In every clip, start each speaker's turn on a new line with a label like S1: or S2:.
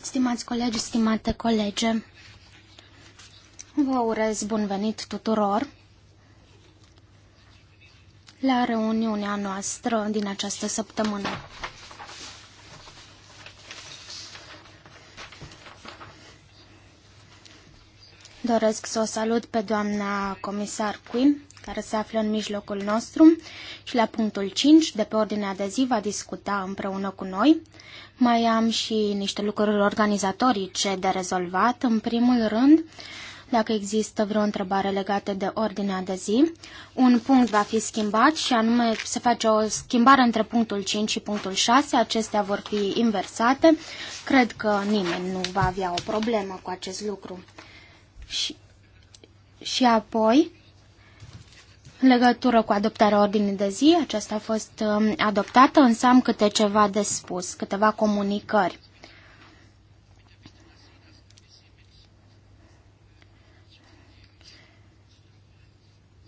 S1: Stimați colegi, stimate colege, vă urez bun venit tuturor la reuniunea noastră din această săptămână. Doresc să o salut pe doamna comisar Quinn, care se află în mijlocul nostru și la punctul 5 de pe ordinea de zi va discuta împreună cu noi. Mai am și niște lucruri organizatorice de rezolvat. În primul rând, dacă există vreo întrebare legată de ordinea de zi. Un punct va fi schimbat și anume se face o schimbare între punctul 5 și punctul 6. Acestea vor fi inversate. Cred că nimeni nu va avea o problemă cu acest lucru. Și, și apoi în legătură cu adoptarea ordinii de zi, aceasta a fost um, adoptată, însă am câte ceva de spus, câteva comunicări.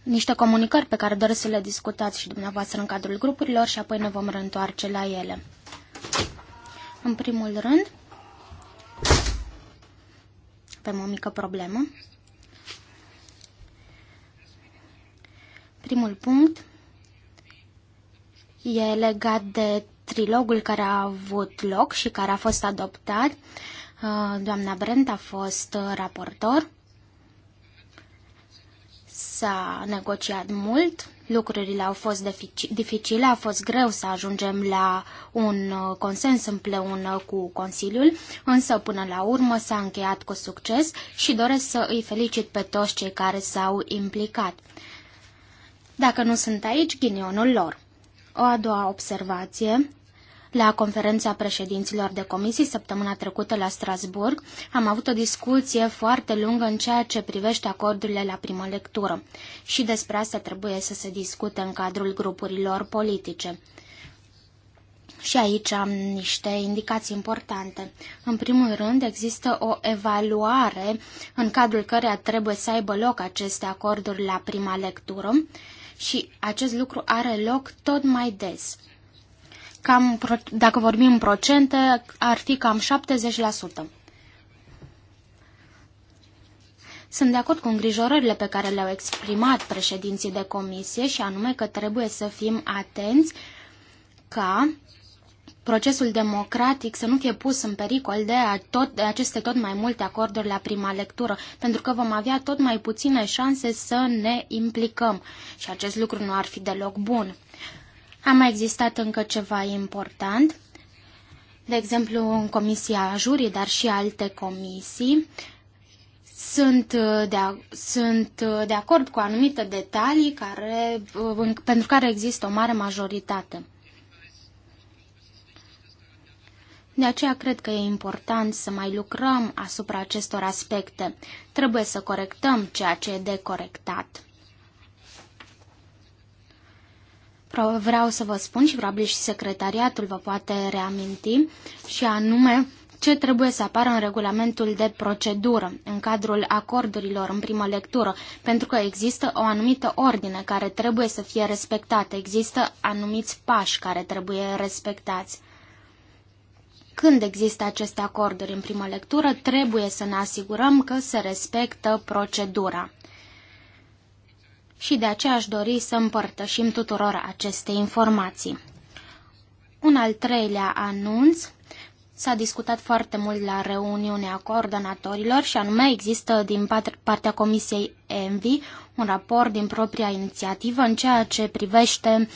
S1: niște comunicări pe care doresc să le discutați și dumneavoastră în cadrul grupurilor și apoi ne vom reîntoarce la ele. În primul rând, avem o mică problemă. Primul punct e legat de trilogul care a avut loc și care a fost adoptat. Uh, doamna Brent a fost uh, raportor. S-a negociat mult, lucrurile au fost dificile, a fost greu să ajungem la un uh, consens împreună cu Consiliul, însă până la urmă s-a încheiat cu succes și doresc să îi felicit pe toți cei care s-au implicat dacă nu sunt aici, ghinionul lor. O a doua observație. La conferința președinților de comisii săptămâna trecută la Strasburg am avut o discuție foarte lungă în ceea ce privește acordurile la primă lectură și despre asta trebuie să se discute în cadrul grupurilor politice. Și aici am niște indicații importante. În primul rând, există o evaluare în cadrul căreia trebuie să aibă loc aceste acorduri la prima lectură și acest lucru are loc tot mai des. Cam, dacă vorbim în procente, ar fi cam 70%. Sunt de acord cu îngrijorările pe care le-au exprimat președinții de comisie și anume că trebuie să fim atenți ca procesul democratic să nu fie pus în pericol de, a tot, de aceste tot mai multe acorduri la prima lectură, pentru că vom avea tot mai puține șanse să ne implicăm și acest lucru nu ar fi deloc bun. A mai existat încă ceva important, de exemplu în Comisia Jurii, dar și alte comisii, sunt uh, de, sunt uh, de acord cu anumite detalii care, uh, pentru care există o mare majoritate. De aceea cred că e important să mai lucrăm asupra acestor aspecte. Trebuie să corectăm ceea ce e de corectat. Vreau să vă spun și probabil și secretariatul vă poate reaminti și anume ce trebuie să apară în regulamentul de procedură, în cadrul acordurilor în primă lectură, pentru că există o anumită ordine care trebuie să fie respectată, există anumiți pași care trebuie respectați. Când există aceste acorduri în primă lectură, trebuie să ne asigurăm că se respectă procedura. Și de aceea aș dori să împărtășim tuturor aceste informații. Un al treilea anunț s-a discutat foarte mult la reuniunea coordonatorilor și anume există din partea Comisiei ENVI un raport din propria inițiativă în ceea ce privește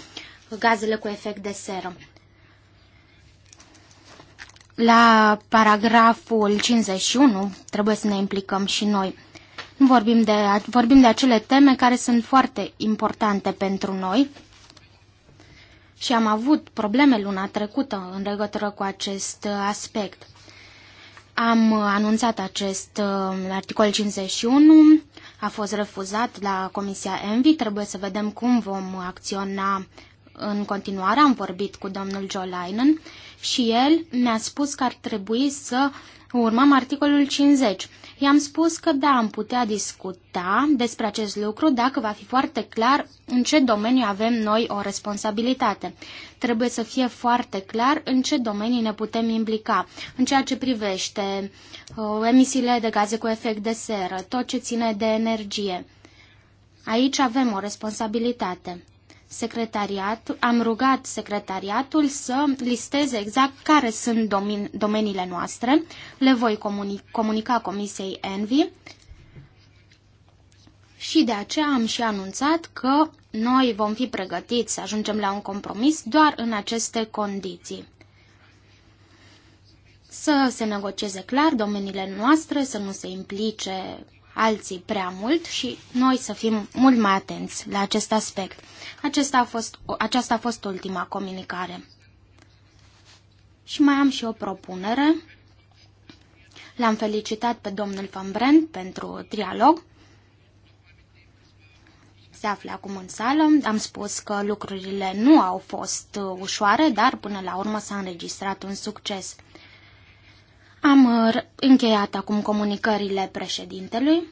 S1: gazele cu efect de seră. La paragraful 51 trebuie să ne implicăm și noi. Vorbim de, vorbim de acele teme care sunt foarte importante pentru noi și am avut probleme luna trecută în legătură cu acest aspect. Am anunțat acest uh, articol 51, a fost refuzat la Comisia Envi, trebuie să vedem cum vom acționa în continuare. Am vorbit cu domnul Joe Linen și el mi-a spus că ar trebui să urmăm articolul 50. I-am spus că da, am putea discuta despre acest lucru dacă va fi foarte clar în ce domeniu avem noi o responsabilitate. Trebuie să fie foarte clar în ce domenii ne putem implica, în ceea ce privește uh, emisiile de gaze cu efect de seră, tot ce ține de energie. Aici avem o responsabilitate secretariat, am rugat secretariatul să listeze exact care sunt domeniile noastre. Le voi comuni comunica Comisiei Envi și de aceea am și anunțat că noi vom fi pregătiți să ajungem la un compromis doar în aceste condiții. Să se negocieze clar domeniile noastre, să nu se implice alții prea mult și noi să fim mult mai atenți la acest aspect. Acesta a fost, aceasta a fost ultima comunicare. Și mai am și o propunere. L-am felicitat pe domnul Van Brent pentru trialog. Se află acum în sală. Am spus că lucrurile nu au fost uh, ușoare, dar până la urmă s-a înregistrat un succes. Am uh, încheiat acum comunicările președintelui.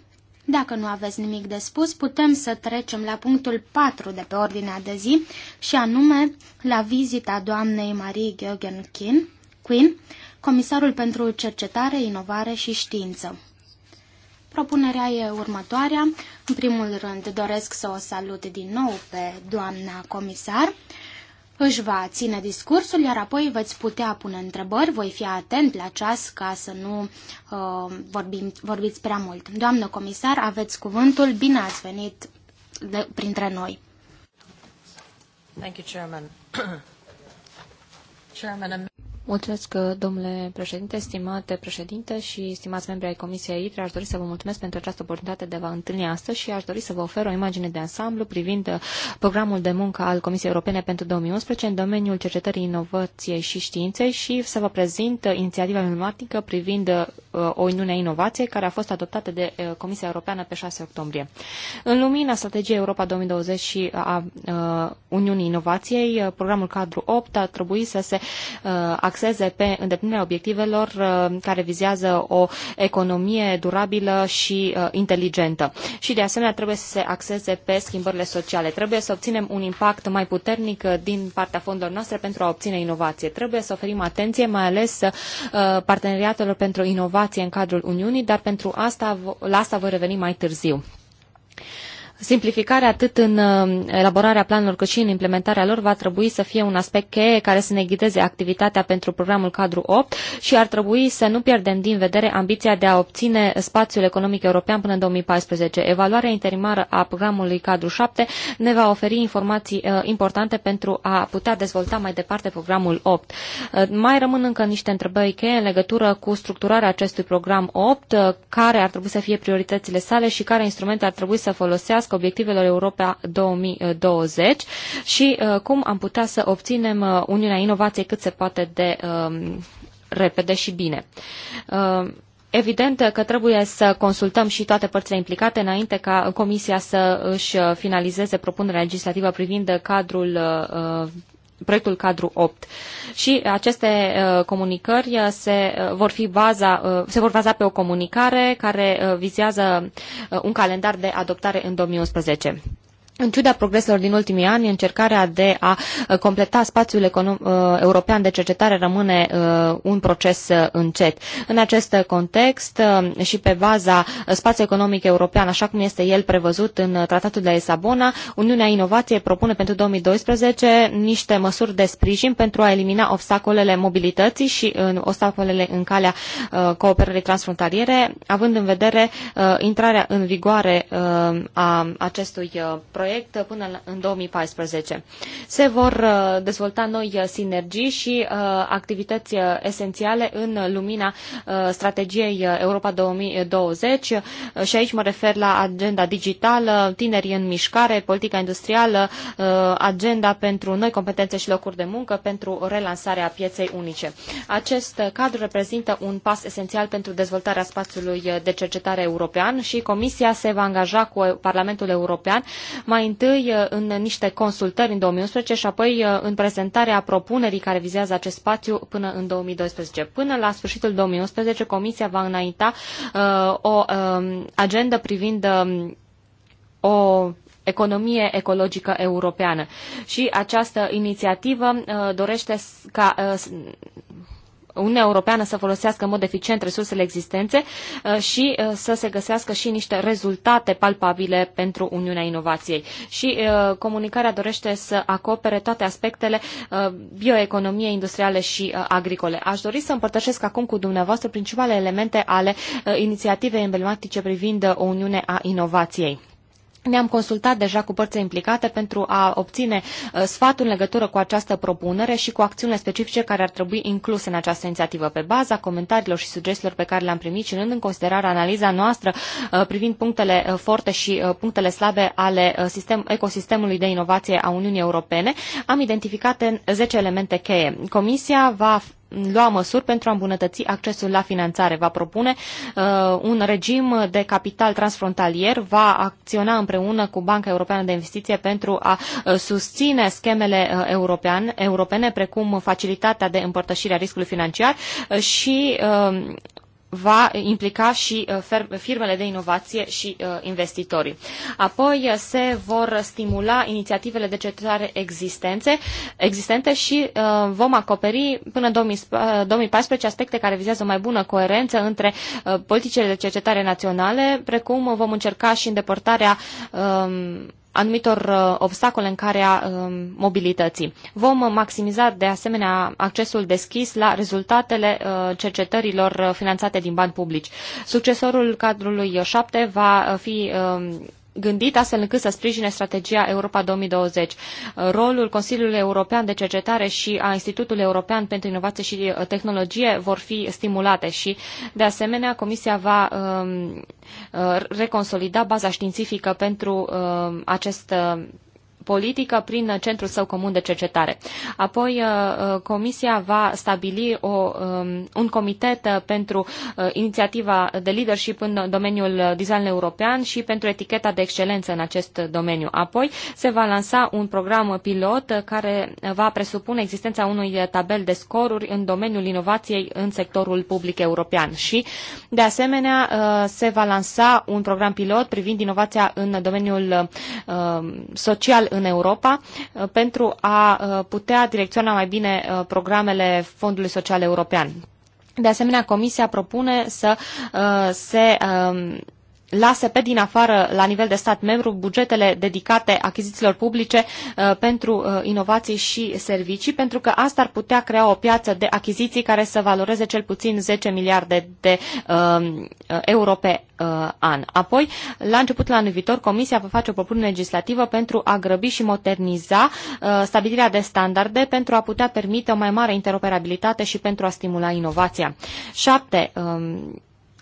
S1: Dacă nu aveți nimic de spus, putem să trecem la punctul 4 de pe ordinea de zi, și anume la vizita doamnei Marie Gheorghen Quinn, comisarul pentru cercetare, inovare și știință. Propunerea e următoarea. În primul rând doresc să o salut din nou pe doamna comisar își va ține discursul, iar apoi veți putea pune întrebări, voi fi atent la ceas ca să nu uh, vorbim, vorbiți prea mult. Doamnă comisar, aveți cuvântul, bine ați venit de,
S2: printre noi. Thank you, Chairman. Chairman, Mulțumesc, uh, domnule președinte, stimate președinte și stimați membri ai Comisiei ITRE. Aș dori să vă mulțumesc pentru această oportunitate de a vă întâlni astăzi și aș dori să vă ofer o imagine de ansamblu privind uh, programul de muncă al Comisiei Europene pentru 2011 în domeniul cercetării, inovației și științei și să vă prezint uh, inițiativa emblematică privind o Uniune a Inovației care a fost adoptată de Comisia Europeană pe 6 octombrie. În lumina strategiei Europa 2020 și a Uniunii Inovației, programul cadru 8 a trebuit să se axeze pe îndeplinirea obiectivelor uh, care vizează o economie durabilă și uh, inteligentă. Și de asemenea trebuie să se axeze pe schimbările sociale. Trebuie să obținem un impact mai puternic uh, din partea fondurilor noastre pentru a obține inovație. Trebuie să oferim atenție mai ales parteneriatelor pentru inovație în cadrul Uniunii, dar pentru asta, la asta voi reveni mai târziu. Simplificarea atât în uh, elaborarea planurilor cât și în implementarea lor va trebui să fie un aspect cheie care să ne ghideze activitatea pentru programul cadru 8 și ar trebui să nu pierdem din vedere ambiția de a obține spațiul economic european până în 2014. Evaluarea interimară a programului cadru 7 ne va oferi informații uh, importante pentru a putea dezvolta mai departe programul 8. Uh, mai rămân încă niște întrebări cheie în legătură cu structurarea acestui program 8, care ar trebui să fie prioritățile sale și care instrumente ar trebui să folosească împotrivească obiectivelor Europa 2020 și uh, cum am putea să obținem uh, Uniunea Inovației cât se poate de um, repede și bine. Uh, evident că trebuie să consultăm și toate părțile implicate înainte ca Comisia să își finalizeze propunerea legislativă privind cadrul proiectul cadru 8. Și aceste uh, comunicări uh, se uh, vor fi baza, se vor baza pe o comunicare care vizează un calendar de adoptare în 2011. În ciuda progreselor din ultimii ani, încercarea de a uh, completa spațiul econom- uh, european de cercetare rămâne uh, un proces încet. În acest context și pe baza spațiului economic european, așa cum este el prevăzut în Tratatul de la Lisabona, Uniunea Inovației propune pentru 2012 niște măsuri de sprijin pentru a elimina obstacolele mobilității și obstacolele în calea cooperării transfrontaliere, având în vedere intrarea în vigoare a acestui proiect proiect până în 2014. Se vor uh, dezvolta noi uh, sinergii și uh, activități esențiale în lumina strategiei Europa 2020 și aici mă refer la agenda digitală, tinerii în mișcare, politica industrială, agenda pentru noi competențe și locuri de muncă, pentru relansarea pieței unice. Acest cadru reprezintă un pas esențial pentru dezvoltarea spațiului de cercetare european și Comisia se va angaja cu Parlamentul European, mai întâi uh, în niște consultări în 2011 și apoi uh, în prezentarea propunerii care vizează acest spațiu până în 2012. Până la sfârșitul 2011, Comisia va înainta uh, o um, agendă privind um, o economie ecologică europeană. Și această inițiativă uh, dorește ca uh, Uniunea Europeană să folosească în mod eficient resursele existențe uh, și uh, să se găsească și niște rezultate palpabile pentru Uniunea Inovației. Și uh, comunicarea dorește să acopere toate aspectele bioeconomiei industriale și agricole. Aș dori să împărtășesc acum cu dumneavoastră principalele elemente ale inițiativei emblematice privind o Uniune a Inovației. Ne-am consultat deja cu părțile implicate pentru a obține uh, sfatul în legătură cu această propunere și cu acțiunile specifice care ar trebui incluse în această inițiativă. Pe baza comentariilor și sugestiilor pe care le-am primit și luând în considerare analiza noastră uh, privind punctele uh, forte și punctele slabe ale sistem, ecosistemului de inovație a Uniunii Europene, am identificat 10 elemente cheie. Comisia va lua măsuri pentru a îmbunătăți accesul la finanțare. Va propune uh, un regim de capital transfrontalier, va acționa împreună cu Banca Europeană de Investiție pentru a uh, susține schemele uh, european, europene, precum facilitatea de împărtășire a riscului financiar uh, și uh, va implica și uh, firmele de inovație și uh, investitorii. Apoi uh, se vor stimula inițiativele de cercetare existențe, existente și vom acoperi până 2014 aspecte care vizează o mai bună coerență între politicile de cercetare naționale, precum vom încerca și îndepărtarea um, anumitor uh, obstacole în care a um, mobilității. Vom maximiza de asemenea accesul deschis la rezultatele uh, cercetărilor uh, finanțate din bani publici. Succesorul cadrului 7 va fi um, gândit astfel încât să sprijine strategia Europa 2020. Rolul Consiliului European de Cercetare și a Institutului European pentru Inovație și uh, Tehnologie vor fi stimulate și, de asemenea, Comisia va um, uh, reconsolida baza științifică pentru um, acest uh, politică prin centrul său comun de cercetare. Apoi, uh, uh, Comisia va stabili o, um, un comitet uh, pentru inițiativa de leadership în domeniul design european și pentru eticheta de excelență în acest domeniu. Apoi, se va lansa un program pilot care va presupune existența unui tabel de scoruri în domeniul inovației în sectorul public european și, de asemenea, se va lansa un program pilot privind inovația în domeniul social în Europa uh, pentru a uh, putea direcționa mai bine uh, programele Fondului Social European. De asemenea, Comisia propune să se um, lase pe din afară, la nivel de stat membru, bugetele dedicate achizițiilor publice uh, pentru uh, inovații și servicii, pentru că asta ar putea crea o piață de achiziții care să valoreze cel puțin 10 miliarde de uh, euro pe uh, an. Apoi, la începutul anului viitor, Comisia va face o propunere legislativă pentru a grăbi și moderniza uh, stabilirea de standarde pentru a putea permite o mai mare interoperabilitate și pentru a stimula inovația. 7.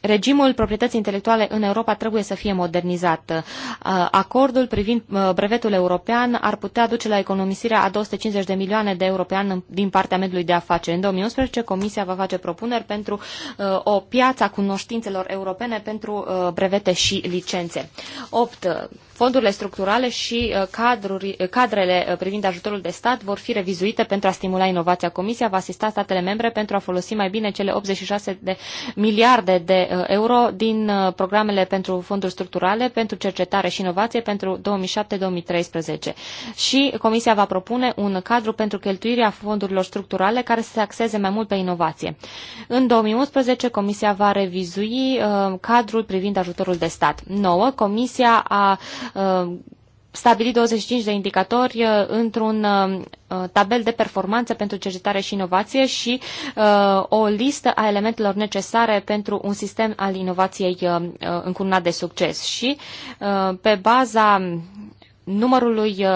S2: Regimul proprietății intelectuale în Europa trebuie să fie modernizat. Uh, acordul privind uh, brevetul european ar putea duce la economisirea a 250 de milioane de euro pe an din partea mediului de afaceri. În 2011, Comisia va face propuneri pentru uh, o piață a cunoștințelor europene pentru brevete și licențe. 8 fondurile structurale și uh, cadruri, uh, cadrele uh, privind ajutorul de stat vor fi revizuite pentru a stimula inovația. Comisia va asista statele membre pentru a folosi mai bine cele 86 de miliarde de euro din programele pentru fonduri structurale, pentru cercetare și inovație pentru 2007-2013. Și Comisia va propune un cadru pentru cheltuirea fondurilor structurale care să se axeze mai mult pe inovație. În 2011, Comisia va revizui uh, cadrul privind ajutorul de stat. 9. Comisia a Uh, stabilit 25 de indicatori uh, într-un uh, tabel de performanță pentru cercetare și inovație și o listă a elementelor necesare pentru un sistem al inovației încurnat de succes. Și pe baza numărului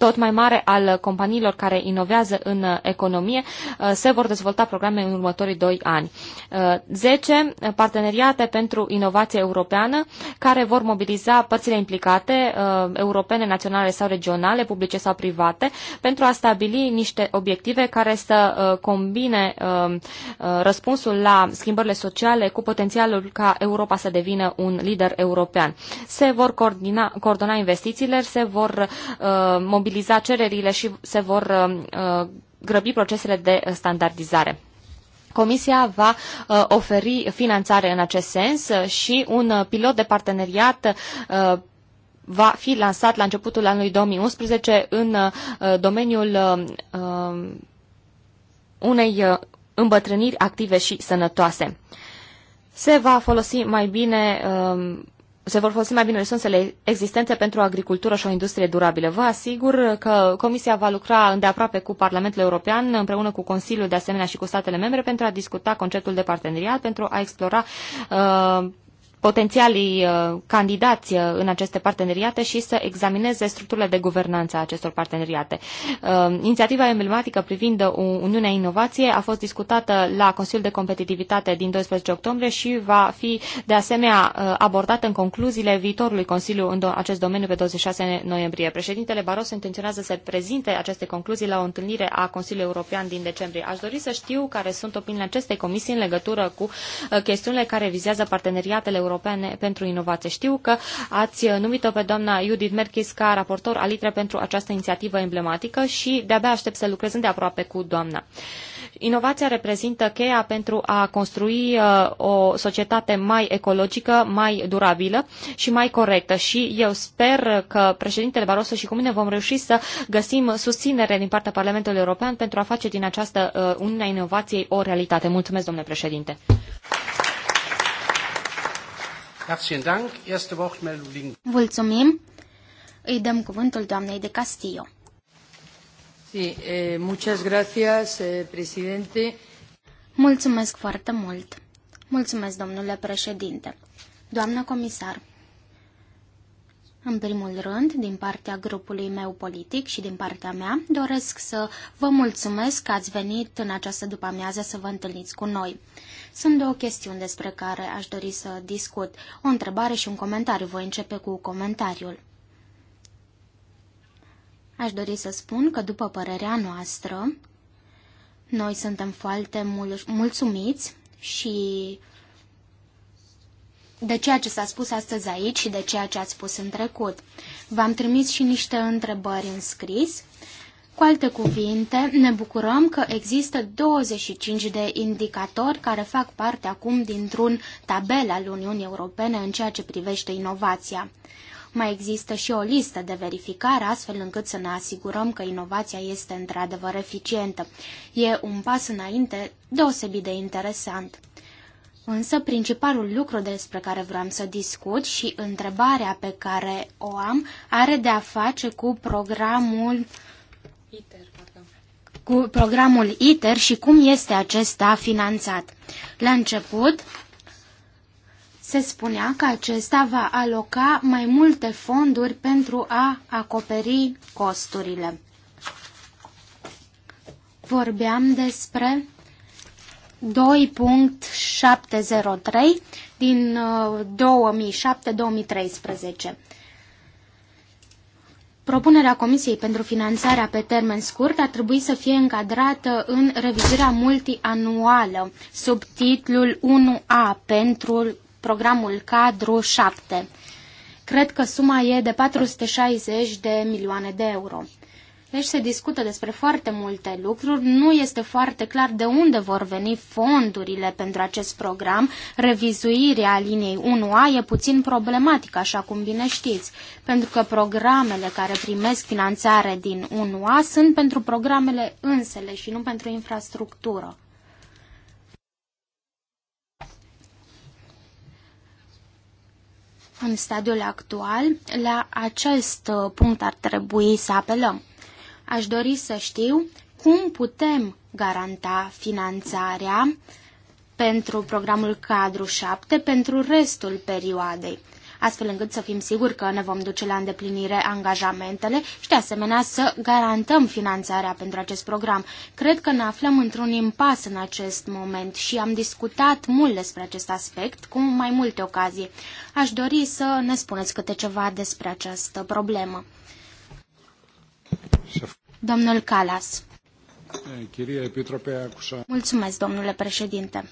S2: tot mai mare al companiilor care inovează în uh, economie, uh, se vor dezvolta programe în următorii doi ani. 10. Uh, parteneriate pentru inovație europeană, care vor mobiliza părțile implicate, europene, naționale sau regionale, publice sau private, pentru a stabili niște obiective care să combine um, răspunsul la schimbările sociale cu potențialul ca Europa să devină un lider european. Se vor coordina, coordona investițiile, se vor mobiliza mobiliza cererile și se vor uh, uh, grăbi procesele de standardizare. Comisia va uh, oferi finanțare în acest sens și un pilot de parteneriat va fi lansat la începutul anului 2011 în domeniul um, unei îmbătrâniri active și sănătoase. Se va folosi mai bine um, se vor folosi mai bine resursele existente pentru o agricultură și o industrie durabilă. Vă asigur că Comisia va lucra îndeaproape cu Parlamentul European, împreună cu Consiliul, de asemenea și cu statele membre, pentru a discuta conceptul de parteneriat, pentru a explora uh, potențialii uh, candidați uh, în aceste parteneriate și să examineze structurile de guvernanță a acestor parteneriate. Uh, inițiativa emblematică privind Uniunea Inovației a fost discutată la Consiliul de Competitivitate din 12 octombrie și va fi de asemenea abordată în concluziile viitorului Consiliu în acest domeniu pe 26 noiembrie. Președintele Barroso intenționează să prezinte aceste concluzii la o întâlnire a Consiliului European din decembrie. Aș dori să știu care sunt opiniile acestei comisii în legătură cu chestiunile care vizează parteneriatele Europene pentru Inovație. Știu că ați numit-o pe doamna Judith Merkis ca raportor alitre pentru această inițiativă emblematică și de-abia aștept să lucrez îndeaproape cu doamna. Inovația reprezintă cheia pentru a construi uh, o societate mai ecologică, mai durabilă și mai corectă și eu sper că președintele Barroso și cu mine vom reuși să găsim susținere din partea Parlamentului European pentru a face din această uh, a Inovației o realitate. Mulțumesc, domnule președinte!
S3: Herzlichen Dank. Erste Wortmeldung liegen.
S2: Mulțumim. Îi dăm
S1: cuvântul doamnei de Castillo. Sí, eh, muchas gracias, eh, presidente. Mulțumesc foarte mult. Mulțumesc, domnule președinte. Doamnă comisar, în primul rând, din partea grupului meu politic și din partea mea, doresc să vă mulțumesc că ați venit în această după-amiază să vă întâlniți cu noi. Sunt două chestiuni despre care aș dori să discut. O întrebare și un comentariu. Voi începe cu comentariul. Aș dori să spun că, după părerea noastră, noi suntem foarte mul- mulțumiți și de ceea ce s-a spus astăzi aici și de ceea ce ați spus în trecut. V-am trimis și niște întrebări în scris cu alte cuvinte, ne bucurăm că există 25 de indicatori care fac parte acum dintr-un tabel al Uniunii Europene în ceea ce privește inovația. Mai există și o listă de verificare, astfel încât să ne asigurăm că inovația este într-adevăr eficientă. E un pas înainte deosebit de interesant. Însă, principalul lucru despre care vreau să discut și întrebarea pe care o am are de a face cu programul uh, cu programul ITER și cum este acesta finanțat. La început, se spunea că acesta va aloca mai multe fonduri pentru a acoperi costurile. Vorbeam despre 2.703 din 2007-2013. Uh, Propunerea Comisiei pentru finanțarea pe termen scurt ar trebui să fie încadrată în revizuirea multianuală, sub titlul 1A pentru programul cadru 7. Cred că suma e de 460 de milioane de euro. Deci se discută despre foarte multe lucruri, nu este foarte clar de unde vor veni fondurile pentru acest program. Revizuirea liniei 1A e puțin problematică, așa cum bine știți, pentru că programele care primesc finanțare din 1A sunt pentru programele însele și nu pentru infrastructură. În stadiul actual, la acest punct ar trebui să apelăm. Aș dori să știu cum putem garanta finanțarea pentru programul cadru 7 pentru restul perioadei, astfel încât să fim siguri că ne vom duce la îndeplinire angajamentele și de asemenea să garantăm finanțarea pentru acest program. Cred că ne aflăm într-un impas în acest moment și am discutat mult despre acest aspect cu mai multe ocazii. Aș dori să ne spuneți câte ceva despre această problemă. Domnul Calas. Mulțumesc, domnule președinte.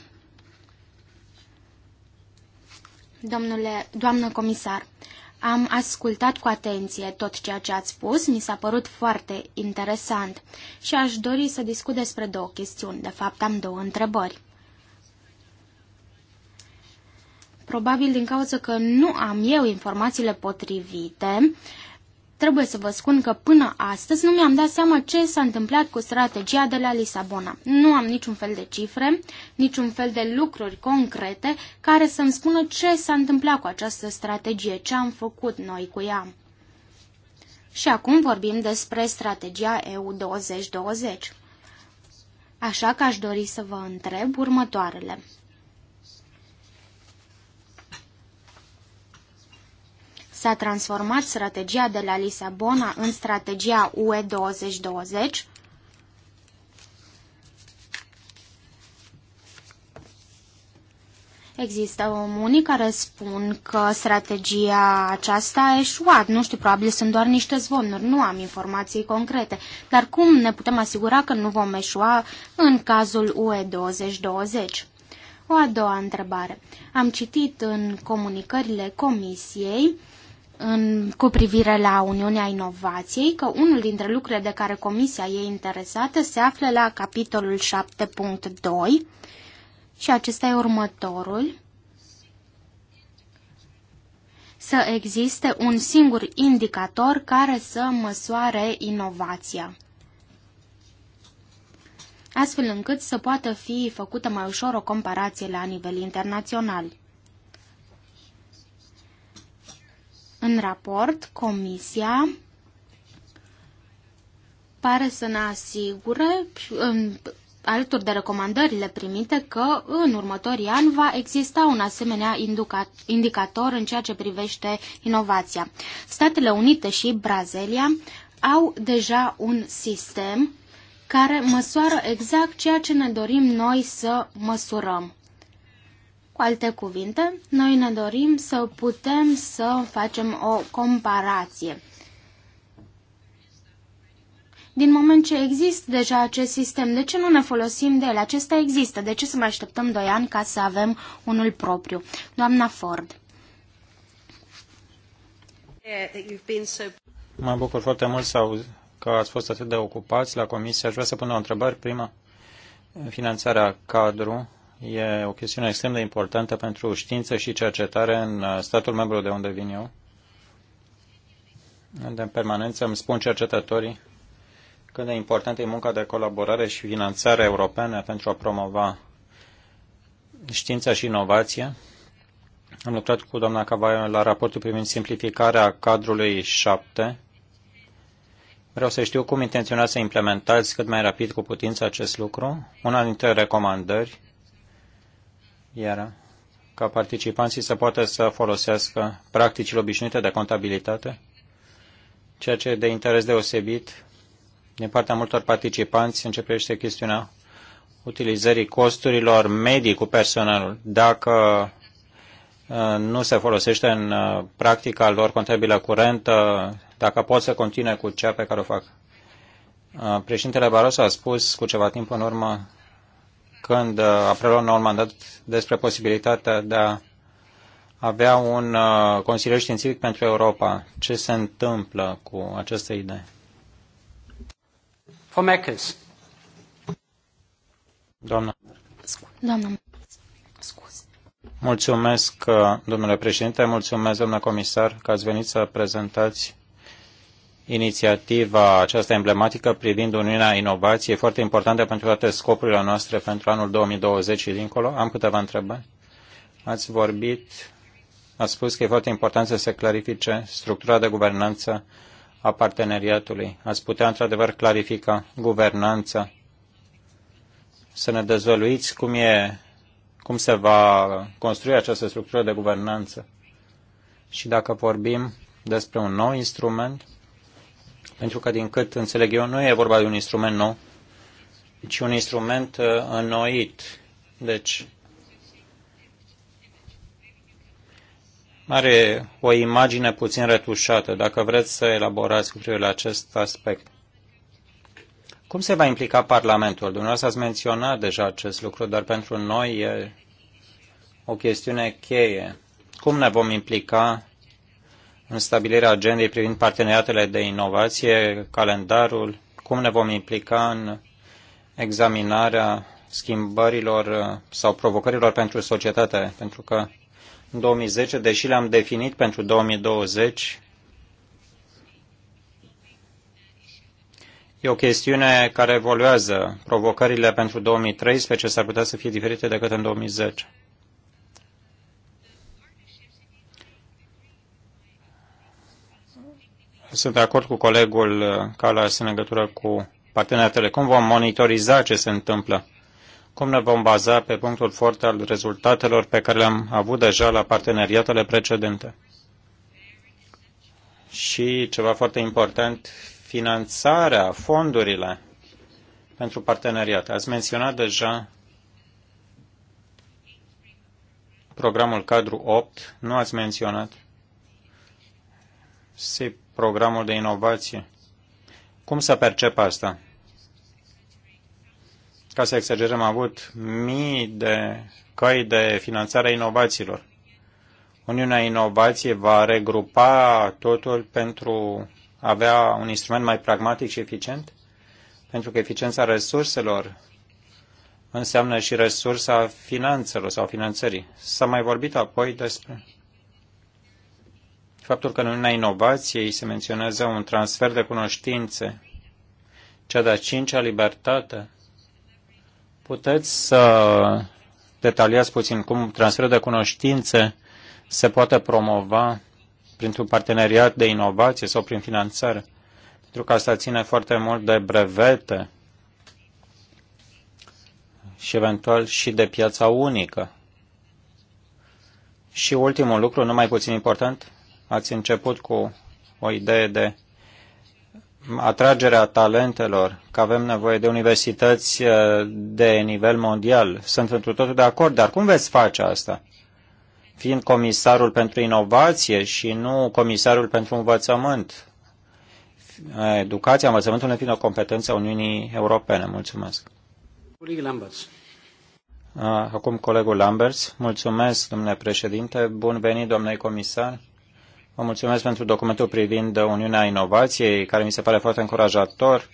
S1: Domnule, doamnă comisar, am ascultat cu atenție tot ceea ce ați spus, mi s-a părut foarte interesant și aș dori să discut despre două chestiuni. De fapt, am două întrebări. Probabil din cauza că nu am eu informațiile potrivite, uh, Trebuie să vă spun că până astăzi nu mi-am dat seama ce s-a întâmplat cu strategia de la Lisabona. Nu am niciun fel de cifre, niciun fel de lucruri concrete care să-mi spună ce s-a întâmplat cu această strategie, ce am făcut noi cu ea. Și acum vorbim despre strategia EU 2020. Așa că aș dori să vă întreb următoarele. S-a transformat strategia de la Lisabona în strategia UE 2020? Există unii care spun că strategia aceasta a eșuat. Nu știu, probabil sunt doar niște zvonuri, nu am informații concrete. Dar cum ne putem asigura că nu vom eșua în cazul UE 2020? O a doua întrebare. Am citit în comunicările Comisiei în, cu privire la Uniunea Inovației că unul dintre lucrurile de care Comisia e interesată se află la capitolul 7.2 și acesta e următorul. Să existe un singur indicator care să măsoare inovația astfel încât să poată fi făcută mai ușor o comparație la nivel internațional. În raport, Comisia pare să ne asigure, alături de recomandările primite, că în următorii ani va exista un asemenea indicator în ceea ce privește inovația. Statele Unite și Brazilia au deja un sistem care măsoară exact ceea ce ne dorim noi să măsurăm. Cu alte cuvinte, noi ne dorim să putem să facem o comparație. Din moment ce există deja acest sistem, de ce nu ne folosim de el? Acesta există, de ce să mai așteptăm 2 ani ca să avem unul propriu? Doamna Ford.
S4: Mă bucur foarte mult să aud că ați fost atât de ocupați la comisie. Aș vrea să pun o întrebare. Prima, finanțarea cadru e o chestiune extrem de importantă pentru știință și cercetare în uh, statul membru de unde vin eu, unde în permanență îmi spun cercetătorii cât de importantă e munca de colaborare și finanțare europene pentru a promova știința și inovația. Am lucrat cu doamna Cavaio la raportul privind simplificarea cadrului 7. Vreau să știu cum intenționați să implementați cât mai rapid cu putință acest lucru. Una dintre recomandări iară ca participanții să poată să folosească practicile obișnuite de contabilitate, ceea ce e de interes deosebit din partea multor participanți începește chestiunea utilizării costurilor medii cu personalul. Dacă uh, nu se folosește în uh, practica lor contabilă curentă, dacă pot să continue cu cea pe care o fac. Uh, președintele Barroso a spus cu ceva timp în urmă când uh, a preluat noul mandat despre posibilitatea de a avea un uh, consilier științific pentru Europa. Ce se întâmplă cu această idee? Fomekes. Doamna. Doamna. Mulțumesc, uh, domnule președinte, mulțumesc, domnule comisar, că ați venit să prezentați inițiativa aceasta emblematică privind Uniunea Inovației, foarte importantă pentru toate scopurile noastre pentru anul 2020 și dincolo. Am câteva întrebări. Ați vorbit, ați spus că e foarte important să se clarifice structura de guvernanță a parteneriatului. Ați putea într-adevăr clarifica guvernanța, să ne dezvăluiți cum, e, cum se va construi această structură de guvernanță. Și dacă vorbim despre un nou instrument, pentru că, din cât înțeleg eu, nu e vorba de un instrument nou, ci un instrument uh, înnoit. Deci, are o imagine puțin retușată, dacă vreți să elaborați cu privire la acest aspect. Cum se va implica Parlamentul? Dumneavoastră ați menționat deja acest lucru, dar pentru noi e o chestiune cheie. Cum ne vom implica în stabilirea agendei privind parteneriatele de inovație, calendarul, cum ne vom implica în examinarea schimbărilor uh, sau provocărilor pentru societate, pentru că în 2010, deși le-am definit pentru 2020, E o chestiune care evoluează. Provocările pentru 2013 s-ar putea să fie diferite decât în 2010. sunt de acord cu colegul uh, Calas în legătură cu partenerii Telecom. Vom monitoriza ce se întâmplă. Cum ne vom baza pe punctul foarte al rezultatelor pe care le-am avut deja la parteneriatele precedente? Și ceva foarte important, finanțarea, fondurile pentru parteneriat. Ați menționat deja programul cadru 8, nu ați menționat SIP programul de inovație. Cum să percep asta? Ca să exagerăm, am avut mii de căi de finanțare a inovațiilor. Uniunea Inovației va regrupa totul pentru a avea un instrument mai pragmatic și eficient? Pentru că eficiența resurselor înseamnă și resursa finanțelor sau finanțării. S-a mai vorbit apoi despre faptul că în Uniunea Inovației se menționează un transfer de cunoștințe, cea de-a cincea libertate. Puteți să detaliați puțin cum transferul de cunoștințe se poate promova printr-un parteneriat de inovație sau prin finanțare, pentru că asta ține foarte mult de brevete și eventual și de piața unică. Și ultimul lucru, nu mai puțin important, Ați început cu o idee de atragerea talentelor, că avem nevoie de universități eh, de nivel mondial. Sunt întru totul de acord, dar cum veți face asta? Fiind comisarul pentru inovație și nu comisarul pentru învățământ. Educația, învățământul ne fiind o competență a Uniunii Europene. Mulțumesc.
S3: Colegul Lamberts.
S4: Ah, acum colegul Lamberts. Mulțumesc, domnule președinte. Bun venit, domnule comisar. Vă mulțumesc pentru documentul privind Uniunea Inovației, care mi se pare foarte încurajator,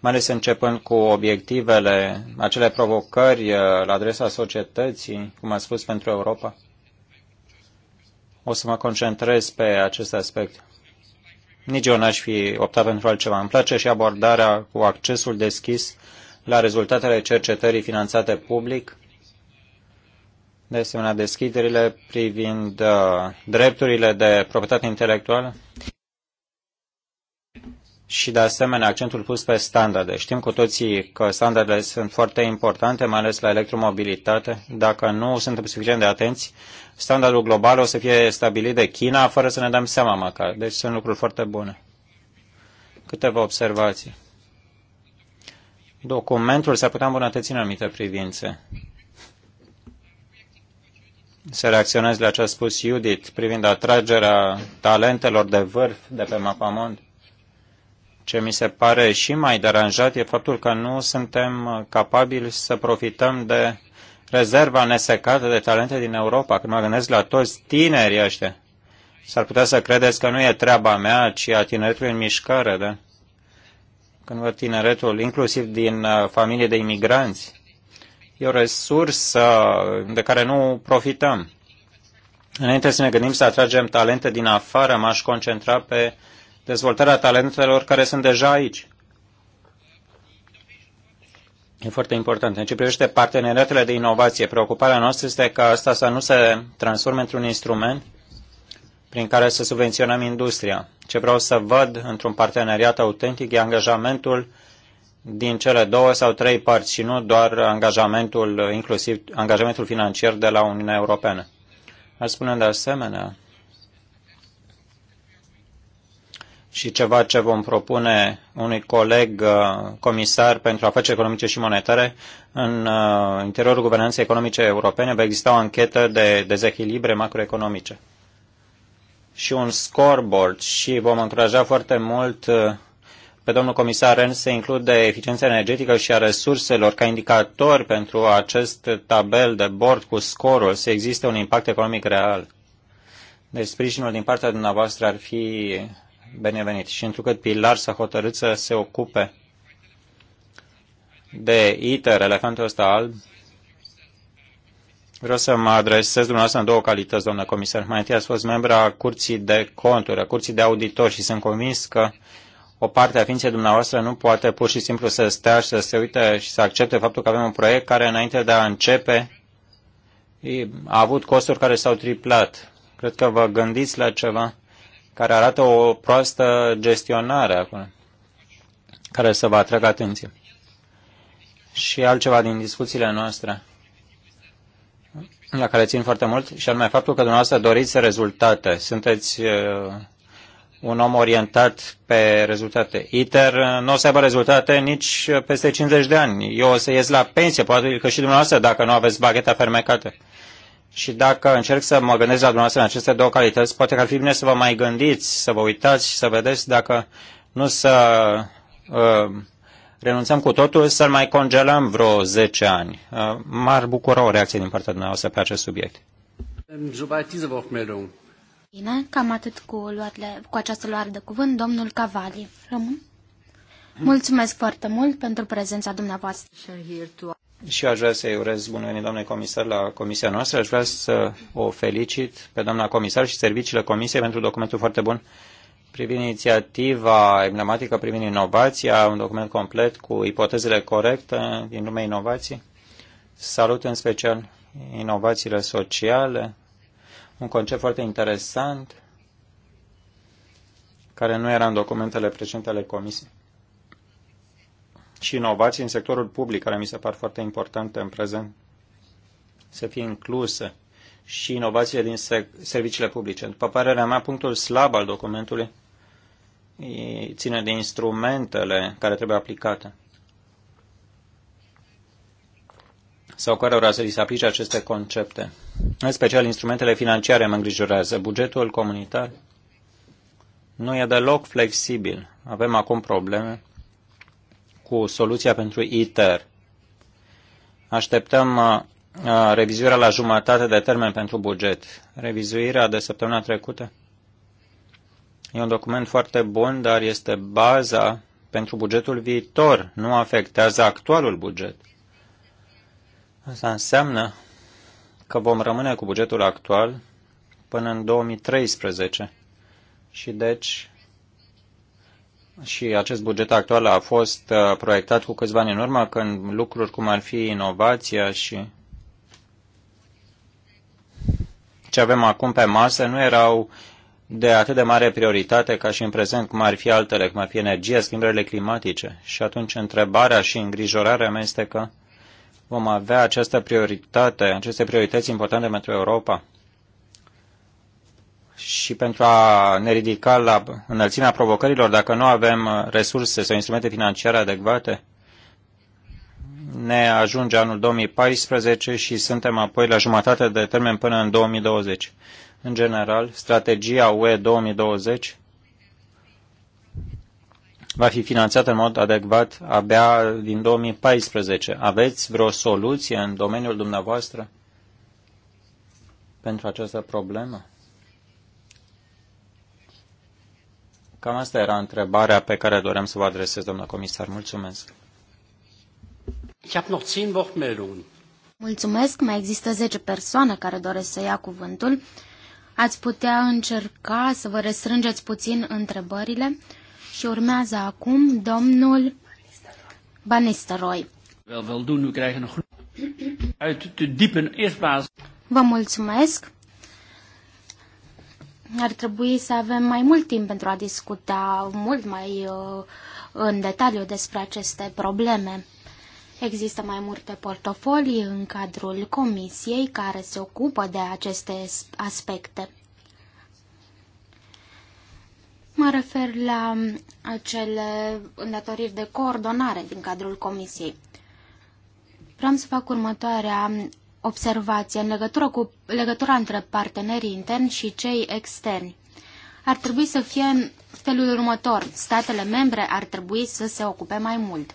S4: mai ales începând cu obiectivele, acele provocări uh, la adresa societății, cum a spus, pentru Europa. O să mă concentrez pe acest aspect. Nici eu n-aș fi optat pentru altceva. Îmi place și abordarea cu accesul deschis la rezultatele cercetării finanțate public de asemenea, deschiderile privind uh, drepturile de proprietate intelectuală și, de asemenea, accentul pus pe standarde. Știm cu toții că standardele sunt foarte importante, mai ales la electromobilitate. Dacă nu suntem suficient de atenți, standardul global o să fie stabilit de China fără să ne dăm seama măcar. Deci sunt lucruri foarte bune. Câteva observații. Documentul s-ar putea îmbunătăți în anumite privințe să reacționezi la ce a spus Judith privind atragerea talentelor de vârf de pe Mapamond. Ce mi se pare și mai deranjat e faptul că nu suntem capabili să profităm de rezerva nesecată de talente din Europa. Când mă gândesc la toți tinerii ăștia, s-ar putea să credeți că nu e treaba mea, ci a tineretului în mișcare, da? Când văd tineretul, inclusiv din uh, familie de imigranți, E o resursă de care nu profităm. Înainte să ne gândim să atragem talente din afară, m-aș concentra pe dezvoltarea talentelor care sunt deja aici. E foarte important. În ce privește parteneriatele de inovație, preocuparea noastră este ca asta să nu se transforme într-un instrument prin care să subvenționăm industria. Ce vreau să văd într-un parteneriat autentic e angajamentul din cele două sau trei părți și nu doar angajamentul, inclusiv angajamentul financiar de la Uniunea Europeană. Aș spune de asemenea și ceva ce vom propune unui coleg uh, comisar pentru afaceri economice și monetare. În uh, interiorul guvernanței economice europene va exista o anchetă de dezechilibre macroeconomice și un scoreboard și vom încuraja foarte mult uh, pe domnul comisar Ren se include eficiența energetică și a resurselor ca indicator pentru acest tabel de bord cu scorul să existe un impact economic real. Deci sprijinul din partea dumneavoastră ar fi binevenit. Și întrucât Pilar s-a hotărât să se ocupe de ITER, elefantul ăsta alb, Vreau să mă adresez dumneavoastră în două calități, domnule comisar. Mai întâi ați fost membra Curții de Conturi, a Curții de Auditori și sunt convins că o parte a ființei dumneavoastră nu poate pur și simplu să stea și să se uite și să accepte faptul că avem un proiect care înainte de a începe a avut costuri care s-au triplat. Cred că vă gândiți la ceva care arată o proastă gestionare acolo, care să vă atragă atenție. Și altceva din discuțiile noastre la care țin foarte mult, și anume faptul că dumneavoastră doriți rezultate. Sunteți uh, un om orientat pe rezultate. ITER nu o să aibă rezultate nici peste 50 de ani. Eu o să ies la pensie, poate că și dumneavoastră, dacă nu aveți bagheta fermecată. Și dacă încerc să mă gândesc la dumneavoastră în aceste două calități, poate că ar fi bine să vă mai gândiți, să vă uitați și să vedeți dacă nu să uh, renunțăm cu totul, să-l mai congelăm vreo 10 ani. Uh, m-ar bucura o reacție din partea dumneavoastră pe acest subiect.
S3: Soweit diese Wortmeldung.
S1: Bine, cam atât cu, luarele, cu această luare de cuvânt, domnul Cavali. Rămân? Mulțumesc foarte mult pentru prezența dumneavoastră.
S4: Și aș vrea să-i urez bun venit, doamne comisar, la comisia noastră. Aș vrea să o felicit pe doamna comisar și serviciile comisiei pentru documentul foarte bun privind inițiativa emblematică privind inovația, un document complet cu ipotezele corecte din lumea inovației. Salut în special inovațiile sociale, un concept foarte interesant care nu era în documentele precedente ale Comisiei. Și inovații în sectorul public, care mi se par foarte importante în prezent, să fie incluse și inovațiile din serviciile publice. După părerea mea, punctul slab al documentului ține de instrumentele care trebuie aplicate. sau cărora să li se aplice aceste concepte. În special, instrumentele financiare mă îngrijorează. Bugetul comunitar nu e deloc flexibil. Avem acum probleme cu soluția pentru ITER. Așteptăm uh, uh, revizuirea la jumătate de termen pentru buget. Revizuirea de săptămâna trecută e un document foarte bun, dar este baza pentru bugetul viitor, nu afectează actualul buget. Asta înseamnă că vom rămâne cu bugetul actual până în 2013 și deci și acest buget actual a fost uh, proiectat cu câțiva ani în urmă când lucruri cum ar fi inovația și ce avem acum pe masă nu erau de atât de mare prioritate ca și în prezent, cum ar fi altele, cum ar fi energia, schimbările climatice. Și atunci întrebarea și îngrijorarea mea este că vom avea această prioritate, aceste priorități importante pentru Europa și pentru a ne ridica la înălțimea provocărilor, dacă nu avem resurse sau instrumente financiare adecvate, ne ajunge anul 2014 și suntem apoi la jumătate de termen până în 2020. În general, strategia UE 2020 va fi finanțată în mod adecvat abia din 2014. Aveți vreo soluție în domeniul dumneavoastră pentru această problemă? Cam asta era întrebarea pe care doream să vă adresez, domnul comisar. Mulțumesc. Ich habe noch 10 Wortmeldungen.
S1: Mulțumesc, mai există 10 persoane care doresc să ia cuvântul. Ați putea încerca să vă restrângeți puțin întrebările? Și urmează acum domnul Banisteroi. Vă mulțumesc. Ar trebui să avem mai mult timp pentru a discuta mult mai uh, în detaliu despre aceste probleme. Există mai multe portofolii în cadrul comisiei care se ocupă de aceste aspecte. Mă refer la mm, acele îndatoriri de coordonare din cadrul Comisiei. Vreau să fac următoarea mm, observație în legătură cu legătura între partenerii interni și cei externi. Ar trebui să fie în felul următor. Statele membre ar trebui să se ocupe mai mult.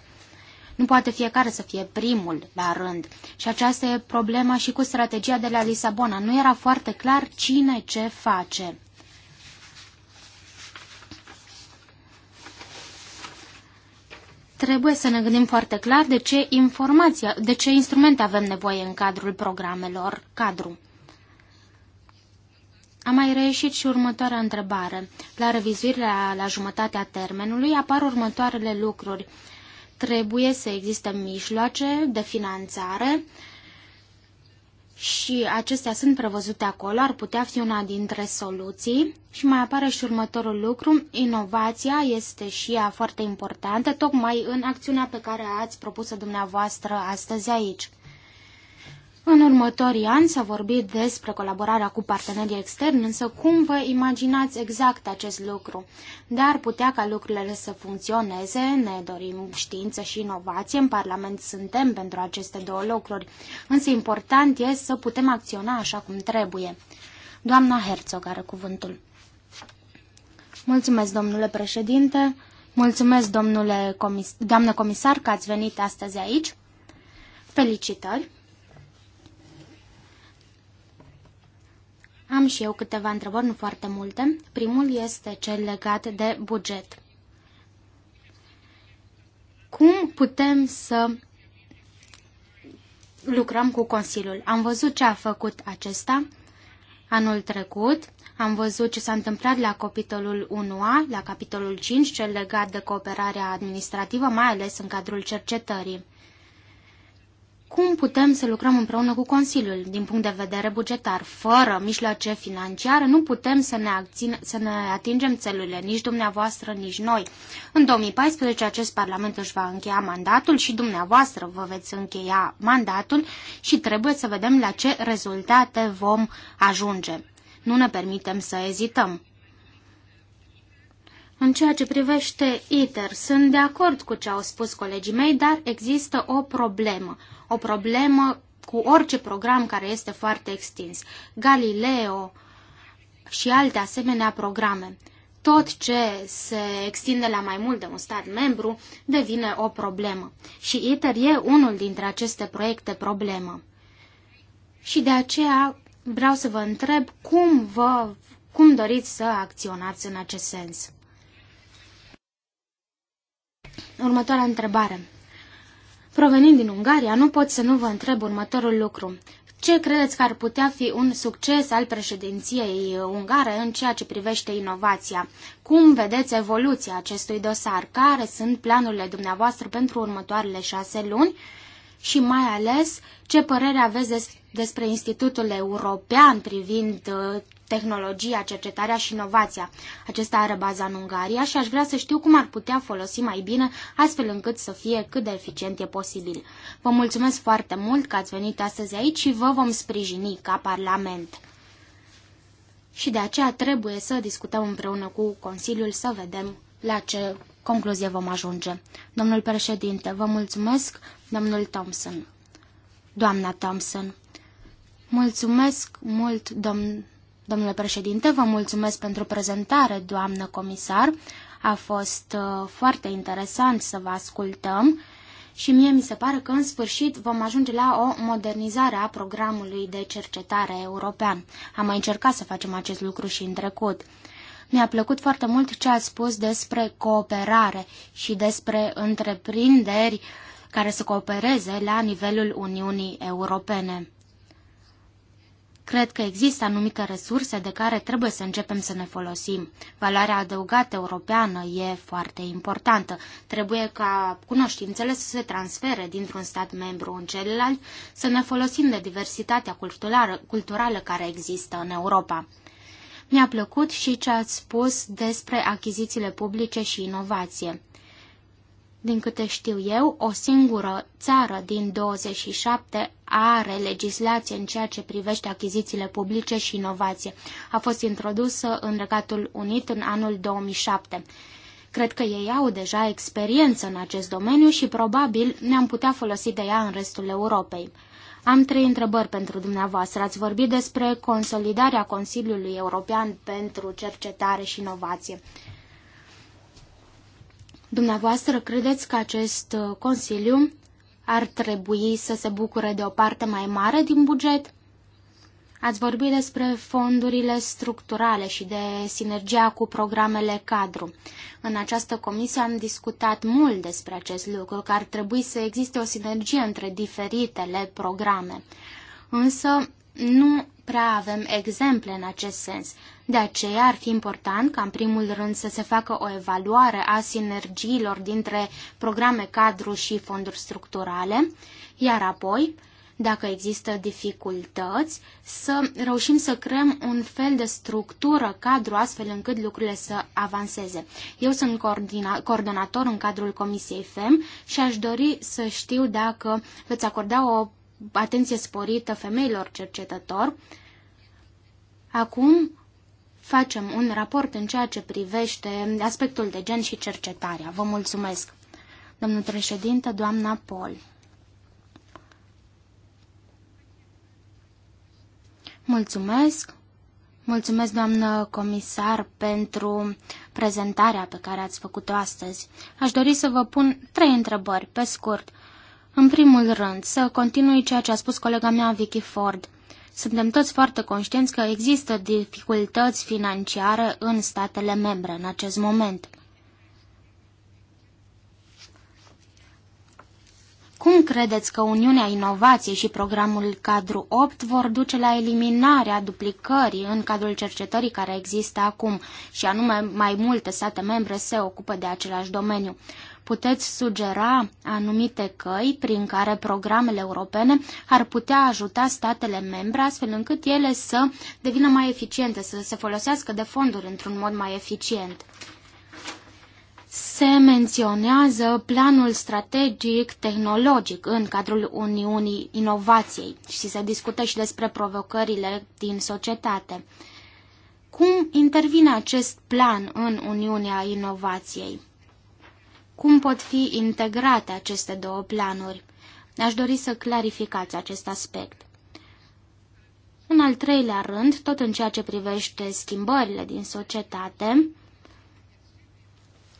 S1: Nu poate fiecare să fie primul la rând. Și aceasta e problema și cu strategia de la Lisabona. Nu era foarte clar cine ce face. trebuie să ne gândim foarte clar de ce informația, de ce instrumente avem nevoie în cadrul programelor cadru. A mai reieșit și următoarea întrebare. La revizuirea la jumătatea termenului apar următoarele lucruri. Trebuie să existe mijloace de finanțare, și acestea sunt prevăzute acolo, ar putea fi una dintre soluții. Și mai apare și următorul lucru, inovația este și ea foarte importantă, tocmai în acțiunea pe care ați propus-o dumneavoastră astăzi aici. În următorii ani s-a vorbit despre colaborarea cu partenerii externi, însă cum vă imaginați exact acest lucru? Dar putea ca lucrurile să funcționeze, ne dorim știință și inovație, în Parlament suntem pentru aceste două lucruri, însă important este să putem acționa așa cum trebuie. Doamna Herzog are cuvântul. Mulțumesc, domnule președinte, mulțumesc, domnule comis doamnă comisar, că ați venit astăzi aici. Felicitări! Am și eu câteva întrebări, nu foarte multe. Primul este cel legat de buget. Cum putem să lucrăm cu Consiliul? Am văzut ce a făcut acesta anul trecut, am văzut ce s-a întâmplat la capitolul 1A, la capitolul 5, cel legat de cooperarea administrativă, mai ales în cadrul cercetării cum putem să lucrăm împreună cu Consiliul din punct de vedere bugetar. Fără mijloace financiare nu putem să ne, abține, să ne atingem țelurile, nici dumneavoastră, nici noi. În 2014 acest Parlament își va încheia mandatul și dumneavoastră vă veți încheia mandatul și trebuie să vedem la ce rezultate vom ajunge. Nu ne permitem să ezităm. În ceea ce privește ITER, sunt de acord cu ce au spus colegii mei, dar există o problemă o problemă cu orice program care este foarte extins. Galileo și alte asemenea programe. Tot ce se extinde la mai mult de un stat membru devine o problemă. Și ITER e unul dintre aceste proiecte problemă. Și de aceea vreau să vă întreb cum, vă, cum doriți să acționați în acest sens. Următoarea întrebare. Provenind din Ungaria, nu pot să nu vă întreb următorul lucru. Ce credeți că ar putea fi un succes al președinției ungare în ceea ce privește inovația? Cum vedeți evoluția acestui dosar? Care sunt planurile dumneavoastră pentru următoarele șase luni? Și mai ales, ce părere aveți despre Institutul European privind uh, tehnologia, cercetarea și inovația. Acesta are baza în Ungaria și aș vrea să știu cum ar putea folosi mai bine, astfel încât să fie cât de eficient e posibil. Vă mulțumesc foarte mult că ați venit astăzi aici și vă vom sprijini ca Parlament. Și de aceea trebuie să discutăm împreună cu Consiliul să vedem la ce concluzie vom ajunge. Domnul președinte, vă mulțumesc, domnul Thompson. Doamna Thompson, mulțumesc mult, domnul Domnule președinte, vă mulțumesc pentru prezentare, doamnă comisar. A fost uh, foarte interesant să vă ascultăm și mie mi se pare că în sfârșit vom ajunge la o modernizare a programului de cercetare european. Am mai încercat să facem acest lucru și în trecut. Mi-a plăcut foarte mult ce ați spus despre cooperare și despre întreprinderi care să coopereze la nivelul Uniunii Europene. Cred că există anumite resurse de care trebuie să începem să ne folosim. Valoarea adăugată europeană e foarte importantă. Trebuie ca cunoștințele să se transfere dintr-un stat membru în celălalt, să ne folosim de diversitatea culturală, culturală care există în Europa. Mi-a plăcut și ce ați spus despre achizițiile publice și inovație. Din câte știu eu, o singură țară din 27 are legislație în ceea ce privește achizițiile publice și inovație. A fost introdusă în Regatul Unit în anul 2007. Cred că ei au deja experiență în acest domeniu și probabil ne-am putea folosi de ea în restul Europei. Am trei întrebări pentru dumneavoastră. Ați vorbit despre consolidarea Consiliului European pentru Cercetare și Inovație. Dumneavoastră credeți că acest uh, Consiliu ar trebui să se bucure de o parte mai mare din buget? Ați vorbit despre fondurile structurale și de sinergia cu programele cadru. În această comisie am discutat mult despre acest lucru, că ar trebui să existe o sinergie între diferitele programe. Însă, nu prea avem exemple în acest sens. De aceea ar fi important ca în primul rând să se facă o evaluare a sinergiilor dintre programe cadru și fonduri structurale, iar apoi, dacă există dificultăți, să reușim să creăm un fel de structură cadru astfel încât lucrurile să avanseze. Eu sunt coordonator în cadrul Comisiei FEM și aș dori să știu dacă veți acorda o atenție sporită femeilor cercetători. Acum facem un raport în ceea ce privește aspectul de gen și cercetarea. Vă mulțumesc, domnul președinte, doamna Pol. Mulțumesc. Mulțumesc, doamnă comisar, pentru prezentarea pe care ați făcut-o astăzi. Aș dori să vă pun trei întrebări, pe scurt. În primul rând, să continui ceea ce a spus colega mea Vicky Ford. Suntem toți foarte conștienți că există dificultăți financiare în statele membre în acest moment. Cum credeți că Uniunea Inovației și programul Cadru 8 vor duce la eliminarea duplicării în cadrul cercetării care există acum, și anume mai multe state membre se ocupă de același domeniu? Puteți sugera anumite căi prin care programele europene ar putea ajuta statele membre astfel încât ele să devină mai eficiente, să se folosească de fonduri într-un mod mai eficient. Se menționează planul strategic tehnologic în cadrul Uniunii Inovației și se discută și despre provocările din societate. Cum intervine acest plan în Uniunea Inovației? Cum pot fi integrate aceste două planuri? Aș dori să clarificați acest aspect. În al treilea rând, tot în ceea ce privește schimbările din societate,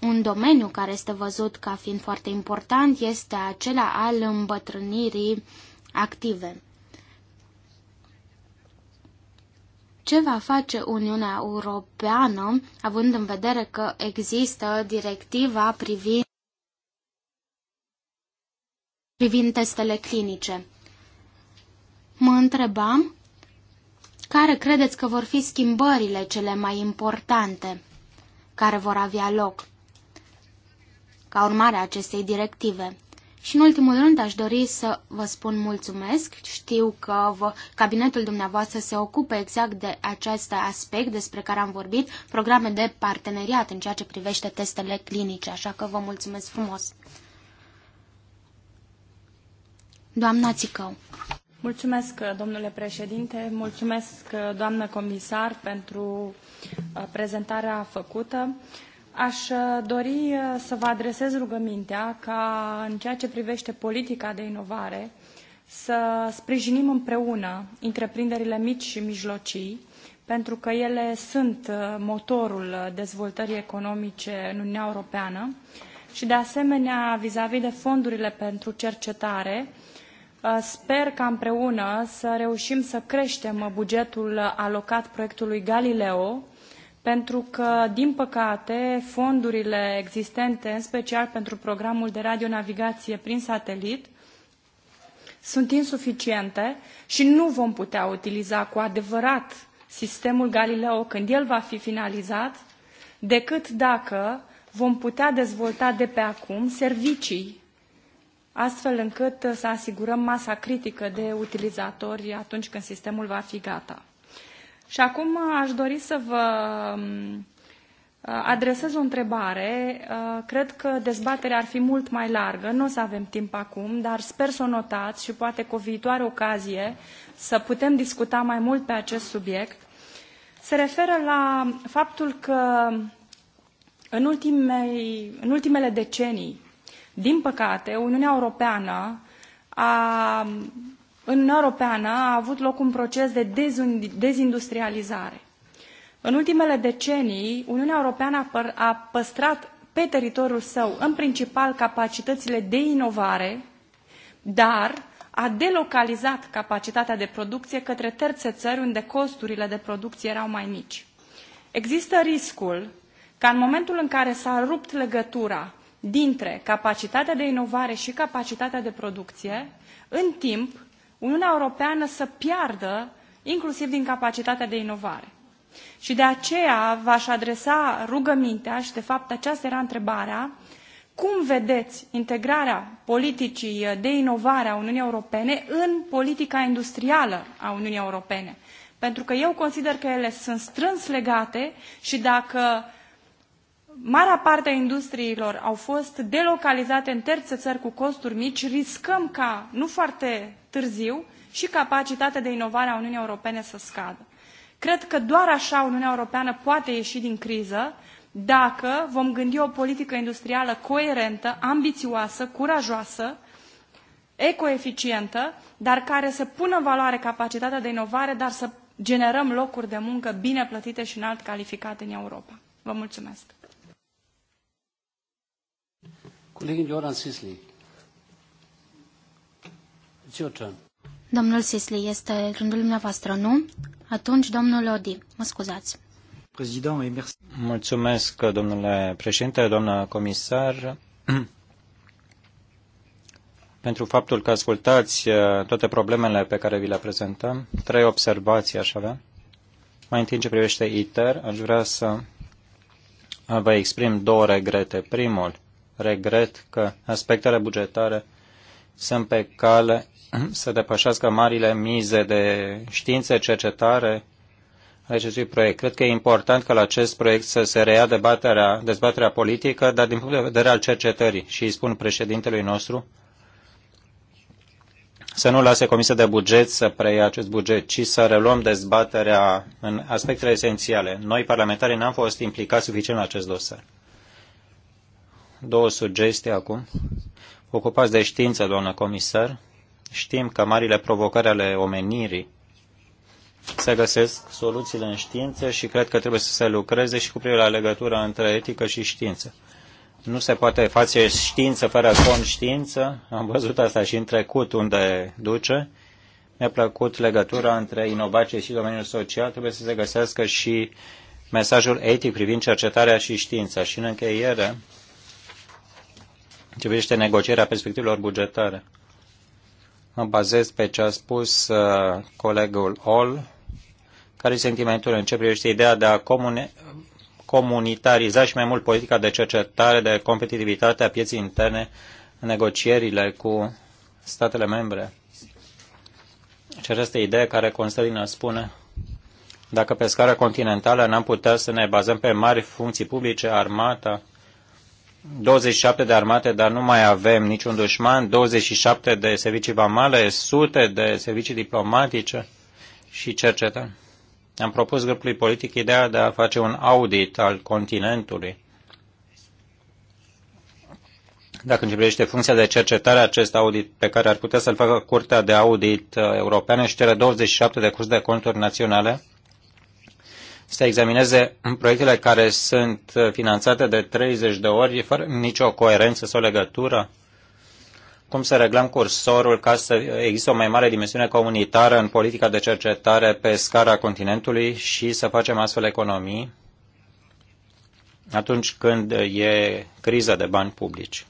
S1: un domeniu care este văzut ca fiind foarte important este acela al îmbătrânirii active. Ce va face Uniunea Europeană, având în vedere că există directiva privind privind testele clinice. Mă întrebam care credeți că vor fi schimbările cele mai importante care vor avea loc ca urmare a acestei directive. Și în ultimul rând aș dori să vă spun mulțumesc. Știu că vă, cabinetul dumneavoastră se ocupă exact de acest aspect despre care am vorbit, programe de parteneriat în ceea ce privește testele clinice, așa că vă mulțumesc frumos. Doamna Țicău.
S5: Mulțumesc, domnule președinte, mulțumesc, doamnă comisar, pentru uh, prezentarea făcută. Aș uh, dori uh, să vă adresez rugămintea ca în ceea ce privește politica de inovare să sprijinim împreună întreprinderile mici și mijlocii, pentru că ele sunt motorul dezvoltării economice în Uniunea Europeană și de asemenea vis-a-vis -vis de fondurile pentru cercetare, Uh, sper ca împreună să reușim să creștem bugetul alocat proiectului Galileo, pentru că, din păcate, fondurile existente, în special pentru programul de radionavigație prin satelit, sunt insuficiente și nu vom putea utiliza cu adevărat sistemul Galileo când el va fi finalizat, decât dacă vom putea dezvolta de pe acum servicii astfel încât uh, să asigurăm masa critică de utilizatori atunci când sistemul va fi gata. Și acum uh, aș dori să vă um, uh, adresez o întrebare. Cred că dezbaterea ar fi mult mai largă, nu o să avem timp acum, dar sper să o notați și poate cu o viitoare ocazie să putem discuta mai mult pe acest subiect. Se referă la faptul că în, ultimei, în ultimele decenii din păcate, Uniunea Europeană a, în Uniunea Europeană a avut loc un proces de dezindustrializare. În ultimele decenii, Uniunea Europeană a păstrat pe teritoriul său, în principal, capacitățile de inovare, dar a delocalizat capacitatea de producție către terțe țări unde costurile de producție erau mai mici. Există riscul ca în momentul în care s-a rupt legătura dintre capacitatea de inovare și capacitatea de producție, în timp, Uniunea Europeană să piardă inclusiv din capacitatea de inovare. Și de aceea v-aș adresa rugămintea și, de fapt, aceasta era întrebarea, cum vedeți integrarea politicii de inovare a Uniunii Europene în politica industrială a Uniunii Europene? Pentru că eu consider că ele sunt strâns legate și dacă marea parte a industriilor au fost delocalizate în terțe țări cu costuri mici, riscăm ca, nu foarte târziu, și capacitatea de inovare a Uniunii Europene să scadă. Cred că doar așa Uniunea Europeană poate ieși din criză dacă vom gândi o politică industrială coerentă, ambițioasă, curajoasă, ecoeficientă, dar care să pună în valoare capacitatea de inovare, dar să generăm locuri de muncă bine plătite și înalt calificate în Europa. Vă mulțumesc!
S3: Colegin Joran Sisli. It's your turn.
S1: Domnul Sisli, este rândul dumneavoastră, nu? Atunci, domnul Lodi, mă scuzați.
S4: Mulțumesc, domnule președinte, doamna comisar, pentru faptul că ascultați uh, toate problemele pe care vi le prezentăm. Trei observații aș avea. Mai întâi ce privește ITER, aș vrea să vă exprim două regrete. Primul, regret că aspectele bugetare sunt pe cale să depășească marile mize de științe, cercetare a acestui proiect. Cred că e important ca la acest proiect să se reia dezbaterea, politică, dar din punct de vedere al cercetării. Și îi spun președintelui nostru să nu lase Comisia de Buget să preia acest buget, ci să reluăm dezbaterea în aspectele esențiale. Noi, parlamentarii, n-am fost implicați suficient în acest dosar. Două sugestii acum. Ocupați de știință, doamnă comisar. Știm că marile provocări ale omenirii se găsesc soluțiile în știință și cred că trebuie să se lucreze și cu privire la legătura între etică și știință. Nu se poate face știință fără conștiință. Am văzut asta și în trecut unde duce. Mi-a plăcut legătura între inovație și domeniul social. Trebuie să se găsească și mesajul etic privind cercetarea și știința. Și în încheiere, ce privește negocierea perspectivelor bugetare. Mă bazez pe ce a spus uh, colegul Ol, care e sentimentul în ce privește ideea de a comune, comunitariza și mai mult politica de cercetare, de competitivitate a pieții interne în negocierile cu statele membre. Și această idee care Constelina spune, dacă pe scară continentală n-am putea să ne bazăm pe mari funcții publice, armata, 27 de armate, dar nu mai avem niciun dușman, 27 de servicii vamale, sute de servicii diplomatice și cercetări. Am propus grupului politic ideea de a face un audit al continentului. Dacă începește funcția de cercetare, acest audit pe care ar putea să-l facă Curtea de Audit uh, Europeană și cele 27 de curs de conturi naționale, să examineze proiectele care sunt finanțate de 30 de ori fără nicio coerență sau legătură? Cum să reglăm cursorul ca să există o mai mare dimensiune comunitară în politica de cercetare pe scara continentului și să facem astfel economii atunci când e criza de bani publici?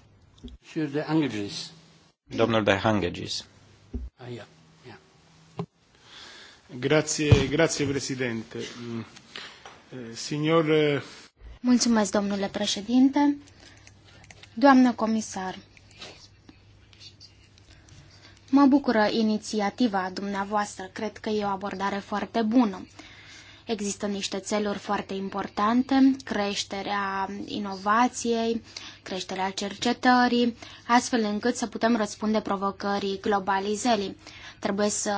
S4: Domnul de Hangegis.
S3: Ah, grazie, grazie Presidente. Signor...
S1: Mulțumesc, domnule președinte. Doamnă comisar, mă bucură inițiativa dumneavoastră. Cred că e o abordare foarte bună. Există niște țeluri foarte importante, creșterea inovației, creșterea cercetării, astfel încât să putem răspunde provocării globalizării. Trebuie să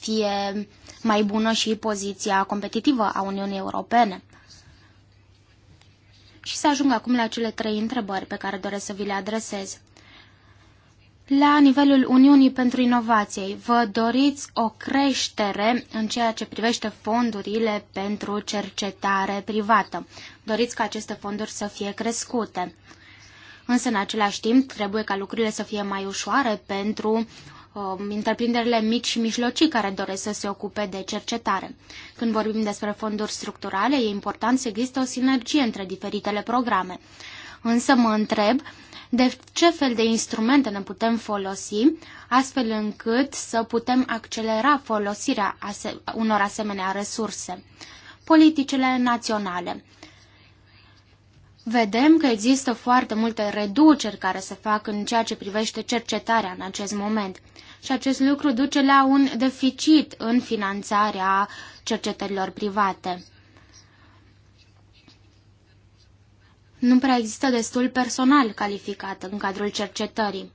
S1: fie mai bună și poziția competitivă a Uniunii Europene. Și să ajung acum la cele trei întrebări pe care doresc să vi le adresez. La nivelul Uniunii pentru Inovație, vă doriți o creștere în ceea ce privește fondurile pentru cercetare privată. Doriți ca aceste fonduri să fie crescute. Însă, în același timp, trebuie ca lucrurile să fie mai ușoare pentru Um, întreprinderile mici și mijlocii care doresc să se ocupe de cercetare. Când vorbim despre fonduri structurale, e important să există o sinergie între diferitele programe. Însă mă întreb de ce fel de instrumente ne putem folosi astfel încât să putem accelera folosirea unor asemenea resurse. Politicile naționale. Vedem că există foarte multe reduceri care se fac în ceea ce privește cercetarea în acest moment și acest lucru duce la un deficit în finanțarea cercetărilor private. Nu prea există destul personal calificat în cadrul cercetării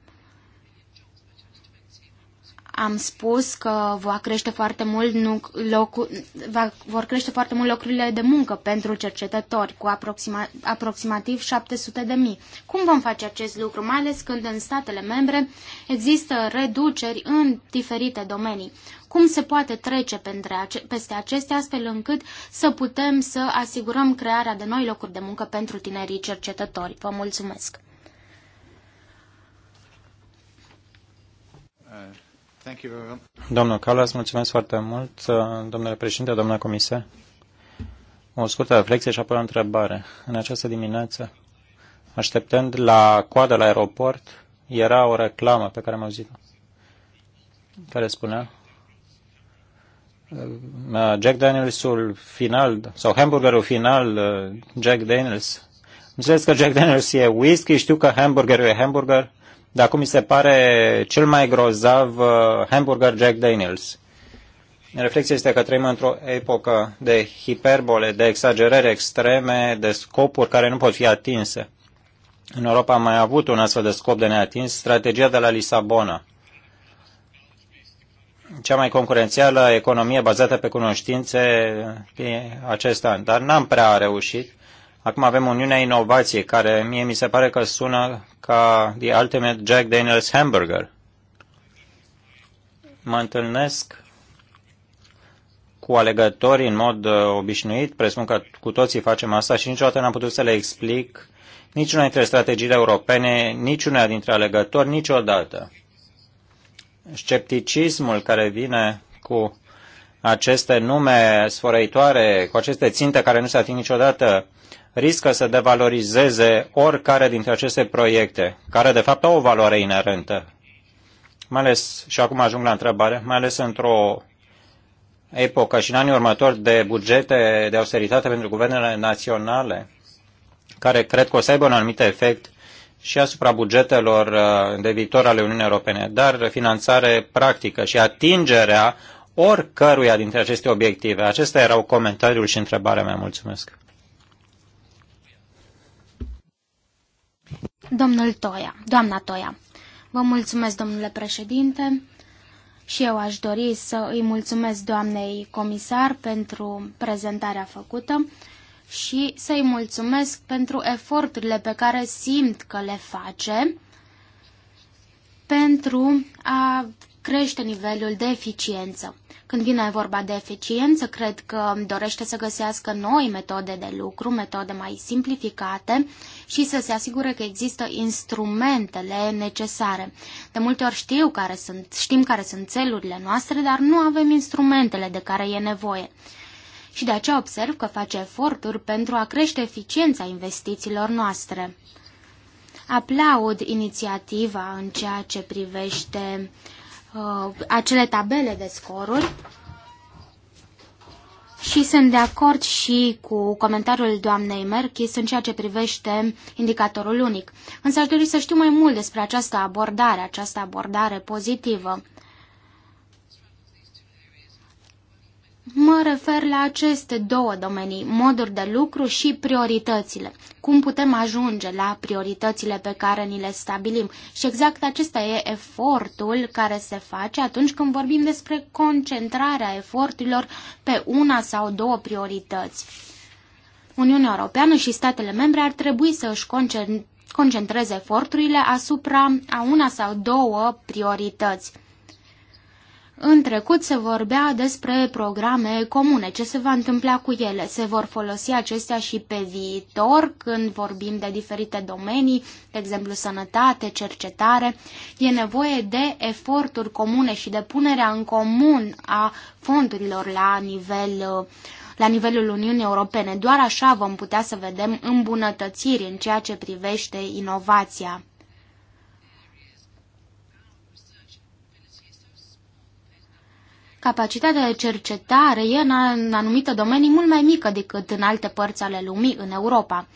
S1: am spus că va crește foarte mult locu, va, vor crește foarte mult locurile de muncă pentru cercetători, cu aproxima, aproximativ 700 de mii. Cum vom face acest lucru, mai ales când în statele membre există reduceri în diferite domenii? Cum se poate trece peste acestea astfel încât să putem să asigurăm crearea de noi locuri de muncă pentru tinerii cercetători? Vă mulțumesc!
S4: Domnul Calas, mulțumesc foarte mult. Domnule președinte, domnule comisar, o scurtă reflexie și apoi o întrebare. În această dimineață, așteptând la coadă la aeroport, era o reclamă pe care am auzit-o, care spunea uh, Jack Danielsul final, sau hamburgerul final uh, Jack Daniels. Înțeles că Jack Daniels e whisky, știu că hamburgerul e hamburger, dar acum mi se pare cel mai grozav uh, hamburger Jack Daniels. Reflexia este că trăim într-o epocă de hiperbole, de exagerări extreme, de scopuri care nu pot fi atinse. În Europa am mai avut un astfel de scop de neatins, strategia de la Lisabona. Cea mai concurențială economie bazată pe cunoștințe e acest an, dar n-am prea reușit Acum avem Uniunea Inovației, care mie mi se pare că sună ca The Ultimate Jack Daniels Hamburger. Mă întâlnesc cu alegătorii în mod uh, obișnuit, presupun că cu toții facem asta și niciodată n-am putut să le explic niciuna dintre strategiile europene, niciuna dintre alegători, niciodată. Scepticismul care vine cu aceste nume sfărăitoare, cu aceste ținte care nu se ating niciodată, riscă să devalorizeze oricare dintre aceste proiecte, care de fapt au o valoare inerentă. Mai ales, și acum ajung la întrebare, mai ales într-o epocă și în anii următori de bugete de austeritate pentru guvernele naționale, care cred că o să aibă un anumit efect și asupra bugetelor uh, de viitor ale Uniunii Europene, dar finanțare practică și atingerea oricăruia dintre aceste obiective. Acestea erau comentariul și întrebarea mea. Mulțumesc.
S1: Domnul Toia, doamna Toia, vă mulțumesc, domnule președinte, și eu aș dori să îi mulțumesc doamnei comisar pentru prezentarea făcută și să-i mulțumesc pentru eforturile pe care simt că le face pentru a crește nivelul de eficiență. Când vine vorba de eficiență, cred că dorește să găsească noi metode de lucru, metode mai simplificate și să se asigure că există instrumentele necesare. De multe ori știu care sunt, știm care sunt țelurile noastre, dar nu avem instrumentele de care e nevoie. Și de aceea observ că face eforturi pentru a crește eficiența investițiilor noastre aplaud inițiativa în ceea ce privește uh, acele tabele de scoruri și sunt de acord și cu comentariul doamnei Merchis în ceea ce privește indicatorul unic. Însă aș dori să știu mai mult despre această abordare, această abordare pozitivă. Mă refer la aceste două domenii, moduri de lucru și prioritățile. Cum putem ajunge la prioritățile pe care ni le stabilim? Și exact acesta e efortul care se face atunci când vorbim despre concentrarea eforturilor pe una sau două priorități. Uniunea Europeană și statele membre ar trebui să își concentreze eforturile asupra a una sau două priorități în trecut se vorbea despre programe comune, ce se va întâmpla cu ele, se vor folosi acestea și pe viitor când vorbim de diferite domenii, de exemplu sănătate, cercetare. E nevoie de eforturi comune și de punerea în comun a fondurilor la nivel la nivelul Uniunii Europene. Doar așa vom putea să vedem îmbunătățiri în ceea ce privește inovația. capacitatea de cercetare e în anumite domenii mult mai mică decât în alte părți ale lumii, în Europa.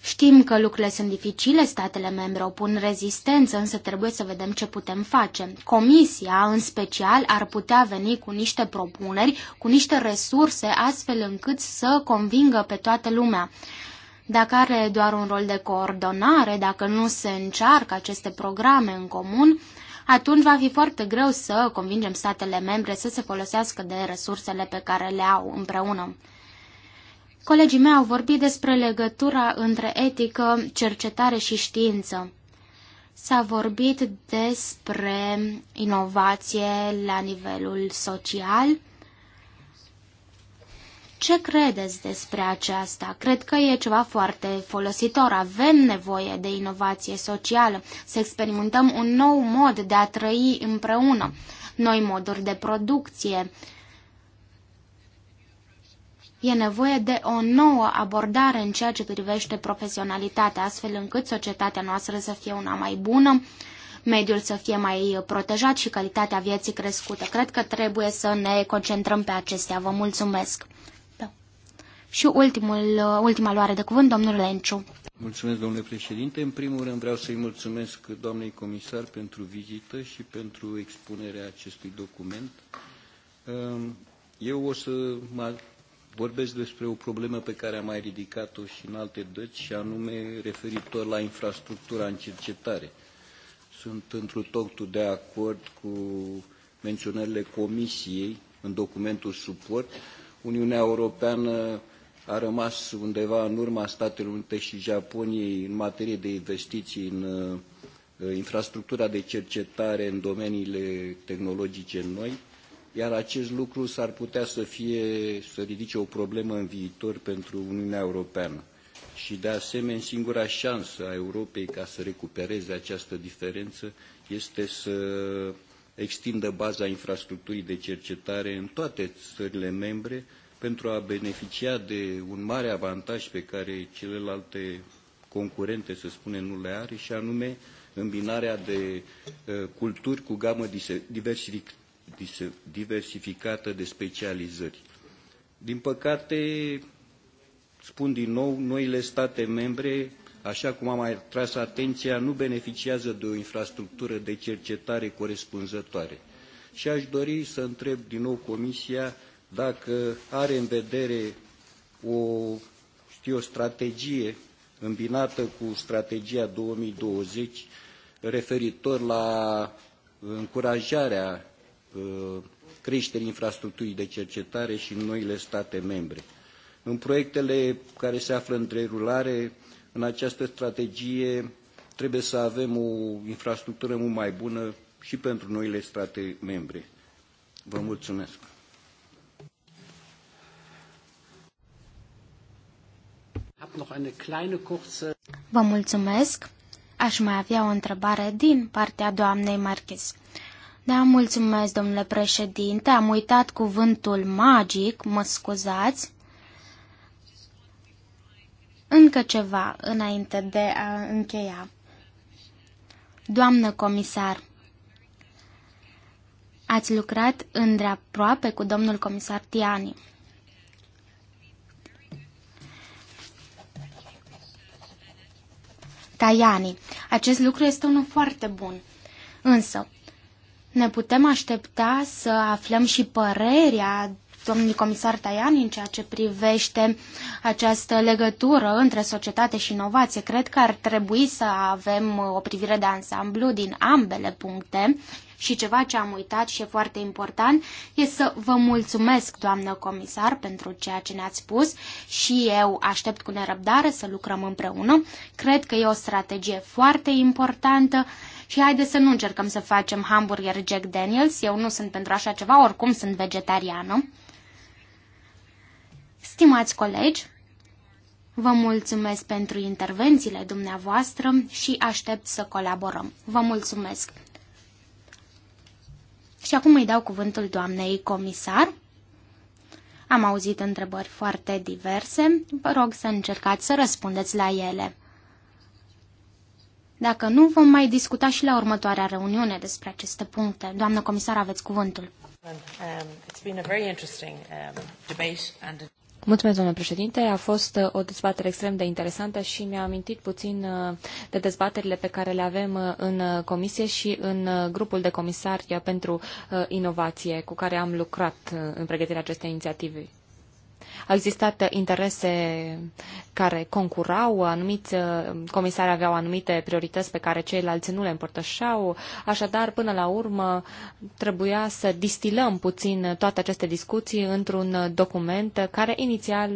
S1: Știm că lucrurile sunt dificile, statele membre opun rezistență, însă trebuie să vedem ce putem face. Comisia, în special, ar putea veni cu niște propuneri, cu niște resurse, astfel încât să convingă pe toată lumea. Dacă are doar un rol de coordonare, dacă nu se încearcă aceste programe în comun, atunci va fi foarte greu să convingem statele membre să se folosească de resursele pe care le au împreună. Colegii mei au vorbit despre legătura între etică, cercetare și știință. S-a vorbit despre inovație la nivelul social ce credeți despre aceasta? Cred că e ceva foarte folositor. Avem nevoie de inovație socială, să experimentăm un nou mod de a trăi împreună, noi moduri de producție. E nevoie de o nouă abordare în ceea ce privește profesionalitatea, astfel încât societatea noastră să fie una mai bună, mediul să fie mai protejat și calitatea vieții crescută. Cred că trebuie să ne concentrăm pe acestea. Vă mulțumesc! Și ultimul, uh, ultima luare de cuvânt, domnul Lenciu.
S3: Mulțumesc, domnule președinte. În primul rând vreau să-i mulțumesc doamnei comisar pentru vizită și pentru expunerea acestui document. Um, eu o să mă vorbesc despre o problemă pe care am mai ridicat-o și în alte dăți, și anume referitor la infrastructura în cercetare. Sunt întru totul de acord cu menționările Comisiei în documentul suport. Uniunea Europeană a rămas undeva în urma Statelor Unite și Japoniei în materie de investiții în uh, infrastructura de cercetare în domeniile tehnologice noi, iar acest lucru s-ar putea să fie, să ridice o problemă în viitor pentru Uniunea Europeană. Și de asemenea, singura șansă a Europei ca să recupereze această diferență este să extindă baza infrastructurii de cercetare în toate țările membre, pentru a beneficia de un mare avantaj pe care celelalte concurente, să spunem, nu le are, și anume îmbinarea de ă, culturi cu gamă diversific diversificată de specializări. Din păcate, spun din nou, noile state membre, așa cum am mai tras atenția, nu beneficiază de o infrastructură de cercetare corespunzătoare. Și aș dori să întreb din nou Comisia dacă are în vedere o, știu, o strategie îmbinată cu strategia 2020 referitor la încurajarea uh, creșterii infrastructurii de cercetare și în noile state membre. În proiectele care se află în derulare, în această strategie trebuie să avem o infrastructură mult mai bună și pentru noile state membre. Vă mulțumesc.
S1: Vă mulțumesc. Aș mai avea o întrebare din partea doamnei Marchis. Da, mulțumesc, domnule președinte. Am uitat cuvântul magic, mă scuzați. Încă ceva înainte de a încheia. Doamnă comisar, ați lucrat îndreaproape cu domnul comisar Tiani. Tajani. Acest lucru este unul foarte bun. Însă, ne putem aștepta să aflăm și părerea domnului comisar Tajani în ceea ce privește această legătură între societate și inovație. Cred că ar trebui să avem o privire de ansamblu din ambele puncte și ceva ce am uitat și e foarte important e să vă mulțumesc, doamnă comisar, pentru ceea ce ne-ați spus și eu aștept cu nerăbdare să lucrăm împreună. Cred că e o strategie foarte importantă și haideți să nu încercăm să facem hamburger Jack Daniels, eu nu sunt pentru așa ceva, oricum sunt vegetariană. Stimați colegi, vă mulțumesc pentru intervențiile dumneavoastră și aștept să colaborăm. Vă mulțumesc! Și acum îi dau cuvântul doamnei comisar. Am auzit întrebări foarte diverse, vă rog să încercați să răspundeți la ele. Dacă nu, vom mai discuta și la următoarea reuniune despre aceste puncte. Doamnă comisar, aveți cuvântul. Um,
S2: Mulțumesc, domnule președinte. A fost uh, o dezbatere extrem de interesantă și mi-a amintit puțin uh, de dezbaterile pe care le avem uh, în comisie și în grupul de comisari pentru inovație cu care am lucrat în pregătirea acestei inițiative. Au existat interese care concurau, anumiți uh, comisari aveau anumite priorități pe care ceilalți nu le împărtășeau, așadar, până la urmă, trebuia să distilăm puțin toate aceste discuții într-un document care inițial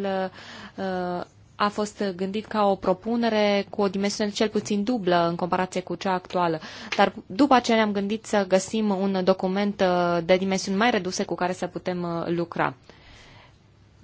S2: uh, a fost gândit ca o propunere cu o dimensiune cel puțin dublă în comparație cu cea actuală. Dar după aceea ne-am gândit să găsim un document uh, de dimensiuni mai reduse cu care să putem lucra.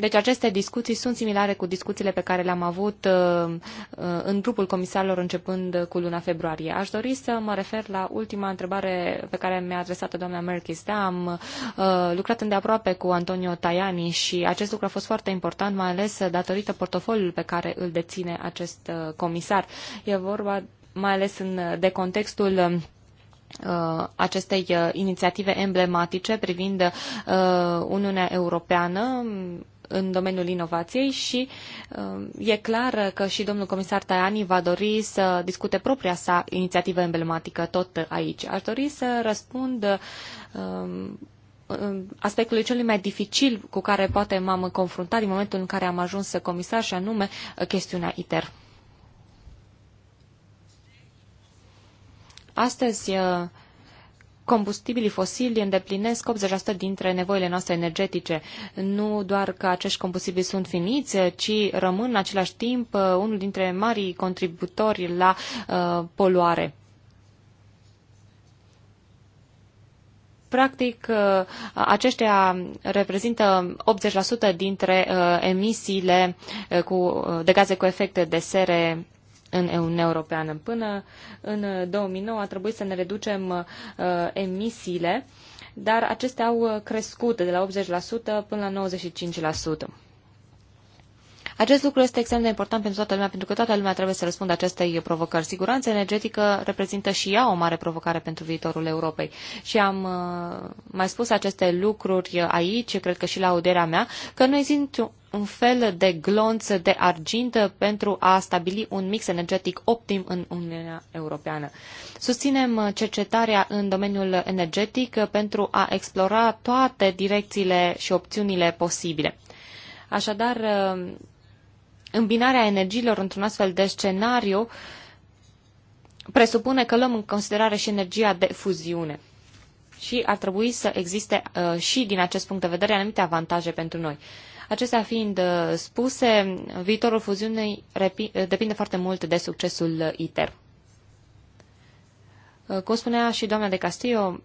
S2: Deci aceste discuții sunt similare cu discuțiile pe care le-am avut uh, uh, în grupul comisarilor începând cu luna februarie. Aș dori să mă refer la ultima întrebare pe care mi-a adresat-o doamna Merkis. Da, am uh, lucrat îndeaproape cu Antonio Tajani și acest lucru a fost foarte important, mai ales datorită portofoliului pe care îl deține acest comisar. E vorba mai ales în, de contextul acestei inițiative emblematice privind Uniunea Europeană în domeniul inovației și um, e clar că și domnul comisar Tajani va dori să discute propria sa inițiativă emblematică tot aici. Aș dori să răspund um, um, aspectului cel mai dificil cu care poate m-am confruntat din momentul în care am ajuns comisar și anume uh, chestiunea ITER. Astăzi uh, combustibilii fosili îndeplinesc 80% dintre nevoile noastre energetice. Nu doar că acești combustibili sunt finiți, ci rămân în același timp uh, unul dintre marii contributori la uh, poluare. Practic, uh, aceștia reprezintă 80% dintre uh, emisiile cu, de gaze cu efect de sere în Uniunea Europeană. Până în 2009 uh, a trebuit să ne reducem uh, emisiile, dar acestea au uh, crescut de la 80% până la 95%. Acest lucru este extrem de important pentru toată lumea, pentru că toată lumea trebuie să răspundă acestei provocări. Siguranța energetică reprezintă și ea o mare provocare pentru viitorul Europei. Și am mai spus aceste lucruri aici, cred că și la auderea mea, că nu există, un fel de glonț de argint pentru a stabili un mix energetic optim în Uniunea Europeană. Susținem uh, cercetarea în domeniul energetic uh, pentru a explora toate direcțiile și opțiunile posibile. Așadar, uh, îmbinarea energiilor într-un astfel de scenariu presupune că luăm în considerare și energia de fuziune și ar trebui să existe uh, și din acest punct de vedere anumite avantaje pentru noi. Acestea fiind uh, spuse, viitorul fuziunei uh, depinde foarte mult de succesul uh, ITER. Cum spunea și doamna de Castillo,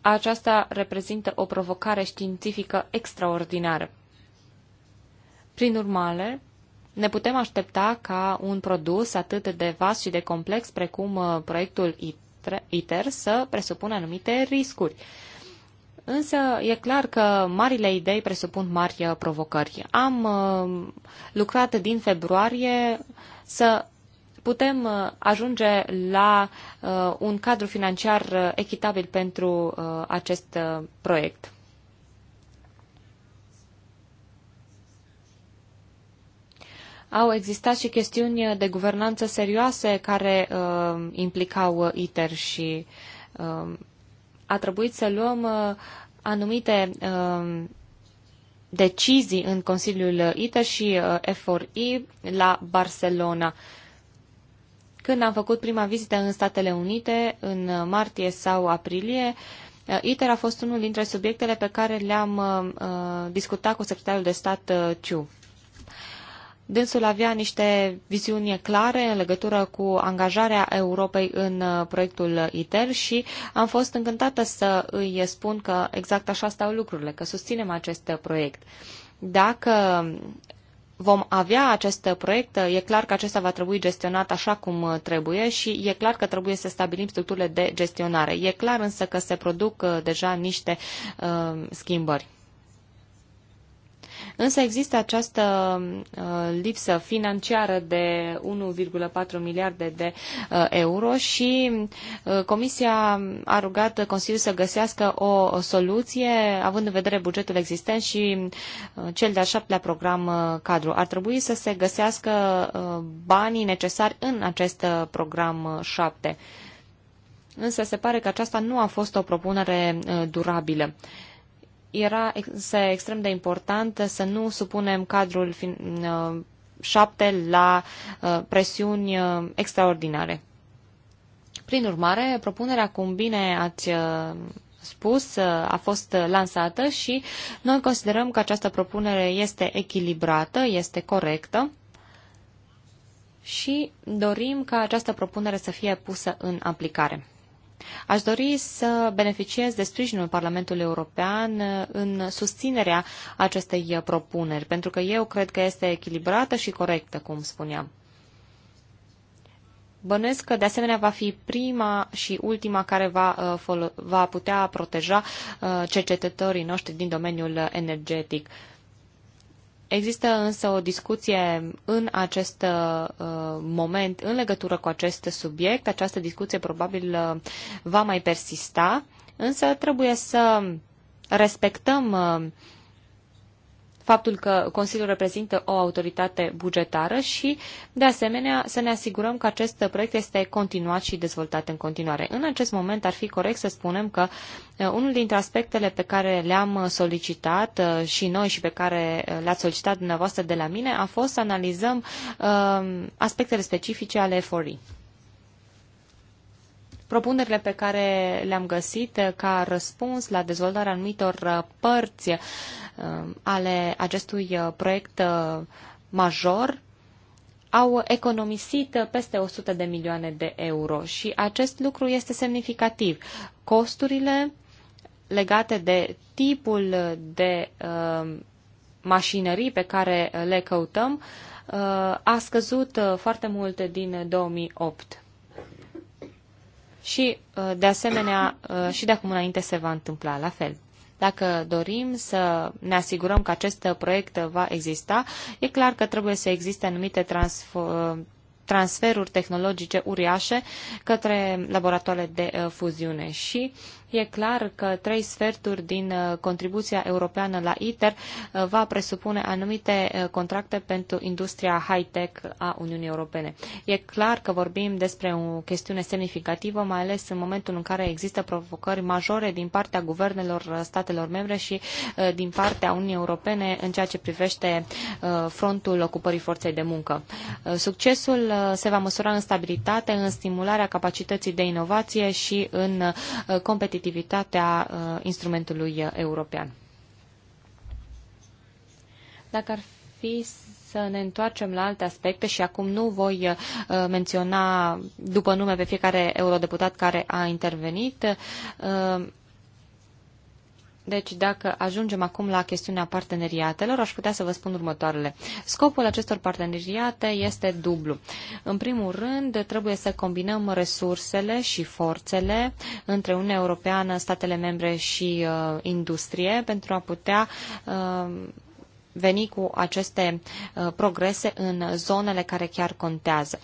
S2: aceasta reprezintă o provocare științifică extraordinară. Prin urmare, ne putem aștepta ca un produs atât de vast și de complex precum proiectul ITER să presupună anumite riscuri. Însă e clar că marile idei presupun mari uh, provocări. Am uh, lucrat din februarie să putem uh, ajunge la un cadru financiar echitabil pentru acest proiect. Au existat și chestiuni de guvernanță serioase care uh, implicau ITER și uh, a trebuit să luăm uh, anumite uh, decizii în Consiliul ITER și uh, FORI la Barcelona. Când am făcut prima vizită în Statele Unite, în martie sau aprilie, ITER a fost unul dintre subiectele pe care le-am discutat cu secretarul de stat Ciu. Dânsul avea niște viziuni clare în legătură cu angajarea Europei în uh, proiectul ITER și am fost încântată să îi spun că exact așa stau lucrurile, că susținem acest proiect. Dacă vom avea acest proiect, uh, e clar că acesta va trebui gestionat așa cum uh, trebuie și e clar că trebuie să stabilim structurile de gestionare. E clar însă că se produc deja niște uh, schimbări. Însă există această uh, lipsă financiară de 1,4 miliarde de uh, euro și uh, Comisia a rugat Consiliul să găsească o soluție, având în vedere bugetul existent și cel de-al șaptelea program cadru. Ar trebui să se găsească banii necesari în acest program 7 însă se pare că aceasta nu a fost o propunere durabilă era este extrem de important să nu supunem cadrul uh, șapte la uh, presiuni uh, extraordinare. Prin urmare, propunerea, cum bine ați spus, a fost lansată și noi considerăm că această propunere este echilibrată, este corectă și dorim ca această propunere să fie pusă în aplicare. Aș dori să beneficiez de sprijinul Parlamentului European uh, în susținerea acestei uh, propuneri, pentru că eu cred că este echilibrată și corectă, cum spuneam. Bănuiesc că, de asemenea, va fi prima și ultima care va, uh, va putea proteja cercetătorii noștri din domeniul energetic. Există însă o discuție în acest uh, moment în legătură cu acest subiect. Această discuție probabil uh, va mai persista, însă trebuie să respectăm uh, faptul că Consiliul reprezintă o autoritate bugetară și, de asemenea, să ne asigurăm că acest proiect este continuat și dezvoltat în continuare. În acest moment ar fi corect să spunem că uh, unul dintre aspectele pe care le-am solicitat uh, și noi și pe care uh, le-ați solicitat dumneavoastră de la mine a fost să analizăm aspectele specifice ale eforii. Propunerile pe care le-am găsit ca răspuns la dezvoltarea anumitor uh, părți uh, ale acestui uh, proiect major au economisit peste 100 de milioane de euro și acest lucru este semnificativ. Costurile legate de tipul de uh, mașinării pe care le căutăm uh, a scăzut foarte mult din 2008 și, uh, de asemenea, uh, și de acum înainte se va întâmpla la fel. Dacă dorim să ne asigurăm că acest proiect va exista, e clar că trebuie să existe anumite transferuri tehnologice uriașe către laboratoarele de uh, fuziune și E clar că trei sferturi din uh, contribuția europeană la ITER uh, va presupune anumite uh, contracte pentru industria high-tech a Uniunii Europene. E clar că vorbim despre o chestiune semnificativă, mai ales în momentul în care există provocări majore din partea guvernelor statelor membre și din partea Uniunii Europene în ceea ce privește frontul ocupării forței de muncă. Succesul se va măsura în stabilitate, în stimularea capacității de inovație și în competitivitate competitivitatea uh, instrumentului uh, european. Dacă ar fi să ne întoarcem la alte aspecte și acum nu voi uh, menționa după nume pe fiecare eurodeputat care a intervenit, deci, dacă ajungem acum la chestiunea parteneriatelor, aș putea să vă spun următoarele. Scopul acestor parteneriate este dublu. În primul rând, trebuie să combinăm resursele și forțele între Uniunea Europeană, statele membre și uh, industrie pentru a putea uh, veni cu aceste uh, progrese în zonele care chiar contează.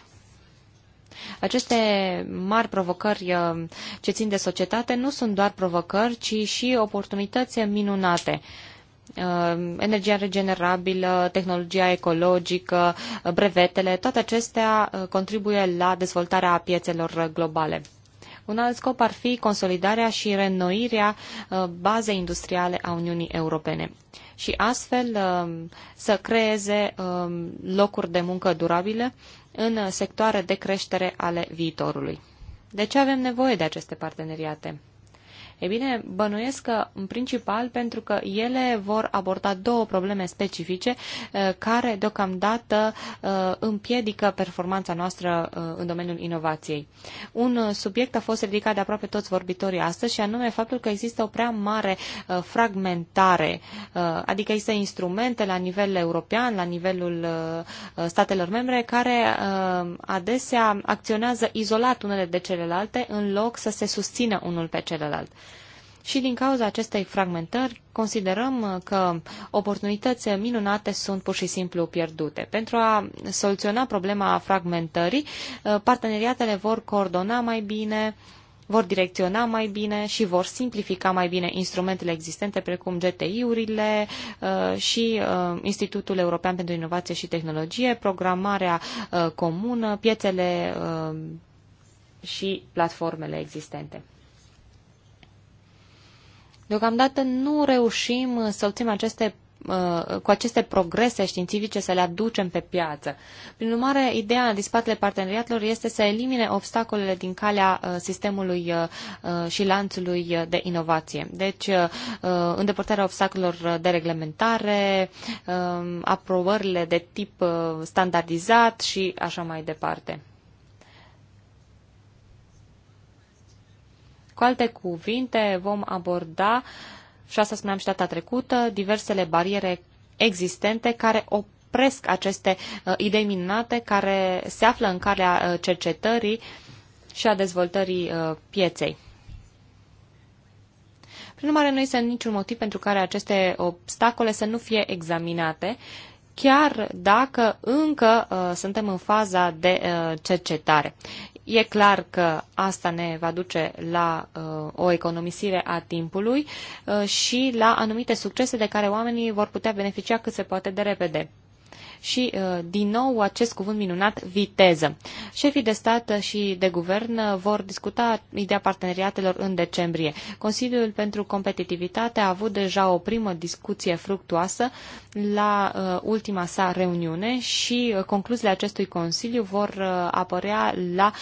S2: Aceste mari provocări uh, ce țin de societate nu sunt doar provocări, ci și oportunități minunate uh, energia regenerabilă, tehnologia ecologică, uh, brevetele, toate acestea contribuie la dezvoltarea piețelor globale. Un alt scop ar fi consolidarea și reînnoirea uh, bazei industriale a Uniunii Europene și astfel uh, să creeze um, locuri de muncă durabile în sectoare de creștere ale viitorului. De ce avem nevoie de aceste parteneriate? E bine, bănuiesc că în principal pentru că ele vor aborda două probleme specifice uh, care deocamdată uh, împiedică performanța noastră uh, în domeniul inovației. Un subiect a fost ridicat de aproape toți vorbitorii astăzi și anume faptul că există o prea mare fragmentare, adică există instrumente la nivel european, la nivelul statelor membre, care adesea acționează izolat unele de celelalte în loc să se susțină unul pe celălalt. Și din cauza acestei fragmentări, considerăm uh, că oportunități minunate sunt pur și simplu pierdute. Pentru a soluționa problema fragmentării, uh, parteneriatele vor coordona mai bine, vor direcționa mai bine și vor simplifica mai bine instrumentele existente, precum GTI-urile uh, și Institutul European pentru Inovație și Tehnologie, programarea comună, piețele și platformele existente. Deocamdată nu reușim să obținem aceste uh, cu aceste progrese științifice să le aducem pe piață. Prin urmare, ideea din spatele parteneriatelor este să elimine obstacolele din calea uh, sistemului uh, și lanțului de inovație. Deci, îndepărtarea obstacolelor de reglementare, um, aprobările de tip standardizat și așa mai departe. Cu alte cuvinte, vom aborda, și asta spuneam și data trecută, diversele bariere existente care opresc aceste uh, idei minunate care se află în calea uh, cercetării și a dezvoltării uh, pieței. Prin urmare, nu este niciun motiv pentru care aceste obstacole să nu fie examinate, chiar dacă încă uh, suntem în faza de uh, cercetare. E clar că asta ne va duce la uh, o economisire a timpului uh, și la anumite succese de care oamenii vor putea beneficia cât se poate de repede și, uh, din nou, acest cuvânt minunat, viteză. Șefii de stat și de guvern vor discuta ideea parteneriatelor în decembrie. Consiliul pentru Competitivitate a avut deja o primă discuție fructuoasă la uh, ultima sa reuniune și uh, concluziile acestui Consiliu vor apărea la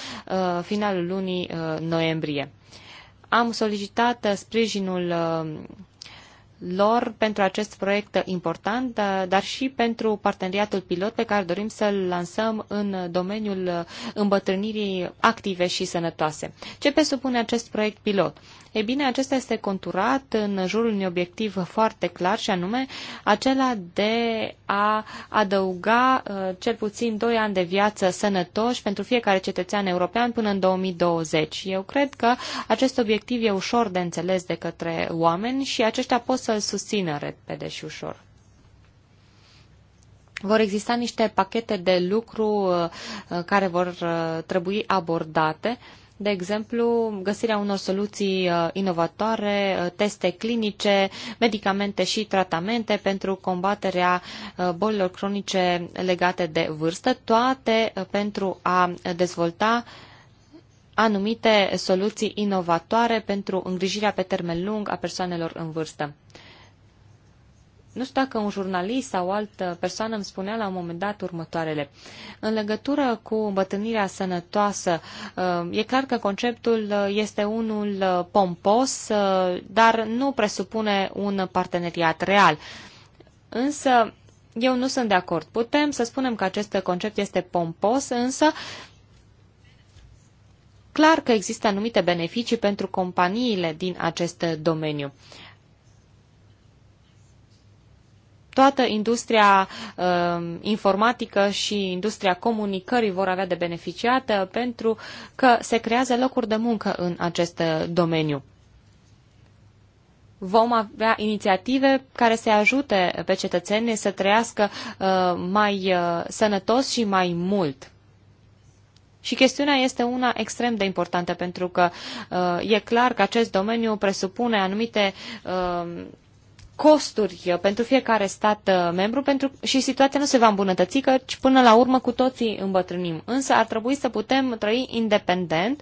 S2: finalul lunii noiembrie. Am solicitat sprijinul lor pentru acest proiect important, da, dar și pentru parteneriatul pilot pe care dorim să-l lansăm în domeniul uh, îmbătrânirii active și sănătoase. Ce presupune acest proiect pilot? E bine, acesta este conturat în jurul unui obiectiv foarte clar și anume acela de a adăuga uh, cel puțin 2 ani de viață sănătoși pentru fiecare cetățean european până în 2020. Eu cred că acest obiectiv e ușor de înțeles de către oameni și aceștia pot să-l susțină repede și ușor. Vor exista niște pachete de lucru uh, uh, care vor trebui abordate de exemplu, găsirea unor soluții uh, inovatoare, uh, teste clinice, medicamente și tratamente pentru combaterea uh, bolilor cronice legate de vârstă, toate pentru a dezvolta anumite soluții inovatoare pentru îngrijirea pe termen lung a persoanelor în vârstă. Nu știu dacă un jurnalist sau o altă persoană îmi spunea la un moment dat următoarele. În legătură cu îmbătrânirea sănătoasă, uh, e clar că conceptul uh, este unul uh, pompos, dar nu presupune un parteneriat real. Însă, eu nu sunt de acord. Putem să spunem că acest concept este pompos, însă clar că există anumite beneficii pentru companiile din acest domeniu. Toată industria uh, informatică și industria comunicării vor avea de beneficiată uh, pentru că se creează locuri de muncă în acest uh, domeniu vom avea inițiative care să ajute pe cetățeni să trăiască uh, mai sănătos și mai mult. Și chestiunea este una extrem de importantă pentru că e clar că acest domeniu presupune anumite um, costuri uh, pentru fiecare stat uh, membru pentru, și situația nu se va îmbunătăți, căci până la urmă cu toții îmbătrânim. Însă ar trebui să putem trăi independent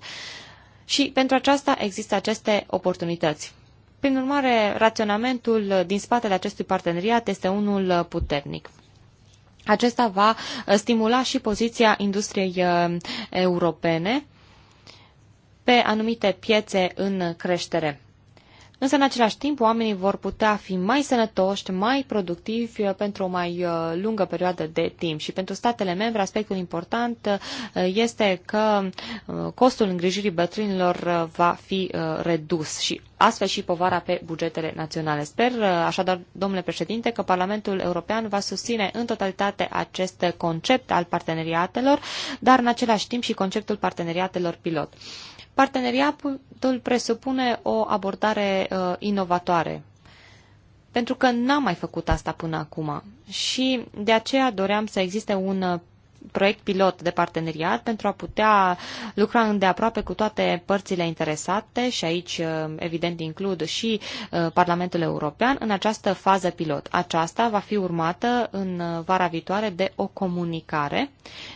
S2: și pentru aceasta există aceste oportunități. Prin urmare, raționamentul uh, din spatele acestui parteneriat este unul puternic. Acesta va stimula și poziția industriei europene pe anumite piețe în creștere. Însă, în același timp, oamenii vor putea fi mai sănătoși, mai productivi uh, pentru o mai uh, lungă perioadă de timp. Și pentru statele membre, aspectul important uh, este că costul îngrijirii bătrânilor va fi redus și astfel și povara pe bugetele naționale. Sper, așadar, domnule președinte, că Parlamentul European va susține în totalitate acest concept al parteneriatelor, dar în același timp și conceptul parteneriatelor pilot. Parteneriatul presupune o abordare uh, inovatoare, pentru că n-am mai făcut asta până acum și de aceea doream să existe un uh, proiect pilot de parteneriat pentru a putea lucra îndeaproape cu toate părțile interesate și aici, uh, evident, includ și uh, Parlamentul European în această fază pilot. Aceasta va fi urmată în uh, vara viitoare de o comunicare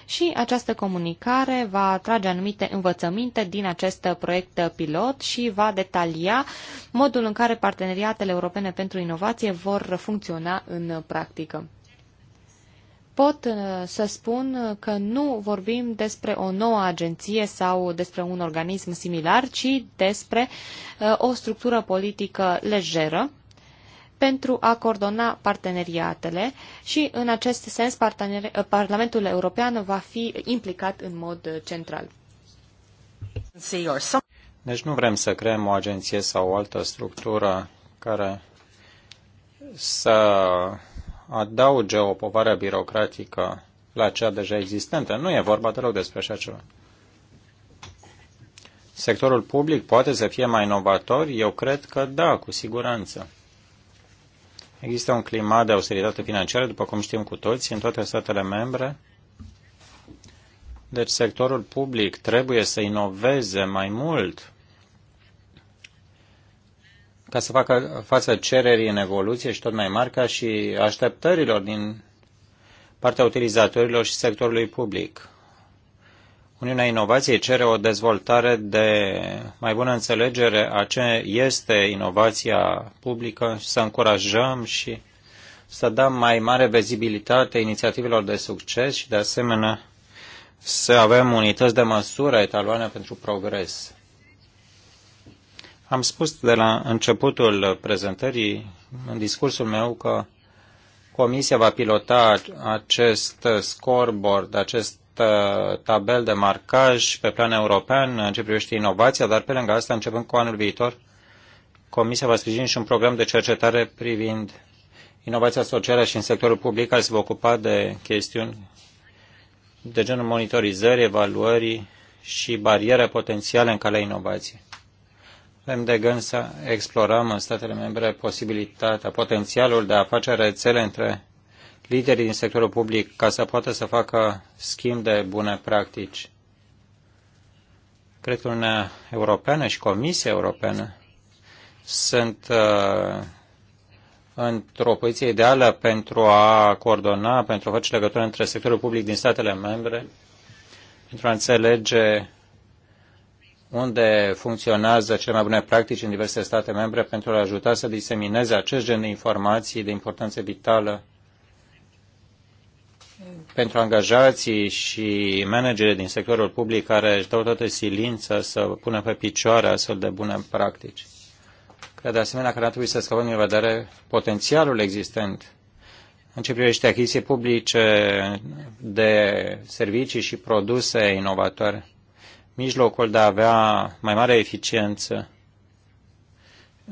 S2: și această comunicare va trage anumite învățăminte din acest proiect pilot și va detalia modul în care parteneriatele europene pentru inovație vor funcționa în practică pot uh, să spun uh, că nu vorbim despre o nouă agenție sau despre un organism similar, ci despre uh, o structură politică lejeră pentru a coordona parteneriatele și, în acest sens, Parlamentul European va fi implicat în mod central.
S4: Deci nu vrem să creăm o agenție sau o altă structură care să adauge o povară birocratică la cea deja existentă. Nu e vorba deloc despre așa ceva. Sectorul public poate să fie mai inovator? Eu cred că da, cu siguranță. Există un climat de austeritate financiară, după cum știm cu toți, în toate statele membre. Deci sectorul public trebuie să inoveze mai mult ca să facă față cererii în evoluție și tot mai mari ca și așteptărilor din partea utilizatorilor și sectorului public. Uniunea Inovației cere o dezvoltare de mai bună înțelegere a ce este inovația publică și să încurajăm și să dăm mai mare vizibilitate inițiativelor de succes și, de asemenea, să avem unități de măsură, etaloane pentru progres. Am spus de la începutul prezentării, în discursul meu, că Comisia va pilota acest scoreboard, acest uh, tabel de marcaj pe plan european în ce privește inovația, dar pe lângă asta, începând cu anul viitor, Comisia va sprijini și un program de cercetare privind inovația socială și în sectorul public care se va ocupa de chestiuni de genul monitorizării, evaluării și bariere potențiale în calea inovației. Avem de gând să explorăm în statele membre posibilitatea, potențialul de a face rețele între liderii din sectorul public ca să poată să facă schimb de bune practici. Cred că Uniunea Europeană și Comisia Europeană sunt uh, într-o poziție ideală pentru a coordona, pentru a face legătură între sectorul public din statele membre, pentru a înțelege unde funcționează cele mai bune practici în diverse state membre pentru a ajuta să disemineze acest gen de informații de importanță vitală pentru angajații și managerii din sectorul public care își dau toată silința să pună pe picioare astfel de bune practici. Cred de asemenea că ar trebui să scăpăm în vedere potențialul existent în ce privește achiziții publice de servicii și produse inovatoare mijlocul de a avea mai mare eficiență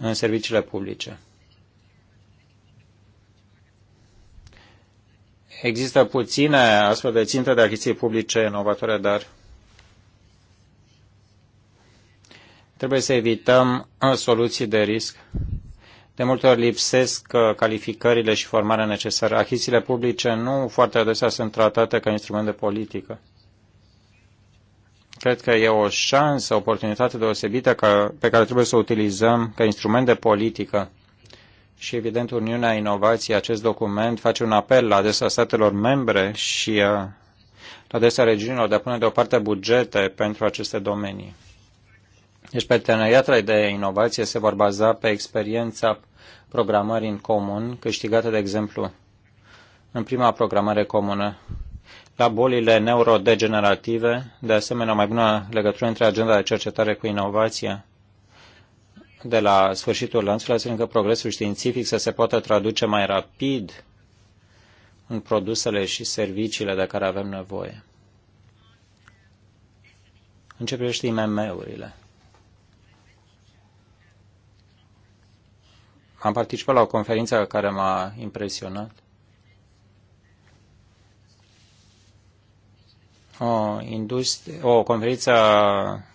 S4: în serviciile publice. Există puține astfel de ținte de achiziții publice inovatoare, dar trebuie să evităm soluții de risc. De multe ori lipsesc uh, calificările și formarea necesară. Achizițiile publice nu foarte adesea sunt tratate ca instrument de politică. Cred că e o șansă, o oportunitate deosebită ca, pe care trebuie să o utilizăm ca instrument de politică. Și evident, Uniunea Inovației, acest document face un apel la adresa statelor membre și uh, la adresa regiunilor de a pune deoparte bugete pentru aceste domenii. Deci, parteneriatele de inovație se vor baza pe experiența programării în comun, câștigată, de exemplu, în prima programare comună la bolile neurodegenerative, de asemenea mai bună legătură între agenda de cercetare cu inovația de la sfârșitul lanțului, astfel încât progresul științific să se poată traduce mai rapid în produsele și serviciile de care avem nevoie. În ce privește IMM-urile? Am participat la o conferință care m-a impresionat o, industri- o conferință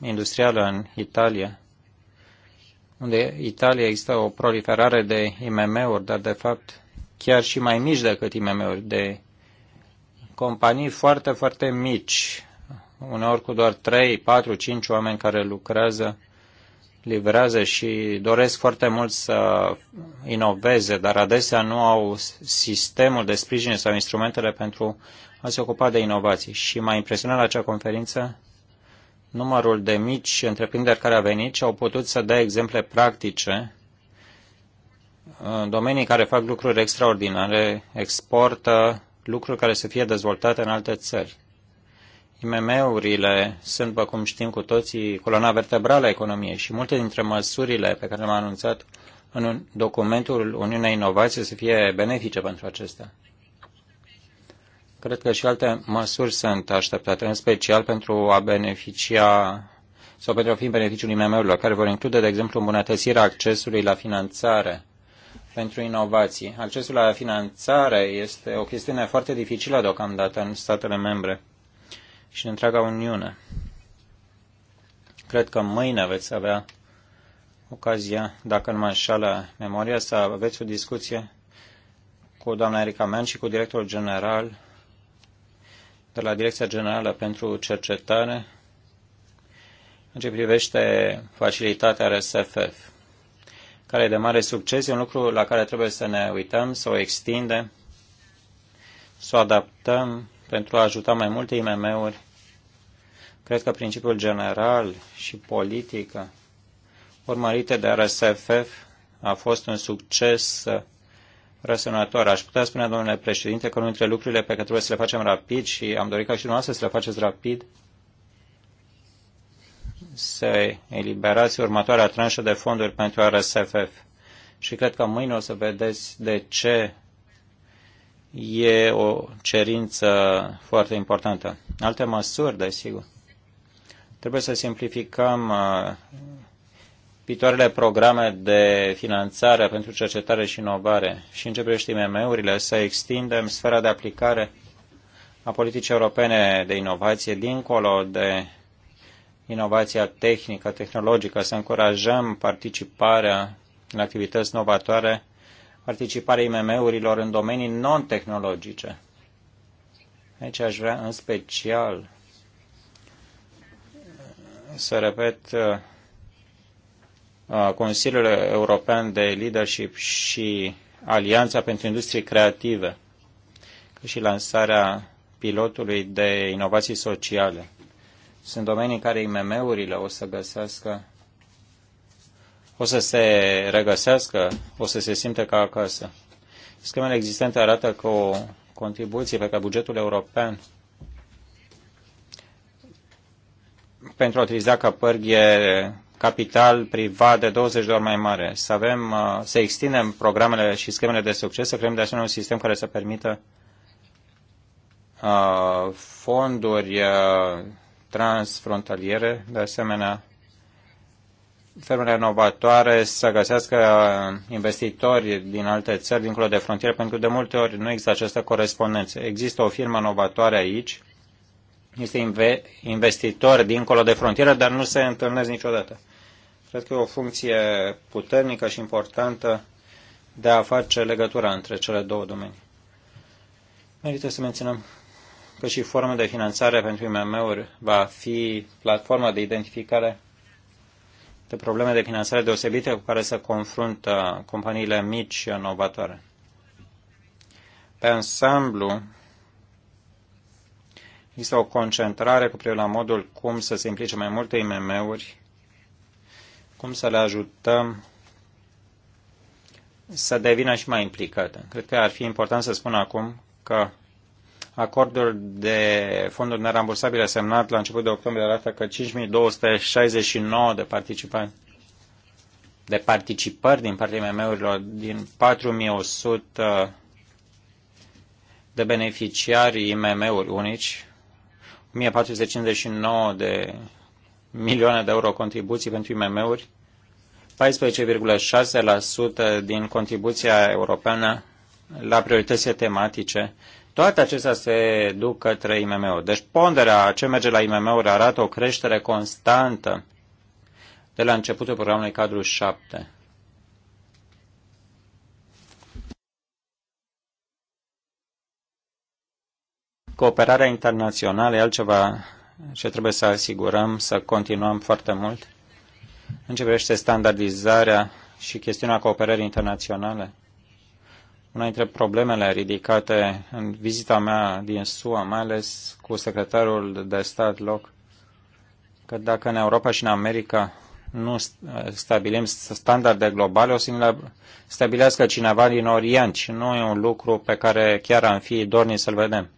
S4: industrială în Italia, unde Italia există o proliferare de IMM-uri, dar de fapt chiar și mai mici decât IMM-uri, de companii foarte, foarte mici, uneori cu doar 3, 4, 5 oameni care lucrează, livrează și doresc foarte mult să inoveze, dar adesea nu au sistemul de sprijin sau instrumentele pentru a se ocupa de inovații. Și m-a impresionat la acea conferință numărul de mici întreprinderi care au venit și au putut să dea exemple practice în domenii care fac lucruri extraordinare, exportă lucruri care să fie dezvoltate în alte țări. IMM-urile sunt, după cum știm cu toții, coloana vertebrală a economiei și multe dintre măsurile pe care le-am anunțat în documentul Uniunea Inovației să fie benefice pentru acestea. Cred că și alte măsuri sunt așteptate, în special pentru a beneficia sau pentru a fi în beneficiul IMM-urilor, care vor include, de exemplu, îmbunătățirea accesului la finanțare pentru inovații. Accesul la finanțare este o chestiune foarte dificilă deocamdată în statele membre și în întreaga Uniune. Cred că mâine veți avea ocazia, dacă nu mă înșală memoria, să aveți o discuție cu doamna Erica Men și cu directorul general de la Direcția Generală pentru Cercetare în ce privește facilitatea RSFF, care e de mare succes, e un lucru la care trebuie să ne uităm, să o extindem, să o adaptăm pentru a ajuta mai multe IMM-uri. Cred că principiul general și politică urmărite de RSFF a fost un succes răsunător. Aș putea spune, domnule președinte, că unul dintre lucrurile pe care trebuie să le facem rapid și am dorit ca și dumneavoastră să le faceți rapid, să eliberați următoarea tranșă de fonduri pentru RSFF. Și cred că mâine o să vedeți de ce e o cerință foarte importantă. Alte măsuri, desigur. Trebuie să simplificăm uh, viitoarele programe de finanțare pentru cercetare și inovare și în ce privește IMM-urile, să extindem sfera de aplicare a politicii europene de inovație dincolo de inovația tehnică, tehnologică, să încurajăm participarea în activități novatoare, participarea IMM-urilor în domenii non-tehnologice. Aici aș vrea în special să repet Uh, Consiliul European de Leadership și Alianța pentru Industrie Creative, cât și lansarea pilotului de inovații sociale. Sunt domenii în care IMM-urile o să găsească, o să se regăsească, o să se simte ca acasă. Schemele existente arată că o contribuție pe care bugetul european pentru a utiliza ca pârghie capital privat de 20 de ori mai mare, să avem, uh, să extindem programele și schemele de succes, să creăm de asemenea un sistem care să permită uh, fonduri uh, transfrontaliere, de asemenea fermele inovatoare să găsească investitori din alte țări, dincolo de frontiere, pentru că de multe ori nu există această corespondență. Există o firmă inovatoare aici, este investitor dincolo de frontieră, dar nu se întâlnesc niciodată. Cred că e o funcție puternică și importantă de a face legătura între cele două domenii. Merită să menționăm că și forma de finanțare pentru IMM-uri va fi platforma de identificare de probleme de finanțare deosebite cu care se confruntă companiile mici și inovatoare. Pe ansamblu, există o concentrare cu privire la modul cum să se implice mai multe IMM-uri cum să le ajutăm să devină și mai implicate. Cred că ar fi important să spun acum că acordul de fonduri nerambursabile semnat la început de octombrie arată că 5269 de participanți de participări din partea MM-urilor din 4100 de beneficiari IMM-uri unici, 1459 de milioane de euro contribuții pentru IMM-uri, 14,6% din contribuția europeană la prioritățile tematice. Toate acestea se duc către IMM-uri. Deci ponderea ce merge la IMM-uri arată o creștere constantă de la începutul programului cadru 7. Cooperarea internațională e altceva și trebuie să asigurăm, să continuăm foarte mult. În ce privește standardizarea și chestiunea cooperării internaționale, una dintre problemele ridicate în vizita mea din SUA, mai ales cu secretarul de stat loc, că dacă în Europa și în America nu stabilim standarde globale, o să ne stabilească cineva din Orient și nu e un lucru pe care chiar am fi dorni să-l vedem.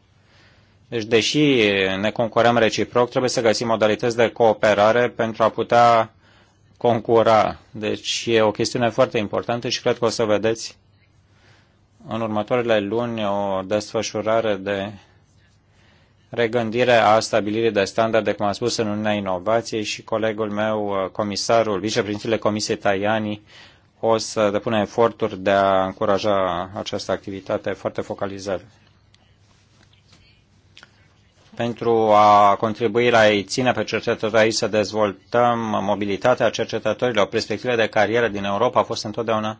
S4: Deci, deși ne concurăm reciproc, trebuie să găsim modalități de cooperare pentru a putea concura. Deci e o chestiune foarte importantă și cred că o să vedeți în următoarele luni o desfășurare de regândire a stabilirii de standarde, cum am spus, în Uniunea Inovației și colegul meu, comisarul, vicepreședintele Comisiei Tajani, o să depună eforturi de a încuraja această activitate foarte focalizată pentru a contribui la ei ține pe cercetători să dezvoltăm mobilitatea cercetătorilor. Perspectivele de carieră din Europa a fost întotdeauna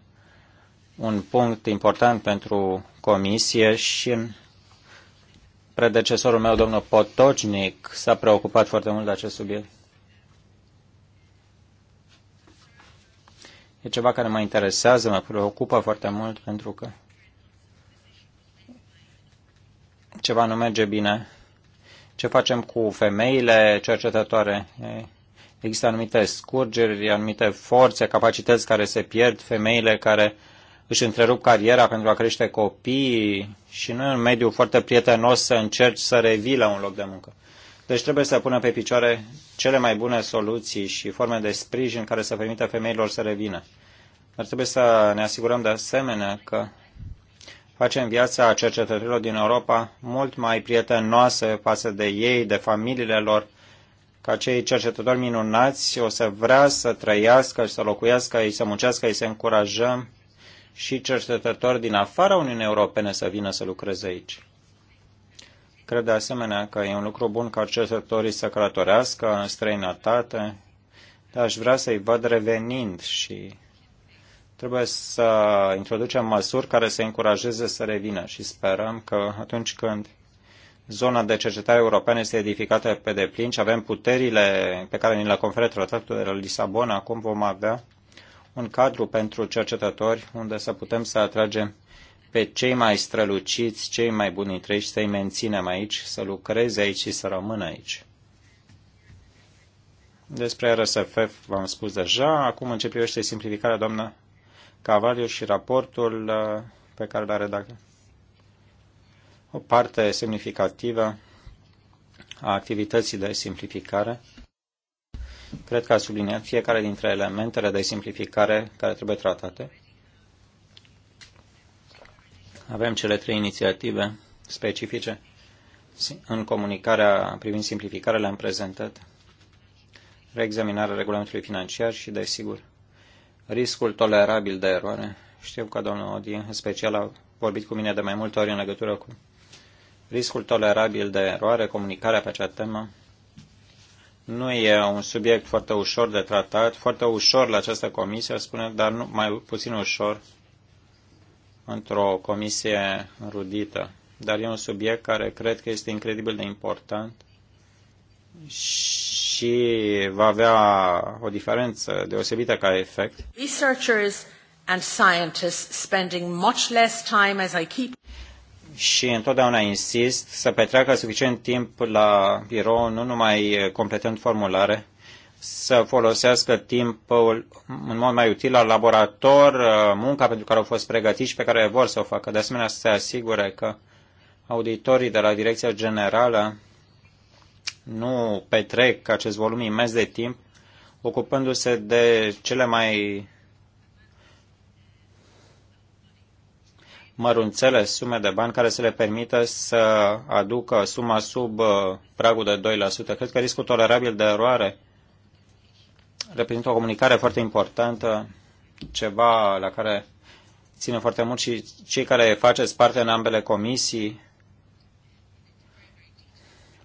S4: un punct important pentru comisie și în predecesorul meu, domnul Potocnic, s-a preocupat foarte mult de acest subiect. E ceva care mă interesează, mă preocupă foarte mult pentru că ceva nu merge bine ce facem cu femeile cercetătoare? Există anumite scurgeri, anumite forțe, capacități care se pierd, femeile care își întrerup cariera pentru a crește copii și nu e un mediu foarte prietenos să încerci să revii la un loc de muncă. Deci trebuie să pună pe picioare cele mai bune soluții și forme de sprijin care să permită femeilor să revină. Dar trebuie să ne asigurăm de asemenea că facem viața cercetătorilor din Europa mult mai prietenoasă față de ei, de familiile lor, ca cei cercetători minunați o să vrea să trăiască și să locuiască ei, să muncească ei, să încurajăm și cercetători din afara Uniunii Europene să vină să lucreze aici. Cred de asemenea că e un lucru bun ca cercetătorii să călătorească în străinătate, dar aș vrea să-i văd revenind și Trebuie să introducem măsuri care să încurajeze să revină și sperăm că atunci când zona de cercetare europeană este edificată pe deplin și avem puterile pe care ni le conferă tratatul de la Lisabona, acum vom avea un cadru pentru cercetători unde să putem să atragem pe cei mai străluciți, cei mai buni dintre ei și să-i menținem aici, să lucreze aici și să rămână aici. Despre RSFF v-am spus deja. Acum, în ce simplificarea, doamnă Cavaliu și raportul uh, pe care l-a redactat. O parte semnificativă a activității de simplificare. Cred că a subliniat fiecare dintre elementele de simplificare care trebuie tratate. Avem cele trei inițiative specifice în comunicarea privind simplificarea le-am prezentat. Reexaminarea regulamentului financiar și, desigur, riscul tolerabil de eroare. Știu că domnul Odi, în special, a vorbit cu mine de mai multe ori în legătură cu riscul tolerabil de eroare, comunicarea pe acea temă. Nu e un subiect foarte ușor de tratat, foarte ușor la această comisie, spune, dar nu, mai puțin ușor într-o comisie rudită. Dar e un subiect care cred că este incredibil de important și va avea o diferență deosebită ca efect.
S1: Researchers and scientists spending much less time as I keep
S4: și întotdeauna insist să petreacă suficient timp la birou, nu numai completând formulare, să folosească timpul în mod mai util la laborator, uh, munca pentru care au fost pregătiți și pe care vor să o facă. De asemenea, să se asigure că auditorii de la Direcția Generală nu petrec acest volum imens de timp ocupându-se de cele mai mărunțele sume de bani care să le permită să aducă suma sub uh, pragul de 2%. Cred că riscul tolerabil de eroare reprezintă o comunicare foarte importantă, ceva la care ține foarte mult și cei care faceți parte în ambele comisii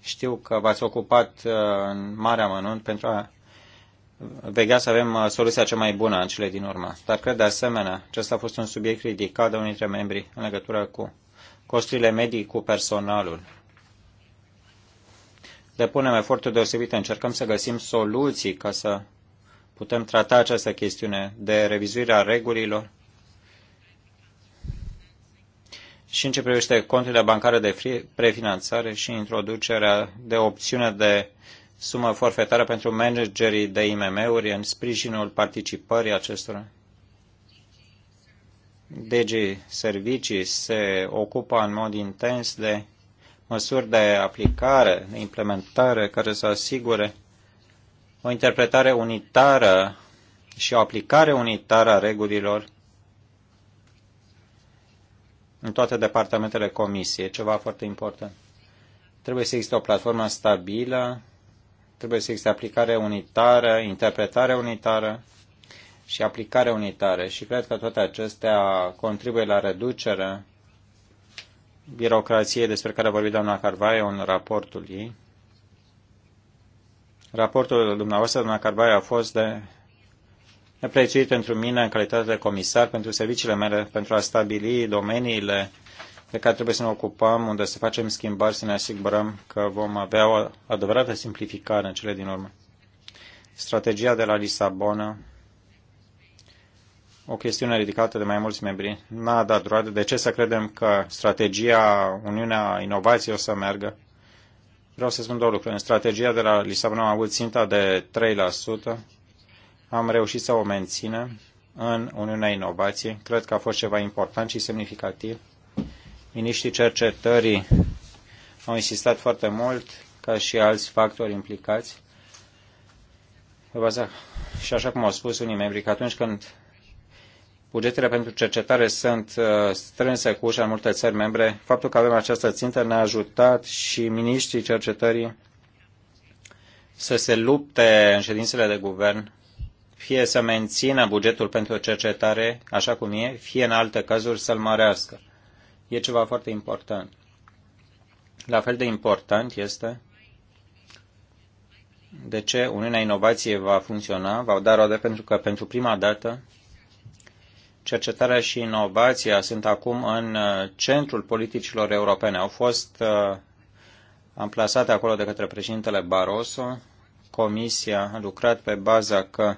S4: știu că v-ați ocupat uh, în mare amănunt pentru a vegea să avem uh, soluția cea mai bună în cele din urmă. Dar cred de asemenea, acesta a fost un subiect ridicat de unii dintre membri în legătură cu costurile medii cu personalul. Depunem eforturi deosebite, încercăm să găsim soluții ca să putem trata această chestiune de revizuirea regulilor și în ce privește conturile bancare de prefinanțare și introducerea de opțiune de sumă forfetară pentru managerii de IMM-uri în sprijinul participării acestora. DG Servicii se ocupă în mod intens de măsuri de aplicare, de implementare care să asigure o interpretare unitară și o aplicare unitară a regulilor în toate departamentele comisiei, ceva foarte important. Trebuie să existe o platformă stabilă, trebuie să existe aplicare unitară, interpretare unitară și aplicare unitară. Și cred că toate acestea contribuie la reducerea birocrației despre care a vorbit doamna Carvaie în raportul ei. Raportul dumneavoastră, doamna Carvaie, a fost de neprețuit pentru mine în calitate de comisar pentru serviciile mele, pentru a stabili domeniile de care trebuie să ne ocupăm, unde să facem schimbări, să ne asigurăm că vom avea o adevărată simplificare în cele din urmă. Strategia de la Lisabona, o chestiune ridicată de mai mulți membri, n-a dat roade. De ce să credem că strategia Uniunea Inovației o să meargă? Vreau să spun două lucruri. În strategia de la Lisabona am avut ținta de am reușit să o mențină în Uniunea Inovației. Cred că a fost ceva important și semnificativ. Miniștrii cercetării au insistat foarte mult, ca și alți factori implicați, pe baza, și așa cum au spus unii membri, că atunci când bugetele pentru cercetare sunt uh, strânse cu ușa în multe țări membre, faptul că avem această țintă ne-a ajutat și miniștrii cercetării să se lupte în ședințele de guvern fie să mențină bugetul pentru cercetare așa cum e, fie în alte cazuri să-l mărească. E ceva foarte important. La fel de important este de ce Uniunea Inovației va funcționa, va da roade pentru că pentru prima dată cercetarea și inovația sunt acum în uh, centrul politicilor europene. Au fost uh, amplasate acolo de către președintele Barroso. Comisia a lucrat pe baza că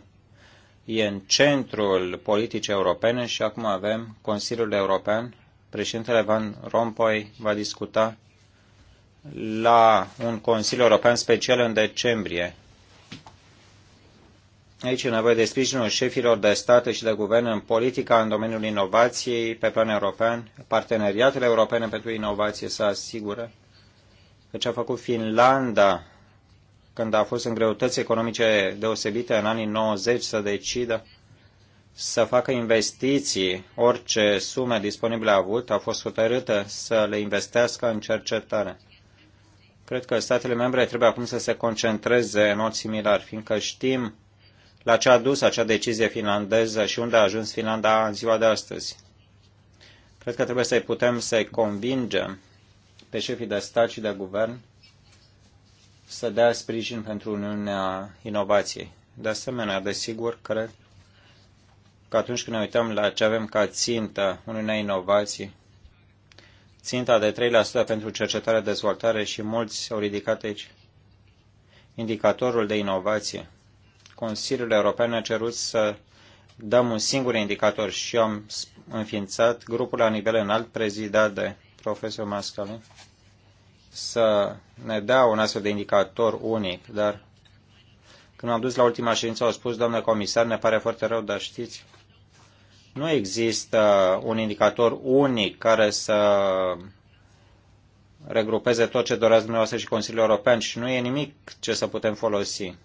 S4: e în centrul politicii europene și acum avem Consiliul European. Președintele Van Rompuy va discuta la un Consiliu European special în decembrie. Aici e nevoie de sprijinul șefilor de state și de guvern în politica în domeniul inovației pe plan european. Parteneriatele europene pentru inovație să asigură că ce a făcut Finlanda când a fost în greutăți economice deosebite în anii 90 să decidă să facă investiții, orice sume disponibile a avut, a fost hotărâtă să le investească în cercetare. Cred că statele membre trebuie acum să se concentreze în mod similar, fiindcă știm la ce a dus acea decizie finlandeză și unde a ajuns Finlanda în ziua de astăzi. Cred că trebuie să-i putem să-i convingem pe șefii de stat și de guvern să dea sprijin pentru Uniunea Inovației. De asemenea, desigur, cred că atunci când ne uităm la ce avem ca țintă Uniunea Inovației, ținta de 3% pentru cercetare, dezvoltare și mulți au ridicat aici indicatorul de inovație. Consiliul European a cerut să dăm un singur indicator și am înființat grupul la nivel înalt prezidat de profesor Mascalin să ne dea un astfel de indicator unic, dar când am dus la ultima ședință, au spus, domnule comisar, ne pare foarte rău, dar știți, nu există un indicator unic care să regrupeze tot ce doresc dumneavoastră și Consiliul European și nu e nimic ce să putem folosi.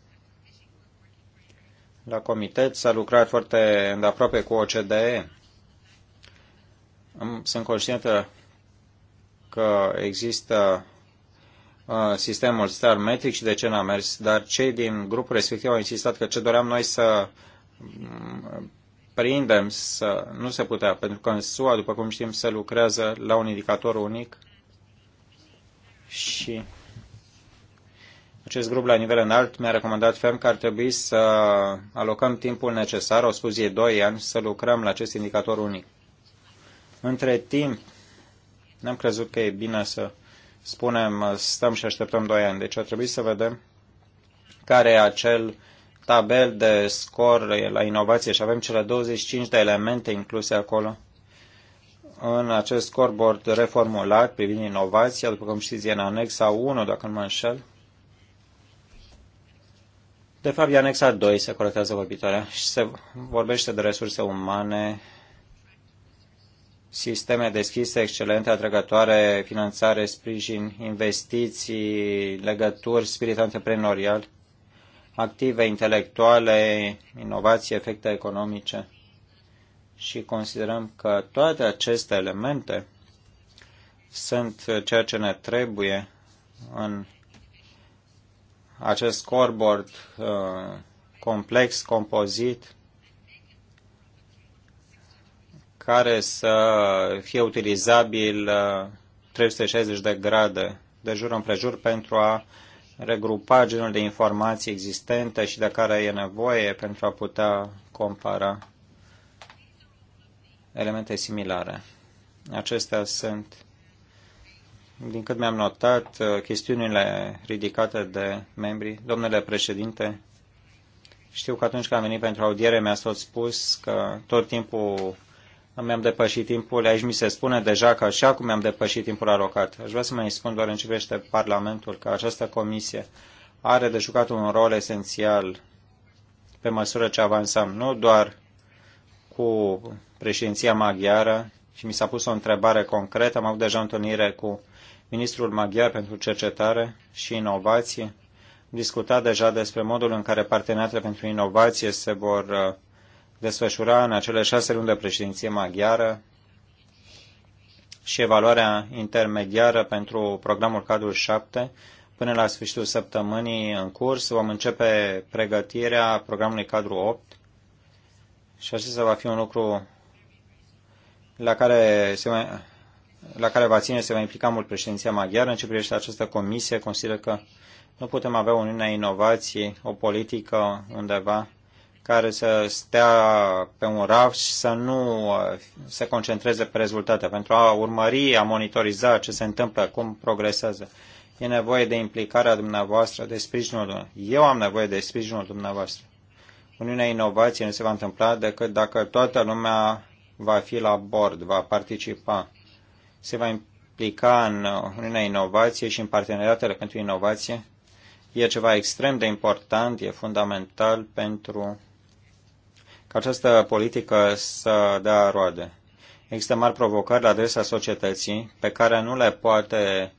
S4: La comitet s-a lucrat foarte îndeaproape cu OCDE. Sunt conștientă că există Uh, sistemul star metric și de ce n-a mers, dar cei din grupul respectiv au insistat că ce doream noi să mm, prindem să nu se putea, pentru că în SUA, după cum știm, se lucrează la un indicator unic și acest grup la nivel înalt mi-a recomandat ferm că ar trebui să alocăm timpul necesar, au spus ei 2 ani, să lucrăm la acest indicator unic. Între timp, n-am crezut că e bine să spunem stăm și așteptăm 2 ani. Deci ar trebui să vedem care e acel tabel de scor la inovație și avem cele 25 de elemente incluse acolo în acest scoreboard reformulat privind inovația, după cum știți, e în anexa 1, dacă nu mă înșel. De fapt, e anexa 2, se corectează vorbitoarea, și se vorbește de resurse umane, sisteme deschise, excelente, atrăgătoare, finanțare, sprijin, investiții, legături, spirit antreprenorial, active intelectuale, inovații, efecte economice. Și considerăm că toate aceste elemente sunt ceea ce ne trebuie în acest scoreboard uh, complex, compozit, care să fie utilizabil 360 uh, de grade de jur împrejur pentru a regrupa genul de informații existente și de care e nevoie pentru a putea compara elemente similare. Acestea sunt, din cât mi-am notat, uh, chestiunile ridicate de membri. Domnule președinte, știu că atunci când am venit pentru audiere mi-a tot spus că tot timpul mi-am depășit timpul, aici mi se spune deja că și acum mi-am depășit timpul alocat. Aș vrea să mai spun doar în ce privește Parlamentul că această comisie are de jucat un rol esențial pe măsură ce avansăm, nu doar cu președinția maghiară, și mi s-a pus o întrebare concretă, am avut deja întâlnire cu ministrul maghiar pentru cercetare și inovație, am discutat deja despre modul în care parteneriatele pentru inovație se vor uh, desfășura în acele șase luni de președinție maghiară și evaluarea intermediară pentru programul cadru 7 până la sfârșitul săptămânii în curs. Vom începe pregătirea programului cadru 8 și acesta va fi un lucru la care, se mai, la care va ține, se va implica mult președinția maghiară. În ce privește această comisie, consider că nu putem avea Uniunea Inovației, o politică undeva care să stea pe un raft și să nu uh, se concentreze pe rezultate. Pentru a urmări, a monitoriza ce se întâmplă, cum progresează, e nevoie de implicarea dumneavoastră, de sprijinul Eu am nevoie de sprijinul dumneavoastră. Uniunea Inovației nu se va întâmpla decât dacă toată lumea va fi la bord, va participa, se va implica în Uniunea Inovației și în parteneriatele pentru inovație. E ceva extrem de important, e fundamental pentru ca această politică să dea roade. Există mari provocări la adresa societății pe care nu le poate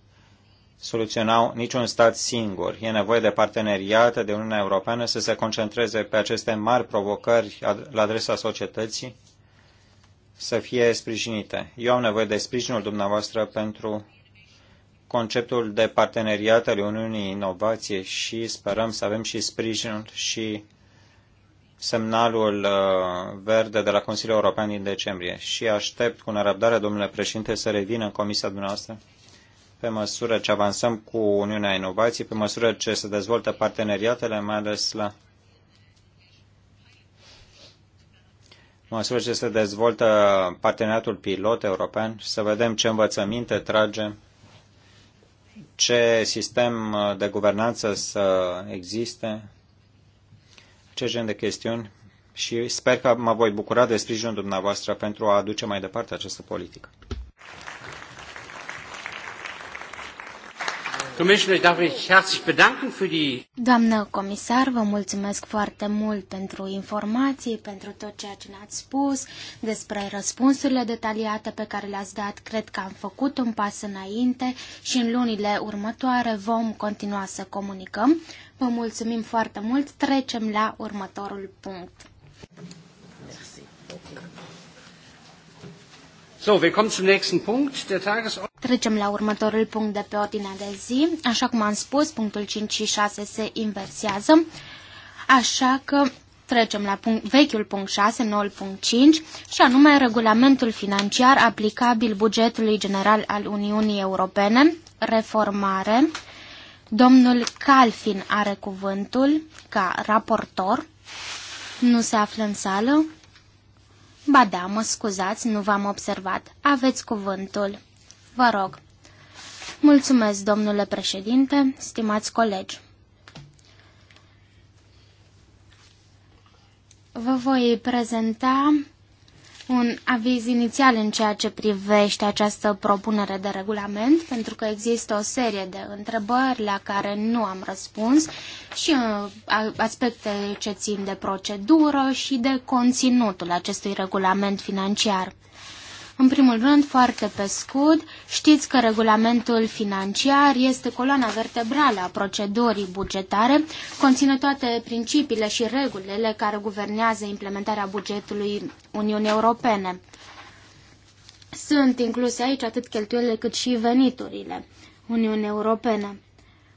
S4: soluționa niciun stat singur. E nevoie de parteneriate de Uniunea Europeană să se concentreze pe aceste mari provocări la adresa societății să fie sprijinite. Eu am nevoie de sprijinul dumneavoastră pentru conceptul de parteneriat al Uniunii Inovației și sperăm să avem și sprijinul și semnalul uh, verde de la Consiliul European din decembrie și aștept cu nerăbdare, domnule președinte, să revină în comisia dumneavoastră pe măsură ce avansăm cu Uniunea Inovației, pe măsură ce se dezvoltă parteneriatele, mai ales la măsură ce se dezvoltă parteneriatul pilot european, să vedem ce învățăminte tragem, ce sistem uh, de guvernanță să existe, acest gen de chestiuni și sper că mă voi bucura de sprijinul dumneavoastră pentru a aduce mai departe această politică.
S1: Doamnă comisar, vă mulțumesc foarte mult pentru informații, pentru tot ceea ce ne-ați spus, despre răspunsurile detaliate pe care le-ați dat. Cred că am făcut un pas înainte și în lunile următoare vom continua să comunicăm. Vă mulțumim foarte mult. Trecem la următorul punct.
S3: So, wir kommen zum nächsten Punkt der Tagesordnung.
S1: Trecem la următorul punct de pe ordinea de zi. Așa cum am spus, punctul 5 și 6 se inversează, așa că trecem la punct, vechiul punct 6, noul punct 5, și anume regulamentul financiar aplicabil bugetului general al Uniunii Europene, reformare. Domnul Calfin are cuvântul ca raportor. Nu se află în sală. Ba da, mă scuzați, nu v-am observat. Aveți cuvântul. Vă rog. Mulțumesc, domnule președinte, stimați colegi. Vă voi prezenta un aviz inițial în ceea ce privește această propunere de regulament, pentru că există o serie de întrebări la care nu am răspuns și uh, aspecte ce țin de procedură și de conținutul acestui regulament financiar. În primul rând, foarte pe scurt, știți că regulamentul financiar este coloana vertebrală a procedurii bugetare, conține toate principiile și regulile care guvernează implementarea bugetului Uniunii Europene. Sunt incluse aici atât cheltuielile cât și veniturile Uniunii Europene.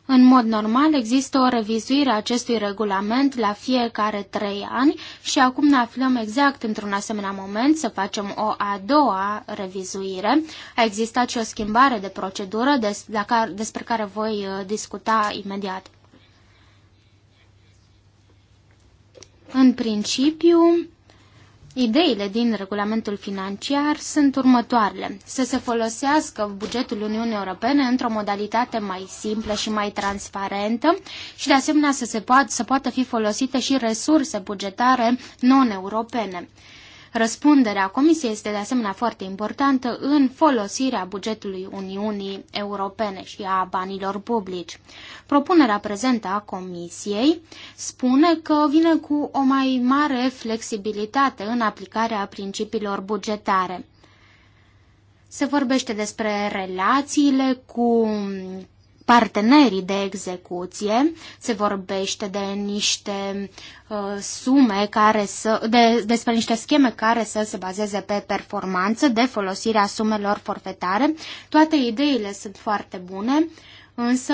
S1: În mod normal există o revizuire a acestui regulament la fiecare trei ani și acum ne aflăm exact într-un asemenea moment să facem o a doua revizuire. A existat și o schimbare de procedură despre care voi uh, discuta imediat. În principiu, Ideile din regulamentul financiar sunt următoarele. Să se folosească bugetul Uniunii Europene într-o modalitate mai simplă și mai transparentă și de asemenea să, se poat, să poată fi folosite și resurse bugetare non-europene. Răspunderea Comisiei este de asemenea foarte importantă în folosirea bugetului Uniunii Europene și a banilor publici. Propunerea prezentă a Comisiei spune că vine cu o mai mare flexibilitate în aplicarea principiilor bugetare. Se vorbește despre relațiile cu partenerii de execuție, se vorbește de niște uh, sume care să, de, despre niște scheme care să se bazeze pe performanță, de folosirea sumelor forfetare. Toate ideile sunt foarte bune, însă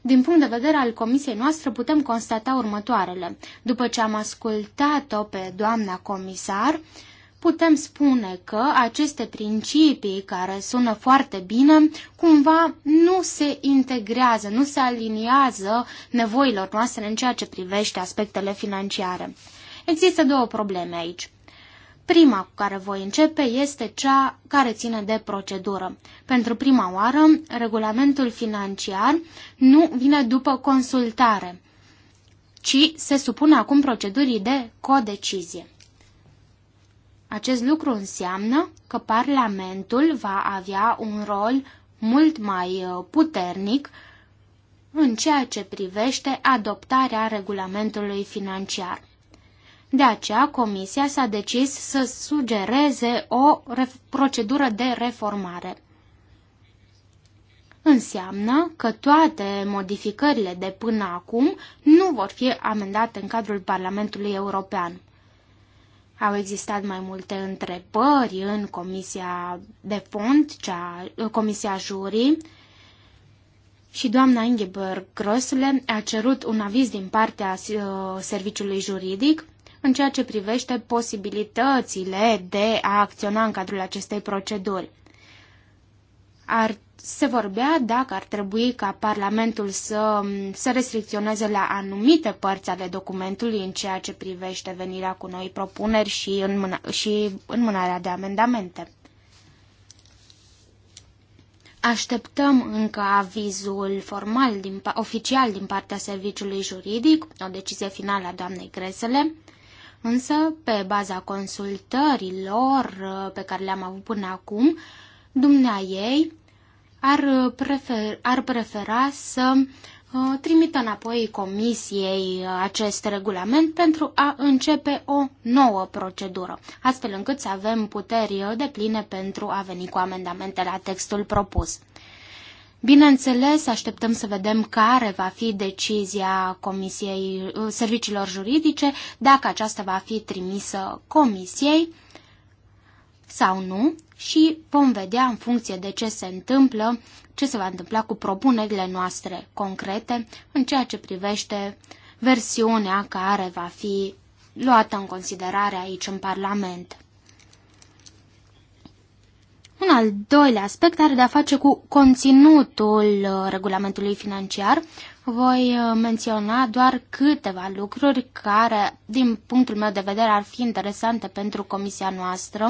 S1: din punct de vedere al comisiei noastre putem constata următoarele. După ce am ascultat-o pe doamna comisar, uh, putem spune că aceste principii, care sună foarte bine, cumva nu se integrează, nu se aliniază nevoilor noastre în ceea ce privește aspectele financiare. Există două probleme aici. Prima cu care voi începe este cea care ține de procedură. Pentru prima oară, regulamentul financiar nu vine după consultare, ci se supune acum procedurii de codecizie. Acest lucru înseamnă că Parlamentul va avea un rol mult mai uh, puternic în ceea ce privește adoptarea regulamentului financiar. De aceea, Comisia s-a decis să sugereze o procedură de reformare. Înseamnă că toate modificările de până acum nu vor fi amendate în cadrul Parlamentului European. Au existat mai multe întrebări în Comisia de Fond, cea, Comisia Jurii, și doamna Ingeborg Grosle a cerut un aviz din partea uh, serviciului juridic în ceea ce privește posibilitățile de a acționa în cadrul acestei proceduri. Ar se vorbea dacă ar trebui ca Parlamentul să, să restricționeze la anumite părți ale documentului în ceea ce privește venirea cu noi propuneri și, înmâna, și înmânarea de amendamente. Așteptăm încă avizul formal, din, oficial din partea serviciului juridic, o decizie finală a doamnei Gresele, însă pe baza consultărilor uh, pe care le-am avut până acum, dumnea ei ar, prefer, ar prefera să uh, trimită înapoi Comisiei acest regulament pentru a începe o nouă procedură, astfel încât să avem puteri de pline pentru a veni cu amendamente la textul propus. Bineînțeles, așteptăm să vedem care va fi decizia Comisiei uh, Serviciilor Juridice, dacă aceasta va fi trimisă Comisiei sau nu și vom vedea în funcție de ce se întâmplă, ce se va întâmpla cu propunerile noastre concrete în ceea ce privește versiunea care va fi luată în considerare aici în Parlament. Un al doilea aspect are de-a face cu conținutul uh, regulamentului financiar. Voi uh, menționa doar câteva lucruri care, din punctul meu de vedere, ar fi interesante pentru comisia noastră.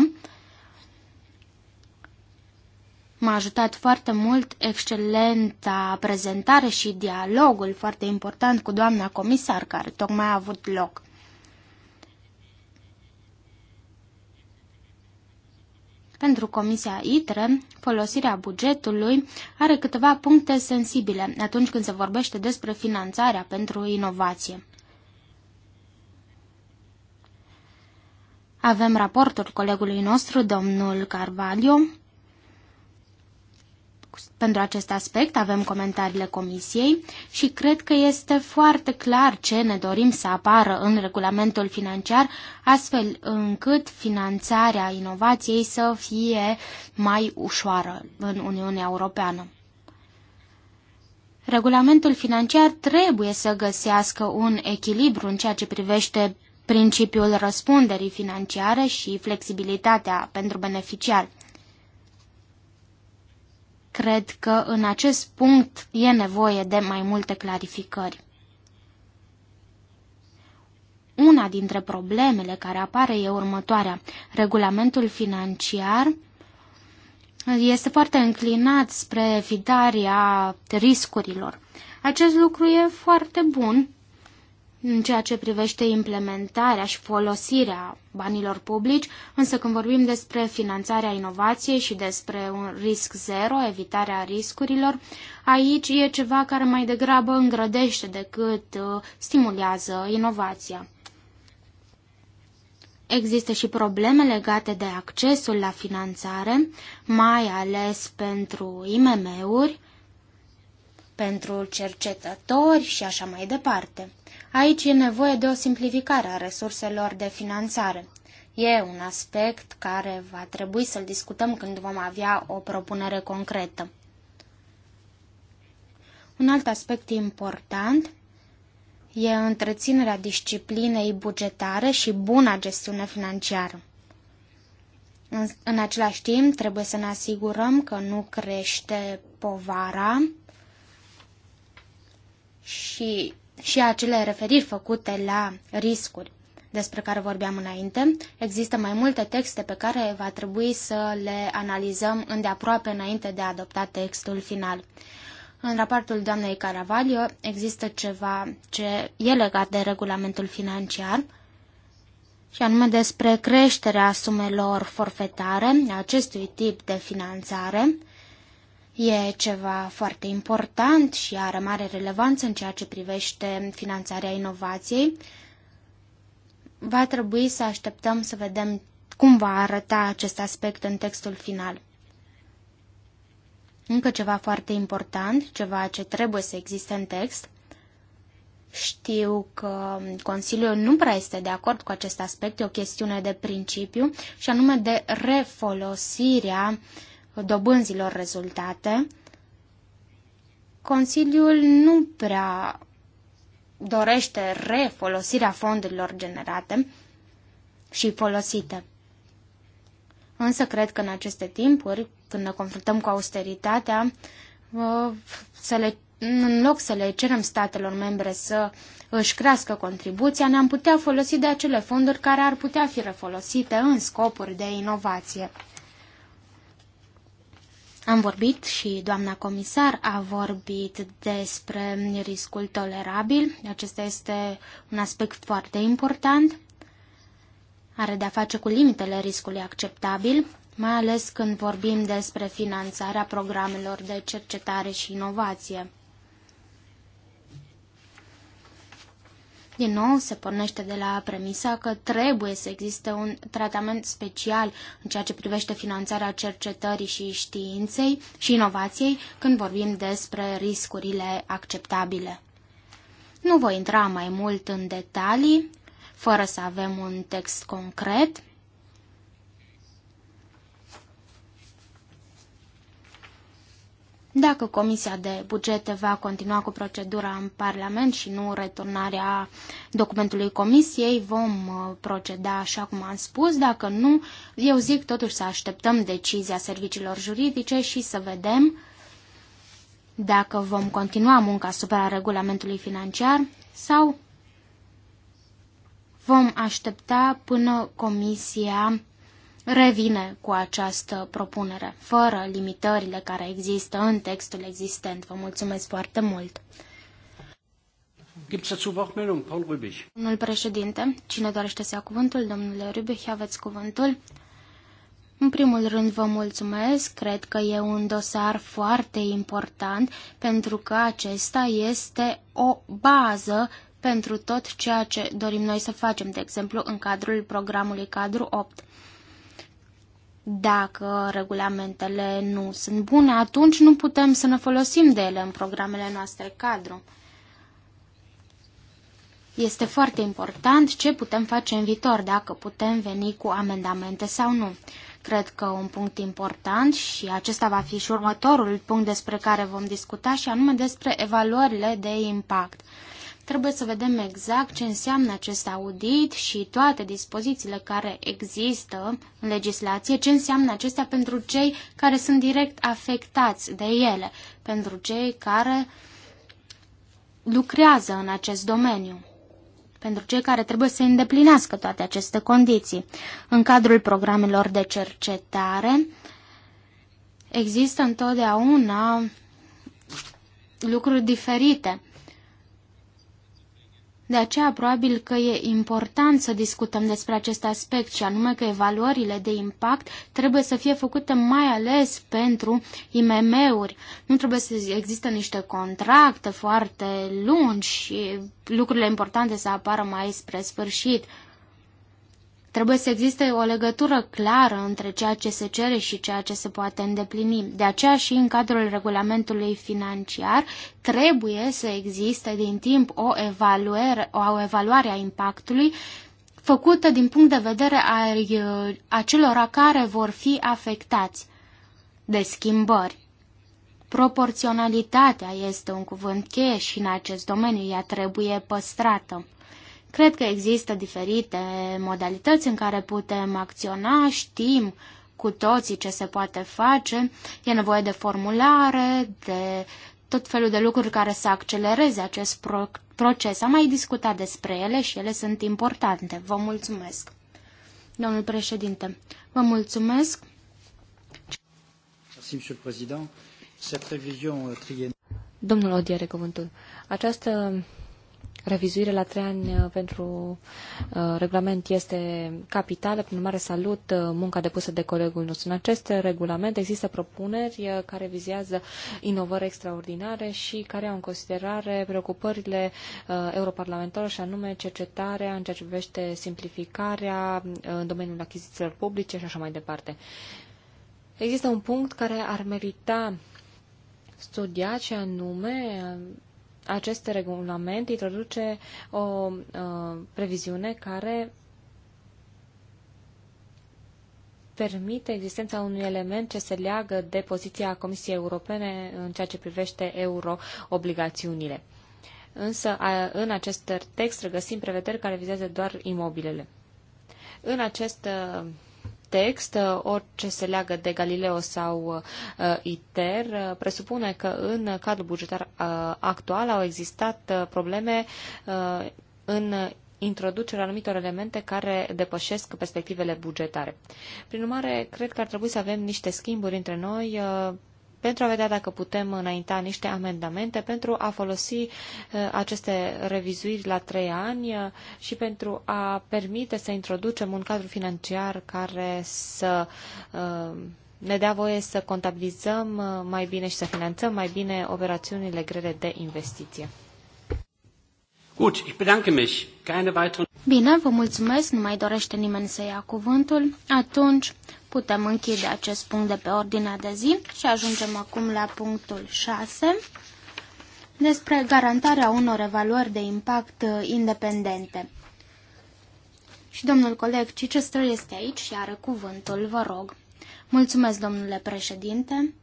S1: M-a ajutat foarte mult excelenta prezentare și dialogul foarte important cu doamna comisar care tocmai a avut loc. Pentru Comisia ITRE, folosirea bugetului are câteva puncte sensibile atunci când se vorbește despre finanțarea pentru inovație. Avem raportul colegului nostru, domnul Carvalho, pentru acest aspect, avem comentariile comisiei și cred că este foarte clar ce ne dorim să apară în regulamentul financiar, astfel încât finanțarea inovației să fie mai ușoară în Uniunea Europeană. Regulamentul financiar trebuie să găsească un echilibru în ceea ce privește principiul răspunderii financiare și flexibilitatea pentru beneficiari. Cred că în acest punct e nevoie de mai multe clarificări. Una dintre problemele care apare e următoarea. Regulamentul financiar este foarte înclinat spre evitarea riscurilor. Acest lucru e foarte bun, în ceea ce privește implementarea și folosirea banilor publici, însă când vorbim despre finanțarea inovației și despre un risc zero, evitarea riscurilor, aici e ceva care mai degrabă îngrădește decât uh, stimulează inovația. Există și probleme legate de accesul la finanțare, mai ales pentru IMM-uri, pentru cercetători și așa mai departe. Aici e nevoie de o simplificare a resurselor de finanțare. E un aspect care va trebui să-l discutăm când vom avea o propunere concretă. Un alt aspect important e întreținerea disciplinei bugetare și buna gestiune financiară. În, în același timp, trebuie să ne asigurăm că nu crește povara și și acele referiri făcute la riscuri despre care vorbeam înainte. Există mai multe texte pe care va trebui să le analizăm îndeaproape înainte de a adopta textul final. În raportul doamnei Caravaglio există ceva ce e legat de regulamentul financiar, și anume despre creșterea sumelor forfetare acestui tip de finanțare, E ceva foarte important și are mare relevanță în ceea ce privește finanțarea inovației. Va trebui să așteptăm să vedem cum va arăta acest aspect în textul final. Încă ceva foarte important, ceva ce trebuie să existe în text. Știu că Consiliul nu prea este de acord cu acest aspect, e o chestiune de principiu, și anume de refolosirea uh, dobânzilor rezultate, Consiliul nu prea dorește refolosirea fondurilor generate și folosite. Însă cred că în aceste timpuri, când ne confruntăm cu austeritatea, să le, în loc să le cerem statelor membre să își crească contribuția, ne-am putea folosi de acele fonduri care ar putea fi refolosite în scopuri de inovație. Am vorbit și doamna comisar a vorbit despre riscul tolerabil. Acesta este un aspect foarte important. Are de-a face cu limitele riscului acceptabil, mai ales când vorbim despre finanțarea programelor de cercetare și inovație. Din nou, se pornește de la premisa că trebuie să existe un tratament special în ceea ce privește finanțarea cercetării și științei și inovației când vorbim despre riscurile acceptabile. Nu voi intra mai mult în detalii, fără să avem un text concret, Dacă Comisia de Bugete va continua cu procedura în Parlament și nu returnarea documentului Comisiei, vom uh, proceda așa cum am spus. Dacă nu, eu zic totuși să așteptăm decizia serviciilor juridice și să vedem dacă vom continua munca asupra regulamentului financiar sau vom aștepta până Comisia revine cu această propunere, fără limitările care există în textul existent. Vă mulțumesc foarte mult!
S3: Gibt's dazu Wortmeldung? Paul Rübig.
S1: Domnul președinte, cine dorește să ia cuvântul? Domnule Rübig, aveți cuvântul. În primul rând vă mulțumesc, cred că e un dosar foarte important pentru că acesta este o bază pentru tot ceea ce dorim noi să facem, de exemplu în cadrul programului Cadru 8. Dacă regulamentele nu sunt bune, atunci nu putem să ne folosim de ele în programele noastre cadru. Este foarte important ce putem face în viitor, dacă putem veni cu amendamente sau nu. Cred că un punct important și acesta va fi și următorul punct despre care vom discuta și anume despre evaluările de impact. Trebuie să vedem exact ce înseamnă acest audit și toate dispozițiile care există în legislație, ce înseamnă acestea pentru cei care sunt direct afectați de ele, pentru cei care lucrează în acest domeniu pentru cei care trebuie să îndeplinească toate aceste condiții. În cadrul programelor de cercetare există întotdeauna lucruri diferite de aceea, probabil că e important să discutăm despre acest aspect și anume că evaluările de impact trebuie să fie făcute mai ales pentru IMM-uri. Nu trebuie să există niște contracte foarte lungi și lucrurile importante să apară mai spre sfârșit. Trebuie să existe o legătură clară între ceea ce se cere și ceea ce se poate îndeplini. De aceea și în cadrul regulamentului financiar trebuie să existe din timp o evaluare, o evaluare a impactului făcută din punct de vedere al uh, acelora care vor fi afectați de schimbări. Proporționalitatea este un cuvânt cheie și în acest domeniu ea trebuie păstrată. Cred că există diferite modalități în care putem acționa, știm cu toții ce se poate face, e nevoie de formulare, de tot felul de lucruri care să accelereze acest pro proces. Am mai discutat despre ele și ele sunt importante. Vă mulțumesc. Domnul președinte, vă mulțumesc.
S3: Merci, monsieur le président. Cette révision euh,
S2: Domnul Odiere, cuvântul. Această revizuire la trei ani uh, pentru uh, regulament este capitală, prin urmare salut uh, munca depusă de colegul nostru. În acest regulament există propuneri care vizează inovări extraordinare și care au în considerare preocupările europarlamentarilor și anume cercetarea în ceea ce privește simplificarea în domeniul achizițiilor publice și așa mai departe. Există un punct care ar merita studiat și anume acest regulament introduce o uh, previziune care permite existența unui element ce se leagă de poziția Comisiei Europene în ceea ce privește euroobligațiunile. Însă, a, în acest text regăsim prevederi care vizează doar imobilele. În acest uh, text, uh, orice se leagă de Galileo sau uh, ITER, uh, presupune că în cadrul bugetar actual au existat probleme în introducerea anumitor elemente care depășesc perspectivele bugetare. Prin urmare, cred că ar trebui să avem niște schimburi între noi pentru a vedea dacă putem înainta niște amendamente pentru a folosi uh, aceste revizuiri la trei ani uh, și pentru a permite să introducem un cadru financiar care să uh, ne dea voie să contabilizăm mai bine și să finanțăm mai bine operațiunile grele de investiție.
S1: Bine, vă mulțumesc, nu mai dorește nimeni să ia cuvântul. Atunci Putem închide acest punct de pe ordinea de zi și ajungem acum la punctul 6 despre garantarea unor evaluări de impact uh, independente. Și domnul coleg Chichester este aici și are cuvântul, vă rog. Mulțumesc, domnule președinte.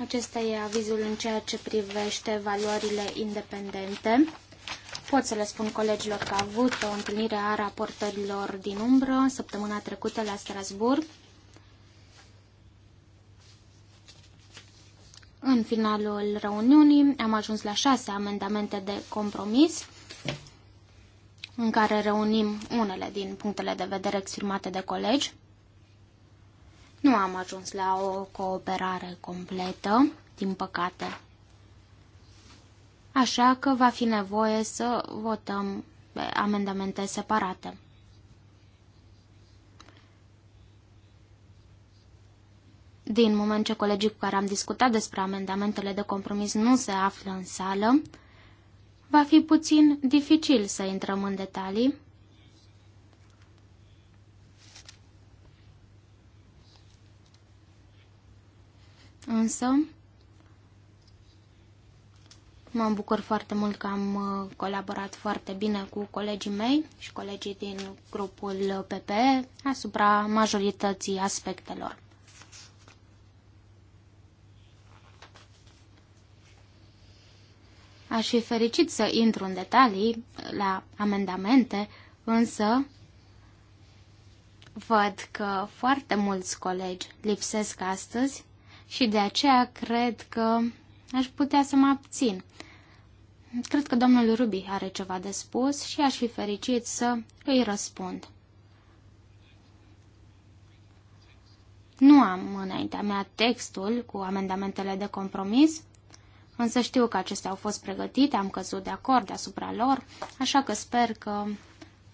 S1: Acesta e avizul în ceea ce privește valorile independente. Pot să le spun colegilor că a avut o întâlnire a raportărilor din umbră săptămâna trecută la Strasburg. În finalul reuniunii am ajuns la șase amendamente de compromis în care reunim unele din punctele de vedere exprimate de colegi. Nu am ajuns la o cooperare completă, din păcate așa că va fi nevoie să votăm amendamente separate. Din moment ce colegii cu care am discutat despre amendamentele de compromis nu se află în sală, va fi puțin dificil să intrăm în detalii. Însă, Mă bucur foarte mult că am uh, colaborat foarte bine cu colegii mei și colegii din grupul PP asupra majorității aspectelor. Aș fi fericit să intru în detalii uh, la amendamente, însă văd că foarte mulți colegi lipsesc astăzi și de aceea cred că aș putea să mă abțin. Cred că domnul Ruby are ceva de spus și aș fi fericit să îi răspund. Nu am înaintea mea textul cu amendamentele de compromis, însă știu că acestea au fost pregătite, am căzut de acord asupra lor, așa că sper că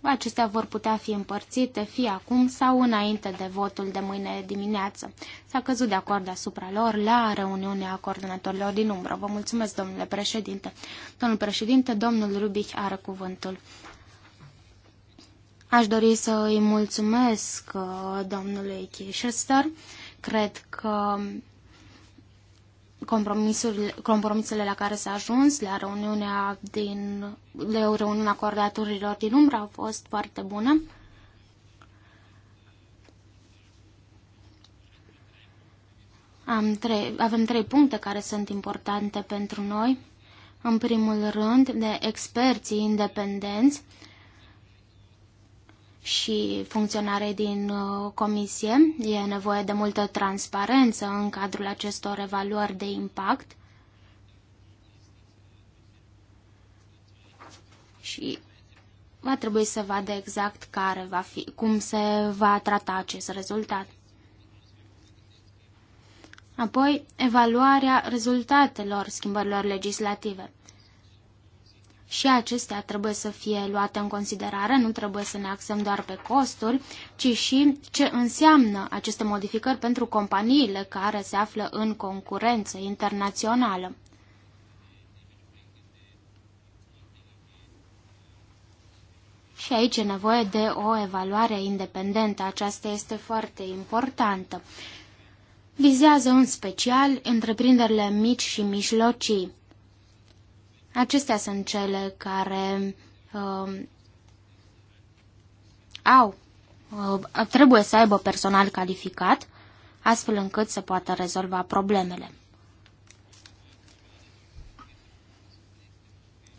S1: Acestea vor putea fi împărțite fie acum sau înainte de votul de mâine dimineață. S-a căzut de acord asupra lor la reuniunea coordonatorilor din umbră. Vă mulțumesc, domnule președinte. Domnul președinte, domnul Rubich are cuvântul. Aș dori să îi mulțumesc uh, domnului Chichester. Cred că compromisurile la care s-a ajuns la reuniunea din la reuniunea coordonatorilor din umbră a fost foarte bună. Am trei, avem trei puncte care sunt importante pentru noi. În primul rând, de experții independenți și funcționare din uh, comisie. E nevoie de multă transparență în cadrul acestor evaluări de impact. Și va trebui să vadă exact care va fi, cum se va trata acest rezultat. Apoi, evaluarea rezultatelor schimbărilor legislative și acestea trebuie să fie luate în considerare, nu trebuie să ne axăm doar pe costuri, ci și ce înseamnă aceste modificări pentru companiile care se află în concurență internațională. Și aici e nevoie de o evaluare independentă, aceasta este foarte importantă. Vizează în special întreprinderile mici și mijlocii. Acestea sunt cele care uh, au, uh, trebuie să aibă personal calificat, astfel încât să poată rezolva problemele.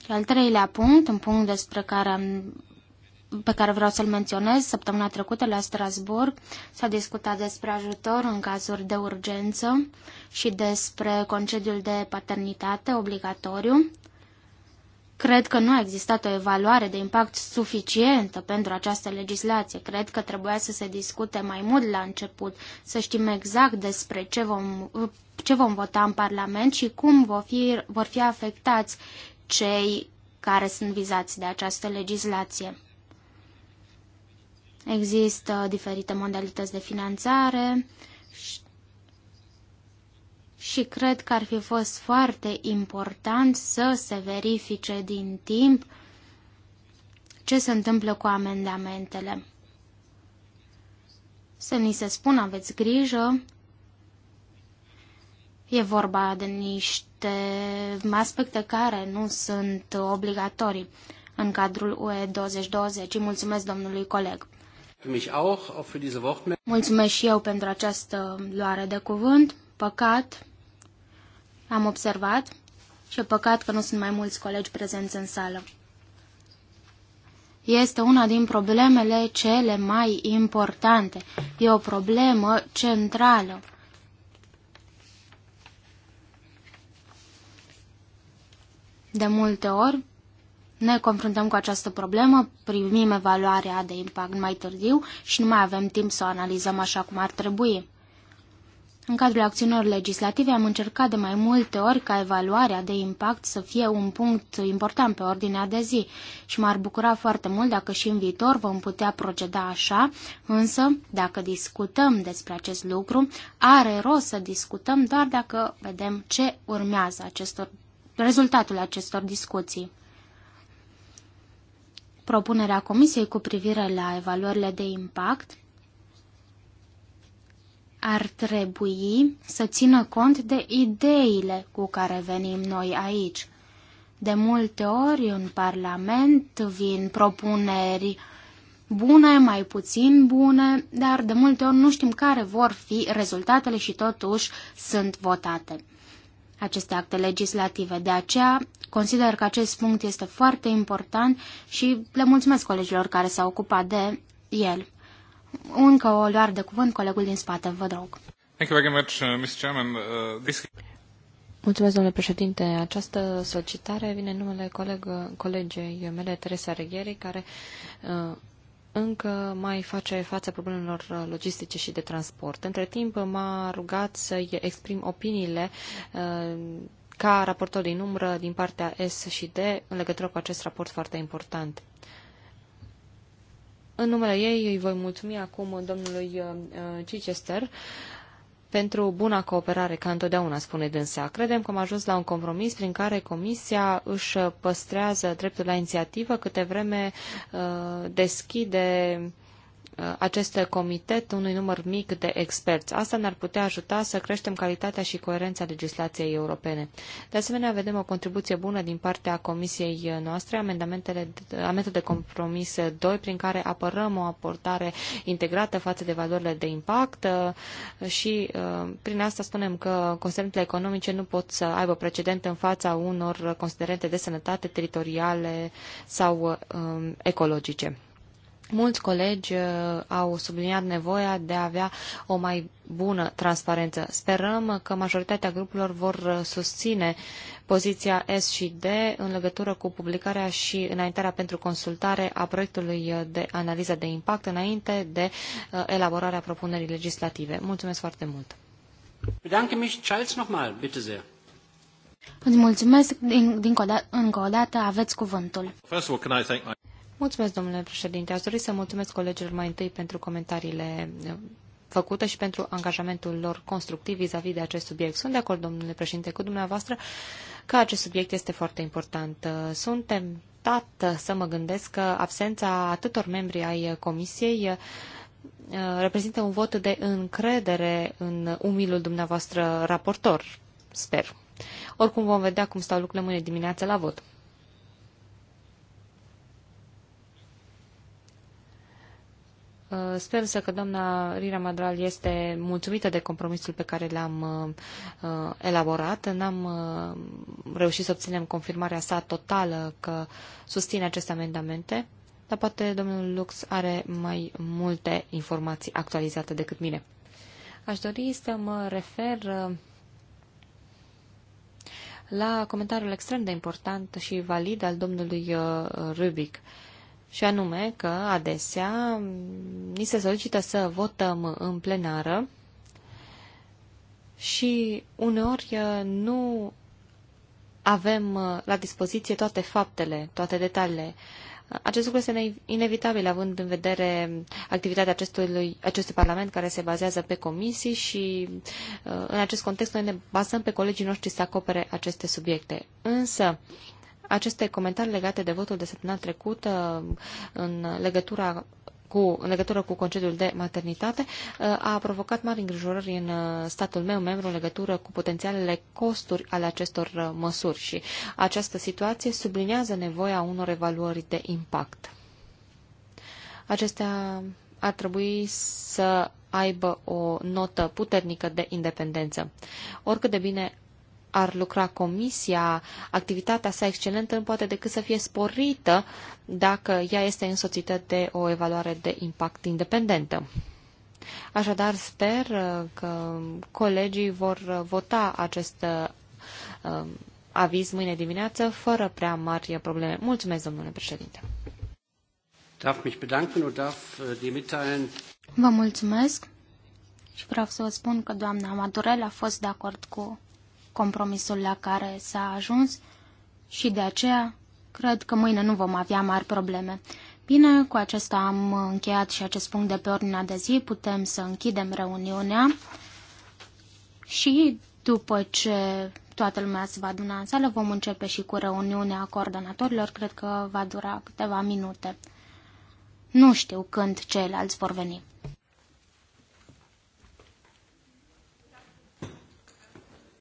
S1: Al treilea punct, un punct despre care am, pe care vreau să-l menționez, săptămâna trecută la Strasburg s-a discutat despre ajutor în cazuri de urgență și despre concediul de paternitate obligatoriu. Cred că nu a existat o evaluare de impact suficientă pentru această legislație. Cred că trebuia să se discute mai mult la început, să știm exact despre ce vom, ce vom vota în Parlament și cum vor fi, vor fi afectați cei care sunt vizați de această legislație. Există diferite modalități de finanțare și cred că ar fi fost foarte important să se verifice din timp ce se întâmplă cu amendamentele. Să ni se spună aveți grijă, e vorba de niște aspecte care nu sunt obligatorii în cadrul UE 2020. Îi mulțumesc domnului coleg. Mulțumesc și eu pentru această luare de cuvânt. Păcat am observat și e păcat că nu sunt mai mulți colegi prezenți în sală. Este una din problemele cele mai importante. E o problemă centrală. De multe ori ne confruntăm cu această problemă, primim evaluarea de impact mai târziu și nu mai avem timp să o analizăm așa cum ar trebui. În cadrul acțiunilor legislative am încercat de mai multe ori ca evaluarea de impact să fie un punct important pe ordinea de zi și m-ar bucura foarte mult dacă și în viitor vom putea proceda așa, însă dacă discutăm despre acest lucru, are rost să discutăm doar dacă vedem ce urmează acestor, rezultatul acestor discuții. Propunerea Comisiei cu privire la evaluările de impact ar trebui să țină cont de ideile cu care venim noi aici. De multe ori în Parlament vin propuneri bune, mai puțin bune, dar de multe ori nu știm care vor fi rezultatele și totuși sunt votate aceste acte legislative. De aceea consider că acest punct este foarte important și le mulțumesc colegilor care s-au ocupat de el. Încă o luare de cuvânt, colegul din spate, vă rog.
S2: Thank you
S3: very much, uh, Mr. Chairman. Uh, this...
S2: Mulțumesc, domnule președinte. Această solicitare vine în numele coleg, colegei mele, Teresa Regheri, care uh, încă mai face față problemelor logistice și de transport. Între timp, m-a rugat să-i exprim opiniile uh, ca raportor din umbră din partea S și D în legătură cu acest raport foarte important. În numele ei îi voi mulțumi acum domnului uh, uh, Chichester pentru buna cooperare, ca întotdeauna spune dânsa. Credem că am ajuns la un compromis prin care Comisia își păstrează dreptul la inițiativă câte vreme uh, deschide Uh, acest comitet unui număr mic de experți. Asta ne-ar putea ajuta să creștem calitatea și coerența legislației europene. De asemenea, vedem o contribuție bună din partea comisiei noastre, amendamentele, uh, amendamentul de compromis 2, prin care apărăm o abordare integrată față de valorile de impact uh, și prin asta spunem că considerentele economice nu pot să aibă precedent în fața unor considerente de sănătate teritoriale sau um, ecologice. Mulți colegi uh, au subliniat nevoia de a avea o mai bună transparență. Sperăm că majoritatea grupurilor vor uh, susține poziția S și D în legătură cu publicarea și înaintarea pentru consultare a proiectului uh, de analiză de impact înainte de elaborarea propunerii legislative. Mulțumesc foarte mult! Îți mulțumesc din, din, încă o dată, aveți cuvântul. Mulțumesc, domnule președinte. Aș dori să mulțumesc colegilor mai întâi pentru comentariile eh, făcute și pentru angajamentul lor constructiv vis-a-vis de acest subiect. Sunt de acord, domnule președinte, cu dumneavoastră că acest subiect este foarte important. Suntem tentat să mă gândesc că absența atâtor membri ai comisiei eh, reprezintă un vot de încredere în umilul dumneavoastră raportor, sper. Oricum vom vedea cum stau lucrurile mâine dimineață la vot. Uh, sper să că doamna Rira Madral este mulțumită de compromisul pe care l-am uh, uh, elaborat. N-am reușit să obținem confirmarea sa totală că susține aceste amendamente, dar poate domnul Lux are mai multe informații actualizate decât mine. Aș dori să mă refer la comentariul extrem de important și valid al domnului Rubic. Uh, și anume că adesea ni se solicită să votăm în plenară și uneori uh, nu avem uh, la dispoziție toate faptele, toate detaliile. Uh, acest lucru este inevitabil, având în vedere activitatea acestui, acestui Parlament care se bazează pe comisii și în acest context noi ne bazăm pe colegii noștri să acopere aceste subiecte. Însă, aceste comentarii legate de votul de săptămâna trecută în legătura cu, în legătură cu concediul de maternitate uh, a provocat mari îngrijorări în uh, statul meu membru în legătură cu potențialele costuri ale acestor uh, măsuri și această situație subliniază nevoia unor evaluări de impact. Acestea ar trebui să aibă o notă puternică de independență. Oricât de bine ar lucra comisia, activitatea sa excelentă nu poate decât să fie sporită dacă ea este însoțită de o evaluare de impact independentă. Așadar, sper uh, că colegii vor uh, vota acest uh, um, aviz mâine dimineață fără prea mari probleme. Mulțumesc, domnule președinte.
S1: Vă mulțumesc și vreau să vă spun că doamna Madurel a fost de acord cu compromisul la care s-a ajuns și de aceea cred că mâine nu vom avea mari probleme. Bine, cu acesta am încheiat și acest punct de pe ordinea de zi. Putem să închidem reuniunea și după ce toată lumea se va aduna în sală, vom începe și cu reuniunea coordonatorilor. Cred că va dura câteva minute. Nu știu când ceilalți vor veni.